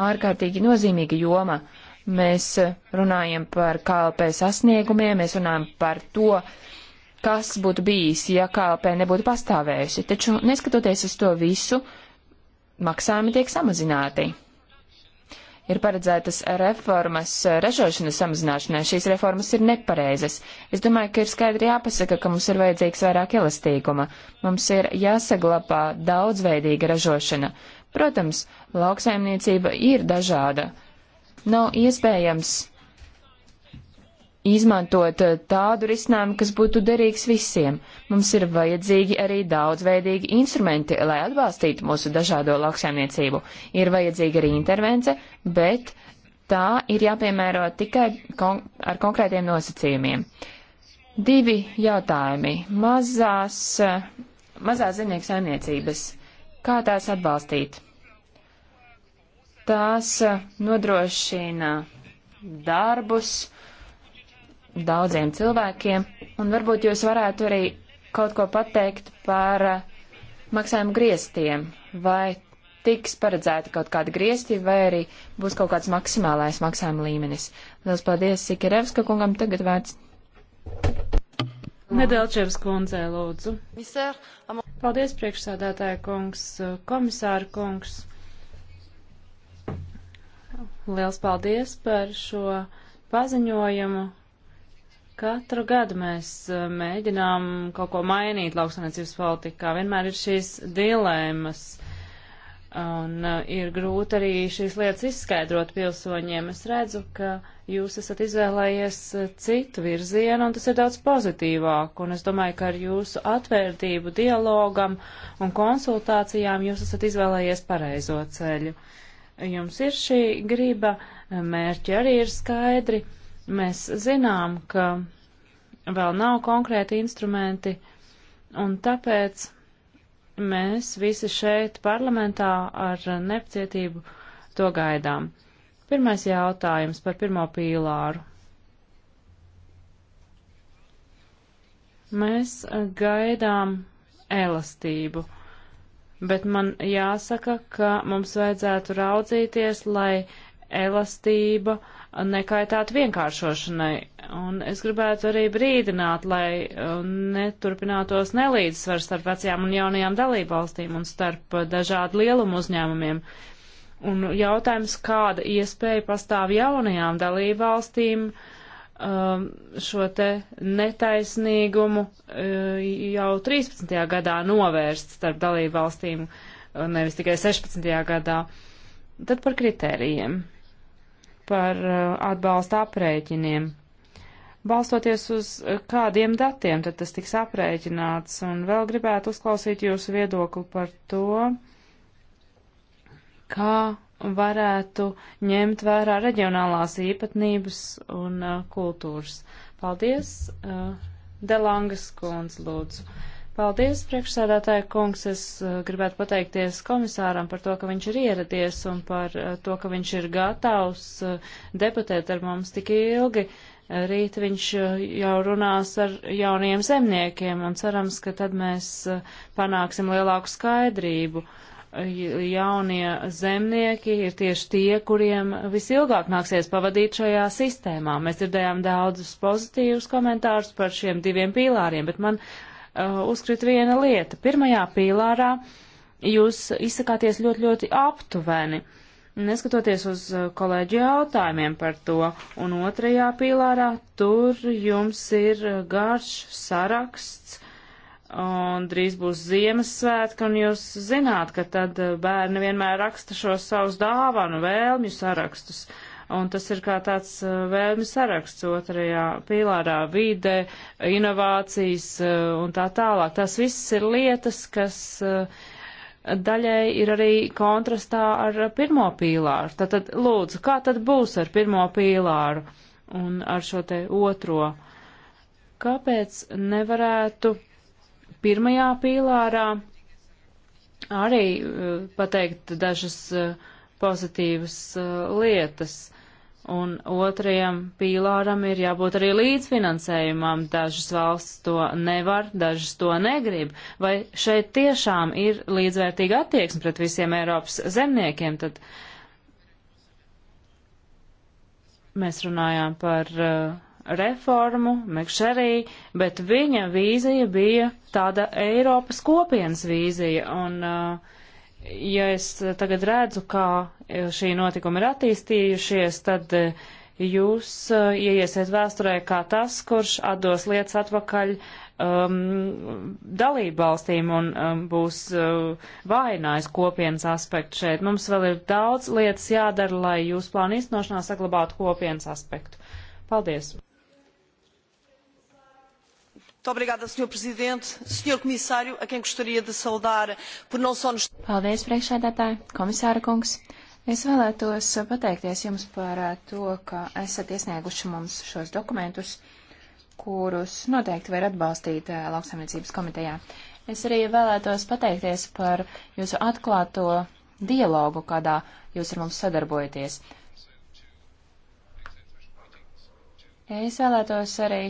ārkārtīgi nozīmīga joma. Mēs runājam par KLP sasniegumiem, mēs runājam par to, kas būtu bijis, ja KLP nebūtu pastāvējusi. Taču, neskatoties uz to visu, maksājumi tiek samazināti ir paredzētas reformas ražošanas samazināšanai, šīs reformas ir nepareizas. Es domāju, ka ir skaidri jāpasaka, ka mums ir vajadzīgs vairāk elastīguma. Mums ir jāsaglabā daudzveidīga ražošana. Protams, lauksaimniecība ir dažāda. Nav iespējams izmantot eh, tādu risinājumu, kas būtu derīgs visiem. Mums ir vajadzīgi arī daudzveidīgi instrumenti, lai atbalstītu mūsu dažādo lauksaimniecību. Ir vajadzīga arī intervence, bet tā ir jāpiemēro tikai kon ar konkrētiem nosacījumiem. Divi jautājumi. Mazās, eh, mazās zemnieku saimniecības. Kā tās atbalstīt? Tās eh, nodrošina darbus, uh, daudziem cilvēkiem, un varbūt jūs varētu arī kaut ko pateikt par eh, maksājumu griestiem, vai tiks paredzēti kaut kādi griesti, vai arī būs kaut kāds maksimālais maksājuma līmenis. Lielas paldies Sikerevska kungam, tagad vārds. Nedelčevs kundzē, lūdzu. Paldies, priekšsādātāja kungs, komisāra kungs. Liels paldies par šo paziņojumu, Katru gadu mēs eh, mēģinām kaut ko mainīt lauksaimniecības politikā. Vienmēr ir šīs dilēmas. Un eh, ir grūti arī šīs lietas izskaidrot pilsoņiem. Es redzu, ka jūs esat izvēlējies eh, citu virzienu, un tas ir daudz pozitīvāk. Un es domāju, ka ar jūsu atvērtību dialogam un konsultācijām jūs esat izvēlējies pareizo ceļu. Jums ir šī griba, mērķi arī ir skaidri Mēs zinām, ka vēl nav konkrēti instrumenti, un tāpēc mēs visi šeit parlamentā ar nepacietību to gaidām. Pirmais jautājums par pirmo pīlāru. Mēs gaidām elastību, bet man jāsaka, ka mums vajadzētu raudzīties, lai elastība uh, nekaitāt vienkāršošanai. Un es gribētu arī brīdināt, lai um, neturpinātos nelīdzsvars starp vecajām un jaunajām dalībvalstīm un starp uh, dažādu lielumu uzņēmumiem. Un jautājums, kāda iespēja pastāv jaunajām dalībvalstīm um, šo te netaisnīgumu uh, jau 13. gadā novērst starp dalībvalstīm, uh, nevis tikai 16. gadā. Tad par kritērijiem par uh, atbalsta aprēķiniem. Balstoties uz uh, kādiem datiem, tad tas tiks aprēķināts, un vēl gribētu uzklausīt jūsu viedokli par to, kā varētu ņemt vērā reģionālās īpatnības un uh, kultūras. Paldies, Delangas kundz, lūdzu. Paldies, priekšsēdētāja kungs. Es eh, gribētu pateikties komisāram par to, ka viņš ir ieradies un par eh, to, ka viņš ir gatavs eh, debatēt ar mums tik ilgi. Rīt viņš jau runās ar jauniem zemniekiem un cerams, ka tad mēs panāksim lielāku skaidrību. Jaunie zemnieki ir tieši tie, kuriem visilgāk nāksies pavadīt šajā sistēmā. Mēs dzirdējām daudzus pozitīvus komentārus par šiem diviem pīlāriem, bet man Uh, uzkrita viena lieta. Pirmajā pīlārā jūs izsakāties ļoti, ļoti aptuveni, neskatoties uz uh, kolēģi jautājumiem par to, un otrajā pīlārā tur jums ir uh, garš saraksts, un drīz būs Ziemassvētka, un jūs zināt, ka tad bērni vienmēr raksta šos savus dāvanu vēlmju sarakstus. Uh, un tas ir kā tāds uh, vēlmi saraksts otrajā pīlārā - vide, inovācijas uh, un tā tālāk. Tas viss ir lietas, kas uh, daļai ir arī kontrastā ar pirmo pīlāru. Tātad, lūdzu, kā tad būs ar pirmo pīlāru un ar šo te otro? Kāpēc nevarētu pirmajā pīlārā arī pateikt dažas pozitīvas lietas un otrajam pīlāram ir jābūt arī līdzfinansējumam. Dažas valsts to nevar, dažas to negrib. Vai šeit tiešām ir līdzvērtīga attieksme pret visiem Eiropas zemniekiem? Tad mēs runājām par uh, reformu, Mekšerī, bet viņa vīzija bija tāda Eiropas kopienas vīzija. Un, uh, ja es tagad redzu, kā e, šī notikuma ir attīstījušies, tad e, jūs e, ieiesiet vēsturē kā tas, kurš atdos lietas atpakaļ um, dalību valstīm un um, būs uh, vainājis kopienas aspektu šeit. Mums vēl ir daudz lietas jādara, lai jūsu plānu īstenošanā saglabātu kopienas aspektu. Paldies! Sr. Presidente, Sr. Komisāru, a quem gostaria de saudar por não só nos. Paldies, priekšsēdētāji, komisāra kungs. Es vēlētos pateikties jums par to, ka esat iesnieguši mums šos dokumentus, kurus noteikti var atbalstīt eh, lauksaimniecības komitejā. Es arī vēlētos pateikties par jūsu atklāto dialogu, kādā jūs ar mums sadarbojaties. Es vēlētos arī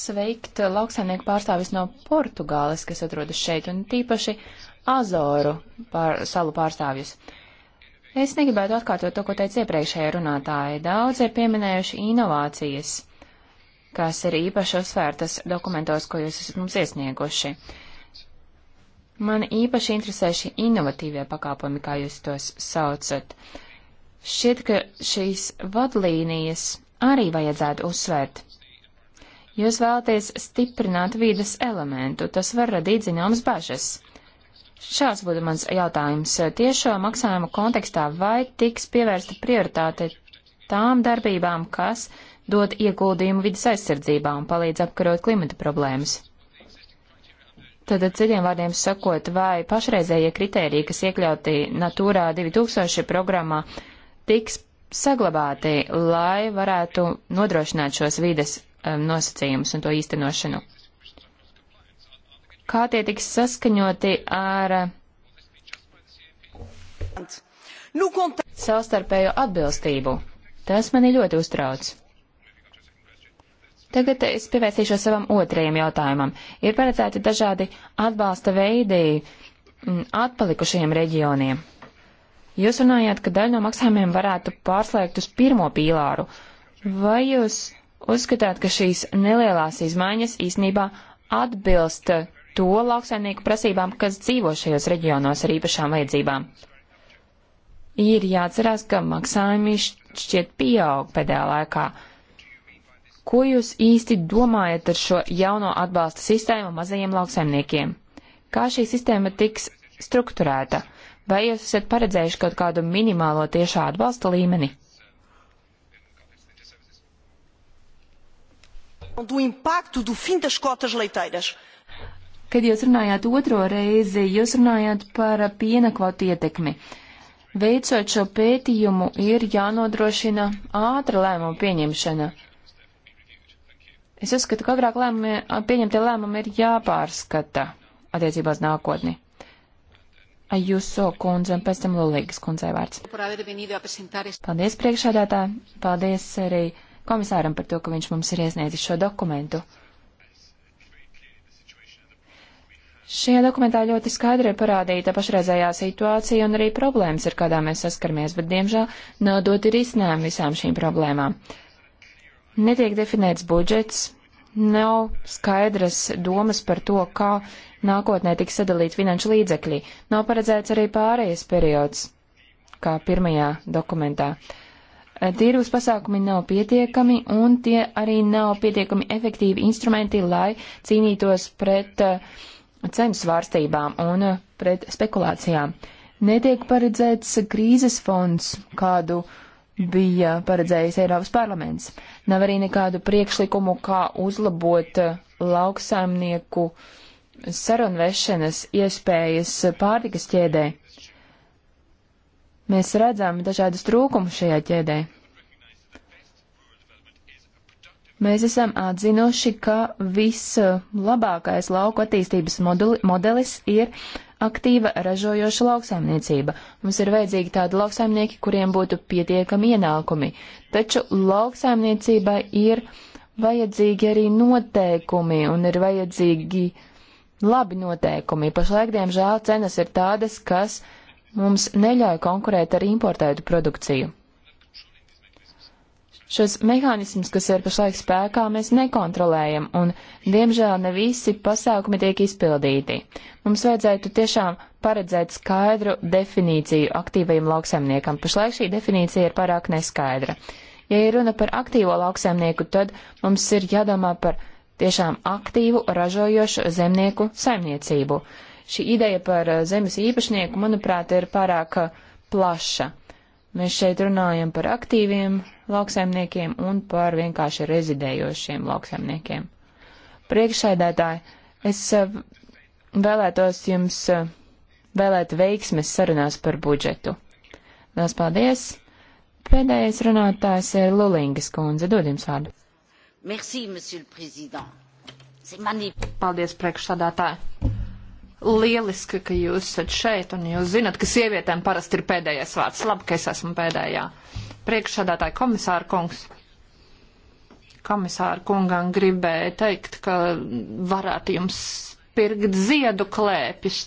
sveikt lauksaimnieku pārstāvis no Portugāles, kas atrodas šeit, un tīpaši Azoru pār, salu pārstāvjus. Es negribētu atkārtot to, ko teica iepriekšējā runātāja. Daudz ir pieminējuši inovācijas, kas ir īpaši uzsvērtas dokumentos, ko jūs esat mums iesnieguši. Man īpaši interesē šie inovatīvie pakāpumi, kā jūs tos saucat. Šķiet, ka šīs vadlīnijas arī vajadzētu uzsvērt Jūs vēlaties stiprināt vīdes elementu, tas var radīt zināmas bažas. Šāds būtu mans jautājums. Tiešo maksājumu kontekstā vai tiks pievērsta prioritāte tām darbībām, kas dod ieguldījumu vidas aizsardzībā un palīdz apkarot klimata problēmas? Tad, citiem vārdiem sakot, vai pašreizējie kritēriji, kas iekļauti Natūrā 2000 programmā, tiks saglabāti, lai varētu nodrošināt šos vides um, nosacījumus un to īstenošanu. Kā tie tiks saskaņoti ar uh, nu, savstarpējo atbilstību? Tas mani ļoti uztrauc. Tagad es pievērsīšos savam otrajam jautājumam. Ir paredzēti dažādi atbalsta veidi mm, atpalikušajiem reģioniem. Jūs runājāt, ka daļu no maksājumiem varētu pārslēgt uz pirmo pīlāru. Vai jūs uzskatāt, ka šīs nelielās izmaiņas īsnībā atbilst to lauksaimnieku prasībām, kas dzīvo šajos reģionos ar īpašām vajadzībām. Ir jāatcerās, ka maksājumi šķiet pieaug pēdējā laikā. Ko jūs īsti domājat ar šo jauno atbalsta sistēmu mazajiem lauksaimniekiem? Kā šī sistēma tiks strukturēta? Vai jūs esat paredzējuši kaut kādu minimālo tiešā atbalsta līmeni? do impacto do fim das cotas leiteiras. Kad jūs runājāt otro reizi, jūs runājāt par piena kvotu ietekmi. Veicot šo pētījumu, ir jānodrošina ātra lēmuma pieņemšana. Es uzskatu, ka agrāk lēmumi, pieņemtie lēmumi ir jāpārskata attiecībās nākotni. Jūsu kundze un pēc tam Lulīgas kundzei vārds. Paldies priekšādātā, paldies arī komisāram par to, ka viņš mums ir iesniedzis šo dokumentu. Šajā dokumentā ļoti skaidri ir parādīta pašreizējā situācija un arī problēmas, ar kādām mēs saskaramies, bet, diemžēl, nav dot ir izcinājumi visām šīm problēmām. Netiek definēts budžets, nav skaidras domas par to, kā nākotnē tiks sadalīt finanšu līdzekļi, nav paredzēts arī pārējais periods, kā pirmajā dokumentā. Uh, Eh, tirgus pasākumi nav pietiekami un tie arī nav pietiekami efektīvi instrumenti, lai cīnītos pret eh, cenu svārstībām un eh, pret spekulācijām. Netiek paredzēts krīzes fonds, kādu bija paredzējis Eiropas parlaments. Nav arī nekādu priekšlikumu, kā uzlabot lauksaimnieku sarunvešanas iespējas pārtikas ķēdē. Mēs redzam dažādus trūkumus šajā ķēdē. Mēs esam atzinuši, ka vislabākais lauku attīstības moduli, modelis ir aktīva ražojoša lauksaimniecība. Mums ir vajadzīgi tādi lauksaimnieki, kuriem būtu pietiekami ienākumi. Taču lauksaimniecībai ir vajadzīgi arī noteikumi un ir vajadzīgi labi noteikumi. Pašlaik, diemžēl, cenas ir tādas, kas mums neļauj konkurēt ar importētu produkciju. Šos mehānismus, kas ir pašlaik spēkā, mēs nekontrolējam, un, diemžēl, ne visi pasākumi tiek izpildīti. Mums vajadzētu tiešām paredzēt skaidru definīciju aktīvajam lauksaimniekam. Pašlaik šī definīcija ir pārāk neskaidra. Ja ir runa par aktīvo lauksaimnieku, tad mums ir jādomā par tiešām aktīvu, ražojošu zemnieku saimniecību. Uh, Šī ideja par eh, zemes īpašnieku, manuprāt, ir pārāk eh, plaša. Mēs šeit runājam par aktīviem lauksaimniekiem un par vienkārši rezidējošiem lauksaimniekiem. Priekšsēdētāji, es eh, vēlētos jums vēlēt veiksmes sarunās par budžetu. Lielas paldies! Pēdējais runātājs ir Lulingas kundze. Dod jums vārdu. Merci, monsieur le président. Mani... Paldies, priekšsādātāji. Lieliski, ka jūs esat šeit un jūs zinat, ka sievietēm parasti ir pēdējais vārds. Labi, ka es esmu pēdējā. Priekšsādātāja komisāra kungs. Komisāra kungam gribēja teikt, ka varētu jums pirkt ziedu klēpjus.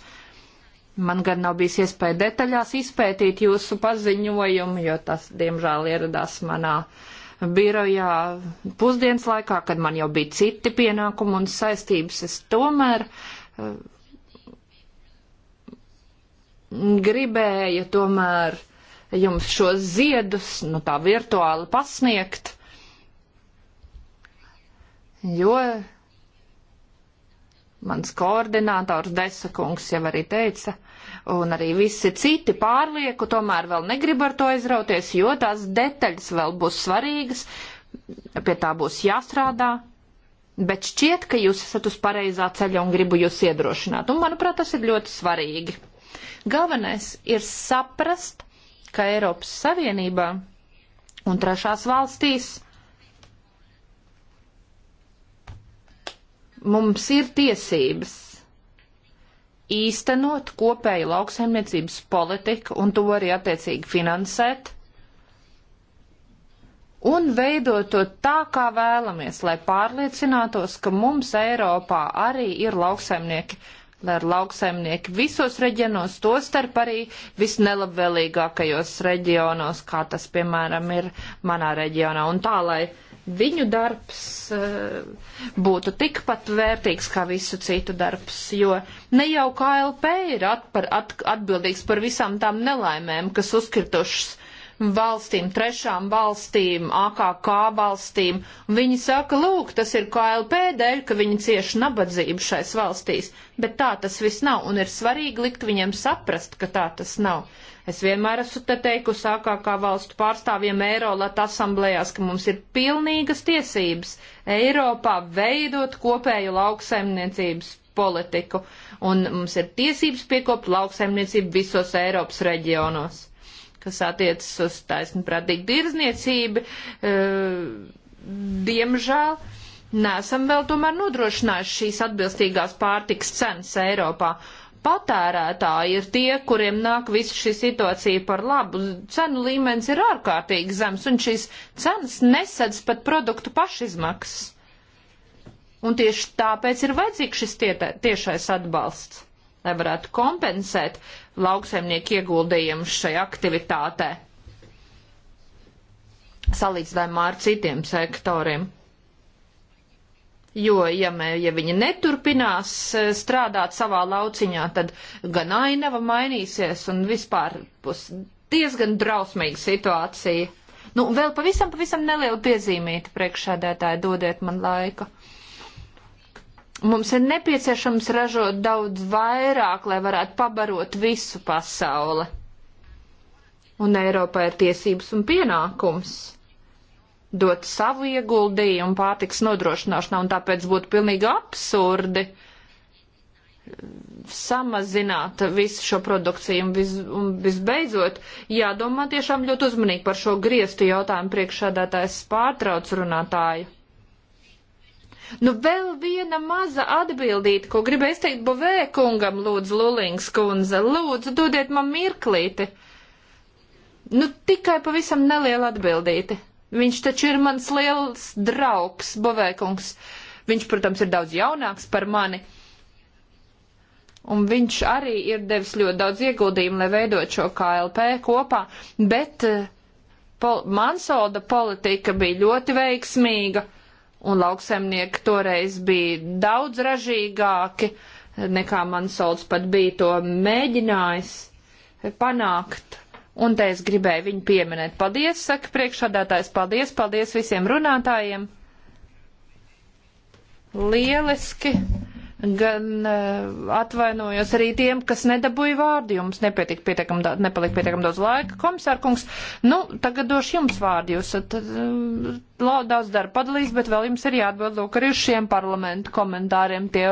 Man gan nav bijis iespēja detaļās izpētīt jūsu paziņojumu, jo tas, diemžēl, ieradās manā birojā pusdienas laikā, kad man jau bija citi pienākumi un saistības. Es tomēr gribēja tomēr jums šos ziedus, nu tā virtuāli pasniegt, jo mans koordinātors Desakungs jau arī teica, un arī visi citi pārlieku tomēr vēl negrib ar to izrauties, jo tās detaļas vēl būs svarīgas, pie tā būs jāstrādā. Bet šķiet, ka jūs esat uz pareizā ceļa un gribu jūs iedrošināt. Un, manuprāt, tas ir ļoti svarīgi. Galvenais ir saprast, ka Eiropas Savienībā un trešās valstīs mums ir tiesības īstenot kopēju lauksaimniecības politiku un to arī attiecīgi finansēt un veidot to tā, kā vēlamies, lai pārliecinātos, ka mums Eiropā arī ir lauksaimnieki, lai ir lauksaimnieki visos reģionos, to starp arī visnelabvēlīgākajos reģionos, kā tas, piemēram, ir manā reģionā. Un tā, lai viņu darbs eh, būtu tikpat vērtīgs kā visu citu darbs, jo ne jau KLP ir at, par, at, atbildīgs par visām tām nelaimēm, kas uzkritušas valstīm, trešām valstīm, AKK valstīm. Viņi saka, lūk, tas ir KLP dēļ, ka viņi cieši nabadzību šais valstīs, bet tā tas viss nav, un ir svarīgi likt viņiem saprast, ka tā tas nav. Es vienmēr esmu te teikusi AKK valstu pārstāvjiem Eirolat asamblējās, ka mums ir pilnīgas tiesības Eiropā veidot kopēju lauksaimniecības politiku, un mums ir tiesības piekopt lauksaimniecību visos Eiropas reģionos kas attiecas uz taisnprātīgu tirzniecību, eh, diemžēl nesam vēl tomēr nodrošinājuši šīs atbilstīgās pārtiks cenas Eiropā. Patērētāji ir tie, kuriem nāk visa šī situācija par labu. Cenu līmenis ir ārkārtīgi zems, un šīs cenas nesedz pat produktu pašizmaksas. Un tieši tāpēc ir vajadzīgs šis tie, tiešais atbalsts lai varētu kompensēt lauksaimnieku ieguldījumus šai aktivitātē, salīdzinājumā ar citiem sektoriem. Jo, ja, mē, ja viņi neturpinās e, strādāt savā lauciņā, tad gan ainava mainīsies un vispār būs diezgan drausmīga situācija. Nu, vēl pavisam, pavisam neliela piezīmīta priekšādētāja, dodiet man laiku. Uh, Mums ir nepieciešams ražot daudz vairāk, lai varētu pabarot visu pasauli. Un Eiropā ir tiesības un pienākums dot savu ieguldījumu pārtiks nodrošināšanā, un tāpēc būtu pilnīgi absurdi samazināt visu šo produkciju. Un, vis, un visbeidzot, jādomā tiešām ļoti uzmanīgi par šo griestu jautājumu priekšādātājs pārtrauc runātāju. Nu, vēl viena maza atbildīte, ko gribēju teikt Bovē kungam, lūdzu, Lulings kundze, lūdzu, dodiet man mirklīti. Nu, tikai pavisam neliela atbildīte. Viņš taču ir mans liels draugs, Bovē kungs. Viņš, protams, ir daudz jaunāks par mani. Un viņš arī ir devis ļoti daudz ieguldījumu, lai veidot šo KLP kopā, bet eh, pol Mansolda politika bija ļoti veiksmīga un lauksemnieki toreiz bija daudz ražīgāki, nekā man sauc pat bija to mēģinājis panākt. Un te es gribēju viņu pieminēt. Paldies, saka priekšādātājs, paldies, paldies visiem runātājiem. Lieliski gan uh, atvainojos arī tiem, kas nedabūja vārdu, jums nepietika pietiekam, da, nepalika pietiekam daudz laika, komisārkungs. Nu, tagad došu jums vārdu, jūs esat uh, daudz darba padalījis, bet vēl jums ir jāatbild lūk arī uz šiem parlamentu komentāriem, tie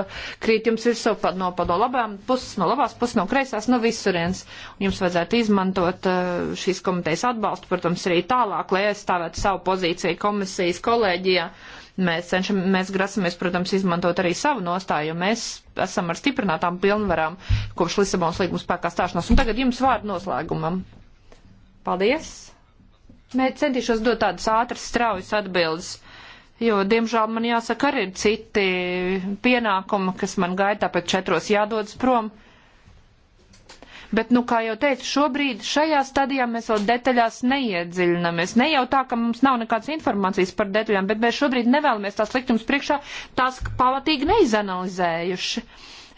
krīt jums virsū no pado labām puses, no labās puses, no kreisās, no visurienes. Un jums vajadzētu izmantot uh, šīs komitejas atbalstu, protams, arī tālāk, lai aizstāvētu savu pozīciju komisijas kolēģijā. Uh, Mēs, cenšam, mēs grasamies, protams, izmantot arī savu nostāju, jo mēs esam ar stiprinātām pilnvarām kopš Lisabonas līguma spēkā stāšanās. Un tagad jums vārdu noslēgumam. Paldies! Mēs centīšos dot tādas ātras, straujas atbildes, jo, diemžēl, man jāsaka, arī ir citi pienākumi, kas man gaida, tāpēc četros jādodas prom. Bet, nu, kā jau teicu, šobrīd šajā stadijā mēs vēl detaļās neiedziļinamies. Ne jau tā, ka mums nav nekādas informācijas par detaļām, bet mēs šobrīd nevēlamies tās likt jums priekšā, tās pamatīgi neizanalizējuši.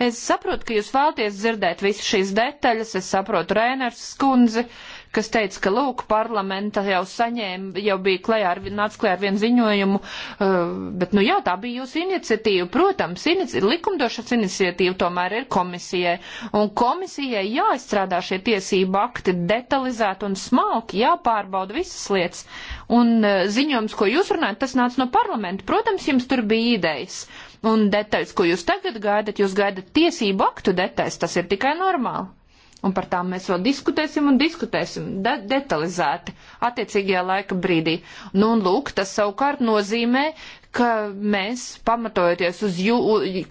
Es saprotu, ka jūs vēlaties dzirdēt visas šīs detaļas, es saprotu Rēners skundzi. Uh, kas teica, ka lūk, parlamenta jau saņēma, jau bija klajā ar, nāc klajā ar vienu ziņojumu, uh, bet nu jā, tā bija jūsu iniciatīva, protams, inici, likumdošas iniciatīva tomēr ir komisijai, un komisijai jāizstrādā šie tiesība akti detalizēti un smalki, jāpārbauda visas lietas, un uh, ziņojums, ko jūs runājat, tas nāca no parlamenta, protams, jums tur bija idejas. Un detaļas, ko jūs tagad gaidat, jūs gaidat tiesību aktu detaļas, tas ir tikai normāli. Un par tām mēs vēl diskutēsim un diskutēsim de detalizēti attiecīgajā laika brīdī. Nu, un lūk, tas savukārt nozīmē, ka mēs pamatojoties uz jū,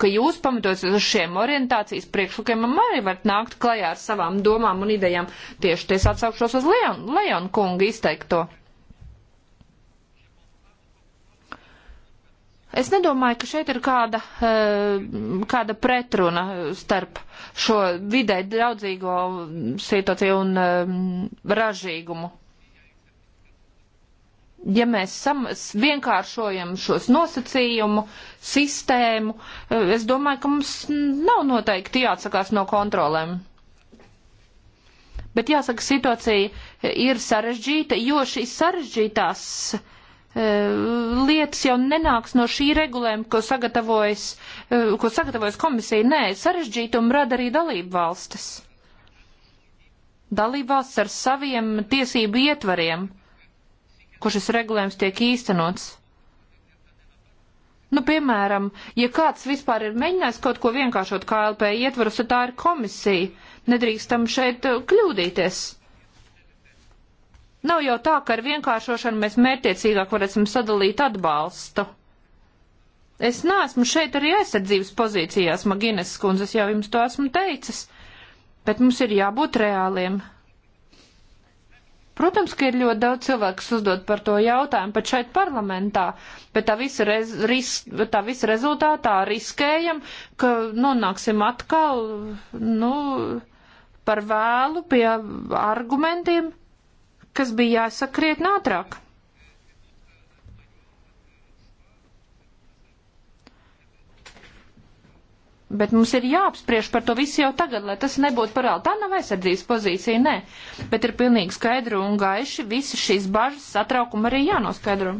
ka jūs pamatojoties uz šiem orientācijas priekšlikumiem arī varat nākt klajā ar savām domām un idejām. Tieši es atsaukšos uz Leon, Leon kungu izteikto. Es nedomāju, ka šeit ir kāda, eh, kāda pretruna starp šo vidē draudzīgo situāciju un eh, ražīgumu. Ja mēs sam, vienkāršojam šos nosacījumu sistēmu, eh, es domāju, ka mums nav noteikti jāatsakās no kontrolēm. Bet jāsaka, situācija ir sarežģīta, jo šīs sarežģītās uh, Eh, lietas jau nenāks no šī regulējuma, ko sagatavojas, eh, ko sagatavojas komisija. Nē, sarežģītumu rada arī dalību valstis. Dalību valsts ar saviem tiesību ietvariem, kur šis regulējums tiek īstenots. Nu, piemēram, ja kāds vispār ir mēģinājis kaut ko vienkāršot KLP ietvaros, tad tā ir komisija. Nedrīkstam šeit eh, kļūdīties. Nav jau tā, ka ar vienkāršošanu mēs mērķiecīgāk varēsim sadalīt atbalstu. Es neesmu šeit arī aizsardzības pozīcijās, Magines skundzes jau jums to esmu teicis, bet mums ir jābūt reāliem. Protams, ka ir ļoti daudz cilvēku, kas uzdod par to jautājumu pat šeit parlamentā, bet tā visa, rez, ris, tā visa rezultātā riskējam, ka nonāksim atkal, nu, par vēlu pie argumentiem kas bija jāsaka krietni ātrāk. Bet mums ir jāapspriež par to visu jau tagad, lai tas nebūtu parāli. Tā nav aizsardzības pozīcija, nē. Bet ir pilnīgi skaidru un gaiši visi šīs bažas satraukumi arī jānoskaidro.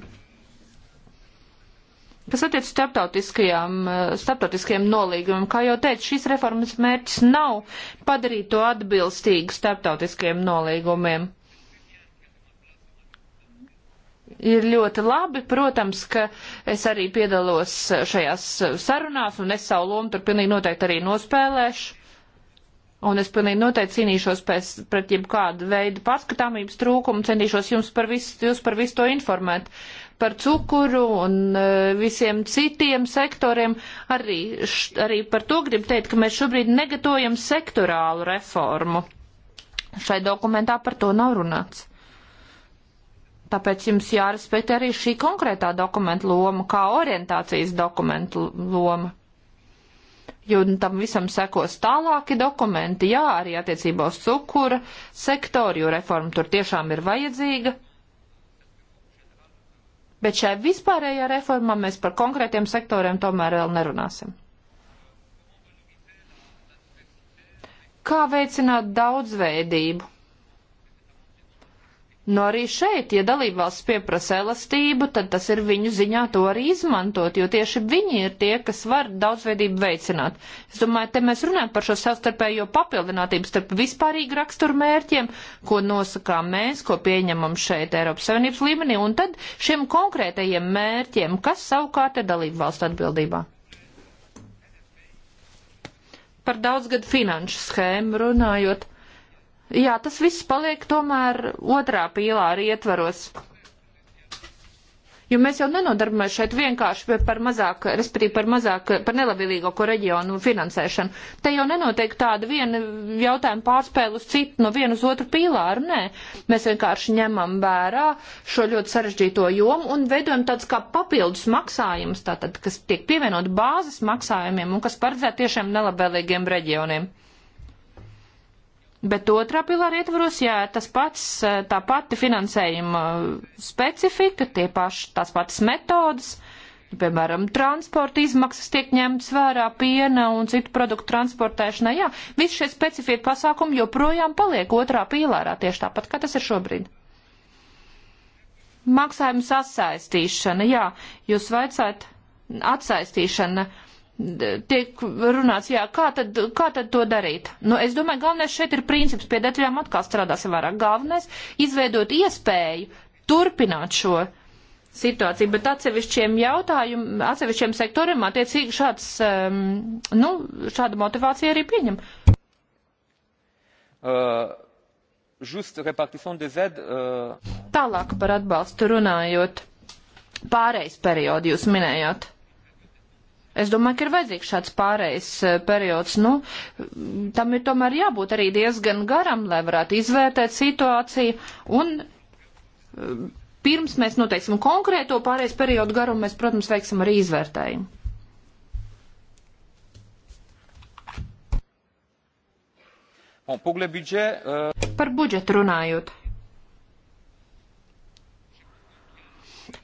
Kas attiec eh, starptautiskajiem nolīgumiem, kā jau teicu, šīs reformas mērķis nav padarīt to atbilstīgu starptautiskajiem nolīgumiem ir ļoti labi. Protams, ka es arī piedalos šajās sarunās, un es savu lomu tur pilnīgi noteikti arī nospēlēšu. Un es pilnīgi noteikti cīnīšos pēc, pret jebkādu veidu paskatāmības trūkumu, cenīšos jums par visu, jūs par visu to informēt. Par cukuru un eh, visiem citiem sektoriem arī, š, arī par to gribu teikt, ka mēs šobrīd negatavojam sektorālu reformu. Šai dokumentā par to nav runāts. Tāpēc jums jārespektē arī šī konkrētā dokumenta loma, kā orientācijas dokumentu loma. Jo tam visam sekos tālāki dokumenti, jā, arī attiecībā uz cukura sektoru, jo reforma tur tiešām ir vajadzīga. Bet šajā vispārējā reformā mēs par konkrētiem sektoriem tomēr vēl nerunāsim. Kā veicināt daudzveidību? Nu, no arī šeit, ja dalībvalsts pieprasa elastību, tad tas ir viņu ziņā to arī izmantot, jo tieši viņi ir tie, kas var daudzveidību veicināt. Es domāju, te mēs runājam par šo savstarpējo papildinātību starp vispārīgu raksturu mērķiem, ko nosakām mēs, ko pieņemam šeit Eiropas Savienības līmenī, un tad šiem konkrētajiem mērķiem, kas savukārt ir dalībvalstu atbildībā. Par daudzgadu finanšu schēmu runājot Jā, tas viss paliek tomēr otrā pīlāra ietvaros. Jo mēs jau nenodarbojamies šeit vienkārši par mazāk, respektīvi par mazāk, par nelabvēlīgāko reģionu finansēšanu. Te jau nenotiek tāda viena jautājuma pārspēle uz citu, no vienu uz otru pīlāru, nē. Mēs vienkārši ņemam vērā šo ļoti sarežģīto jomu un veidojam tāds kā papildus maksājums, tātad, kas tiek pievienot bāzes maksājumiem un kas paredzē tiešām nelabvēlīgiem reģioniem. Bet otrā pilāra ietvaros, jā, tas pats, eh, tā pati finansējuma specifika, tie paši, tās patas metodas, piemēram, transporta izmaksas tiek ņemtas vērā piena un citu produktu transportēšanai, jā, visi šie specifika pasākumi joprojām paliek otrā pilārā tieši tāpat, kā tas ir šobrīd. Maksājuma sasaistīšana, jā, jūs vaicājat atsaistīšana. Uh, tiek runāts, jā, kā tad, kā tad to darīt? Nu, es domāju, galvenais šeit ir princips, pie detaļām atkal strādāsim vairāk. Galvenais - izveidot iespēju turpināt šo situāciju, bet atsevišķiem jautājumiem, atsevišķiem sektoriem attiecīgi šāds, um, nu, šāda motivācija arī pieņem. Uh, just repartition des aides. Uh... Tālāk par atbalstu runājot. Pārejas periodu jūs minējāt. Es domāju, ka ir vajadzīgs šāds pārējais e, periods. Nu, tam ir tomēr jābūt arī diezgan garam, lai varētu izvērtēt situāciju. Un e, pirms mēs noteiksim konkrēto pārējais periodu garumu, mēs, protams, veiksim arī izvērtējumu. Euh, Par budžetu runājot.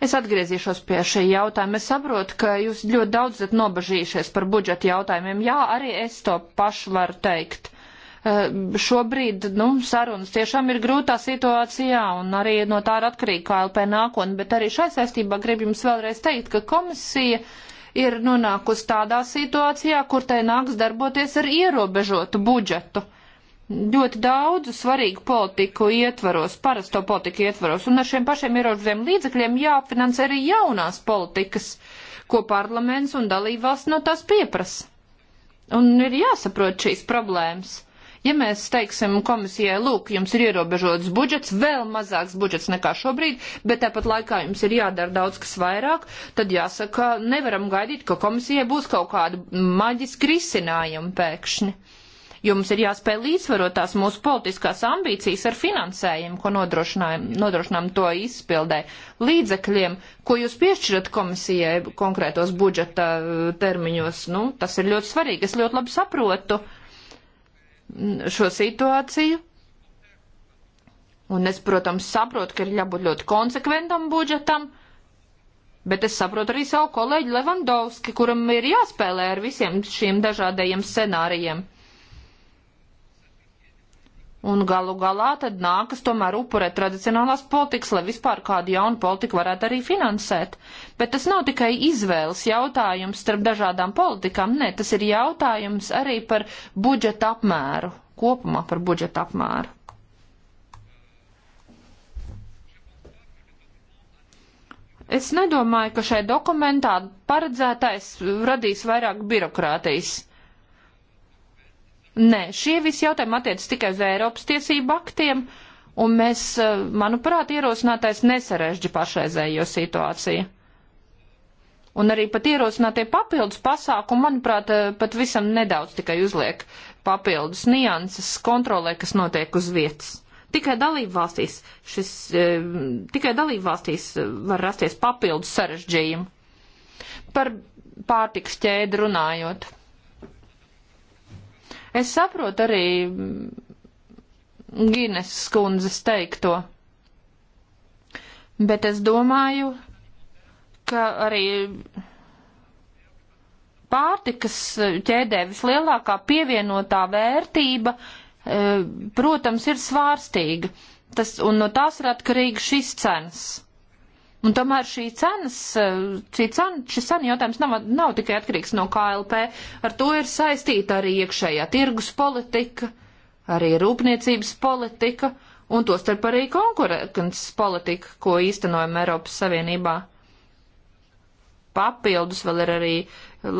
Es atgriezīšos pie šī jautājuma. Es saprotu, ka jūs ļoti daudz esat nobažījušies par budžeta jautājumiem. Jā, arī es to pašu varu teikt. Eh, šobrīd nu, sarunas tiešām ir grūtā situācijā un arī no tā ir atkarīga KLP nākotne, bet arī šai saistībā gribu jums vēlreiz teikt, ka komisija ir nonākusi tādā situācijā, kur tai nāks darboties ar ierobežotu budžetu. Uh, ļoti daudzu svarīgu politiku ietvaros, parasto politiku ietvaros, un ar šiem pašiem ierobežotiem līdzekļiem jāfinansē arī jaunās politikas, ko parlaments un dalībvalsts no tās pieprasa. Un ir jāsaprot šīs problēmas. Ja mēs teiksim komisijai, lūk, jums ir ierobežots budžets, vēl mazāks budžets nekā šobrīd, bet tāpat laikā jums ir jādara daudz kas vairāk, tad jāsaka, nevaram gaidīt, ka komisijai būs kaut kāda maģiska risinājuma pēkšņi jo mums ir jāspēj līdzsvarot tās mūsu politiskās ambīcijas ar finansējumu, ko nodrošinām to izpildē, līdzekļiem, ko jūs piešķirat komisijai konkrētos budžeta eh, termiņos. Nu, tas ir ļoti svarīgi. Es ļoti labi saprotu mm, šo situāciju. Un es, protams, saprotu, ka ir jābūt ļoti konsekventam budžetam, bet es saprotu arī savu kolēģi Levandovski, kuram ir jāspēlē ar visiem šiem dažādajiem scenārijiem. Un galu galā tad nākas tomēr upurēt tradicionālās politikas, lai vispār kādu jaunu politiku varētu arī finansēt. Bet tas nav tikai izvēles jautājums starp dažādām politikām, nē, tas ir jautājums arī par budžeta apmēru, kopumā par budžeta apmēru. Es nedomāju, ka šai dokumentā paredzētais radīs vairāk birokrātijas Nē, šie visi jautājumi attiec tikai uz Eiropas tiesību aktiem, un mēs, eh, manuprāt, ierosinātais nesarežģi pašreizējo situāciju. Un arī pat ierosinātie papildus pasākumi, manuprāt, eh, pat visam nedaudz tikai uzliek papildus nianses kontrolē, kas notiek uz vietas. Tikai dalību valstīs, šis, eh, tikai dalību valstīs var rasties papildus sarežģījumi. Par pārtiks ķēdi runājot. Es saprotu arī Gines skundzes teikto, bet es domāju, ka arī pārtikas ķēdē vislielākā pievienotā vērtība, e, protams, ir svārstīga. Tas, un no tās ir atkarīgs šis cenas. Un tomēr šī cenas, eh, šī cena, šis cena jautājums nav, nav tikai atkarīgs no KLP, ar to ir saistīta arī iekšējā tirgus politika, arī rūpniecības politika un tostarp arī konkurences politika, ko īstenojam Eiropas Savienībā. Papildus vēl ir arī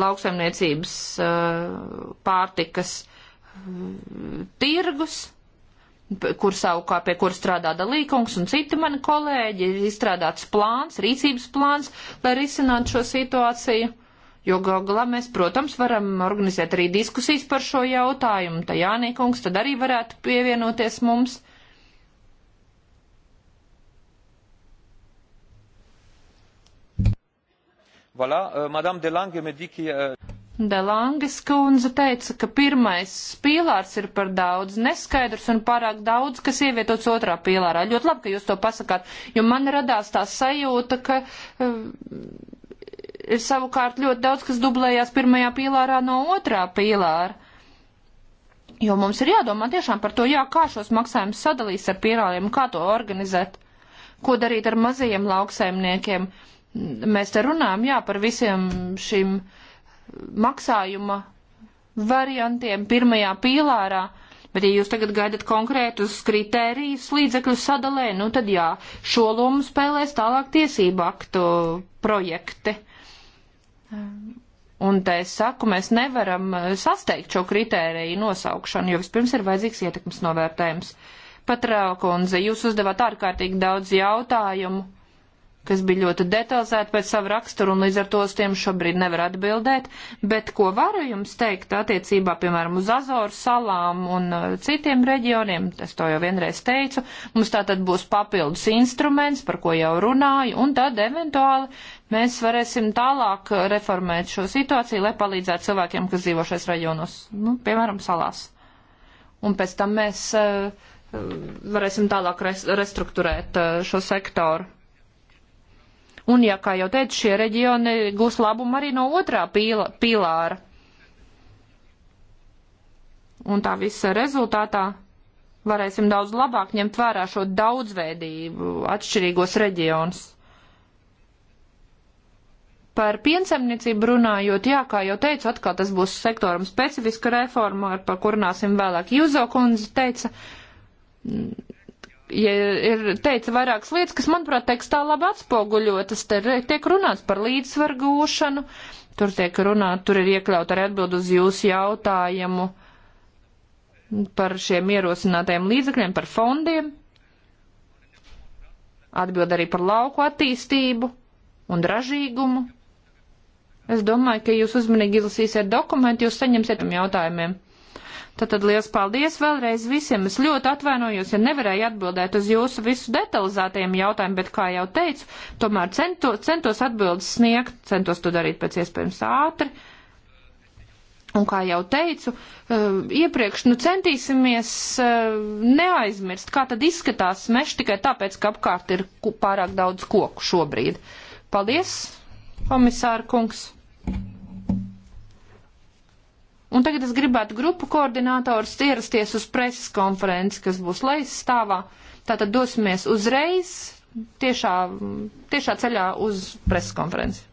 lauksaimniecības eh, pārtikas eh, tirgus kur savukārt pie kur strādā Dalīkungs un citi mani kolēģi, ir izstrādāts plāns, rīcības plāns, lai risinātu šo situāciju. Jo galā mēs, protams, varam organizēt arī diskusijas par šo jautājumu. Tā Jānīkungs tad arī varētu pievienoties mums. Voilà, euh, Madame Delange me dit que. Euh... Delangas kundze teica, ka pirmais pīlārs ir par daudz neskaidrs un pārāk daudz, kas ievietots otrā pīlārā. Ļoti labi, ka jūs to pasakāt, jo man radās tā sajūta, ka uh, ir savukārt ļoti daudz, kas dublējās pirmajā pīlārā no otrā pīlāra. Jo mums ir jādomā tiešām par to, jā, kā šos maksājumus sadalīs ar pīlāriem, kā to organizēt, ko darīt ar mazajiem lauksaimniekiem. Mēs te runājam, jā, par visiem šīm. Uh, maksājuma variantiem pirmajā pīlārā. Bet, ja jūs tagad gaidat konkrētus kritērijus līdzekļu sadalē, nu tad jā, šo lomu spēlēs tālāk tiesību aktu projekti. Un te es saku, mēs nevaram sasteigt šo kritēriju nosaukšanu, jo vispirms ir vajadzīgs ietekmes novērtējums. Patrēlkundze, jūs uzdevāt ārkārtīgi daudz jautājumu kas bija ļoti detalizēti pēc savu raksturu, un līdz ar to uz tiem šobrīd nevar atbildēt. Bet ko varu jums teikt attiecībā, piemēram, uz Azoru salām un uh, citiem reģioniem, es to jau vienreiz teicu, mums tā tad būs papildus instruments, par ko jau runāju, un tad eventuāli mēs varēsim tālāk reformēt šo situāciju, lai palīdzētu cilvēkiem, kas dzīvo šais reģionos, nu, piemēram, salās. Un pēc tam mēs uh, uh varēsim tālāk res restruktūrēt uh, šo sektoru. Un, ja, kā jau teicu, šie reģioni gūs labumu arī no otrā pīla, pīlāra. Un tā visa rezultātā varēsim daudz labāk ņemt vērā šo daudzveidību atšķirīgos reģionus. Par piensaimniecību runājot, jā, kā jau teicu, atkal tas būs sektoram specifiska reforma, par kur runāsim vēlāk. Jūzo kundze teica, ja ir teica vairākas lietas, kas, manuprāt, tekstā labi atspoguļotas. Te tiek runāts par līdzsvaru gūšanu, tur tiek runāt, tur ir iekļaut arī atbild uz jūsu jautājumu par šiem ierosinātajiem līdzekļiem, par fondiem. Atbild arī par lauku attīstību un ražīgumu. Es domāju, ka jūs uzmanīgi izlasīsiet dokumentu, jūs saņemsiet tam jautājumiem. Tātad liels paldies vēlreiz visiem. Es ļoti atvainojos, ja nevarēju atbildēt uz jūsu visu detalizētajiem jautājumiem, bet, kā jau teicu, tomēr cento, centos atbildes sniegt, centos to darīt pēc iespējams ātri. Un kā jau teicu, eh, iepriekš nu centīsimies eh, neaizmirst, kā tad izskatās mežs tikai tāpēc, ka apkārt ir pārāk daudz koku šobrīd. Paldies, komisāra kungs! Un tagad es gribētu grupu koordinātors ierasties uz preses konferenci, kas būs lejas stāvā. Tātad dosimies uzreiz tiešā, tiešā ceļā uz preses konferenci.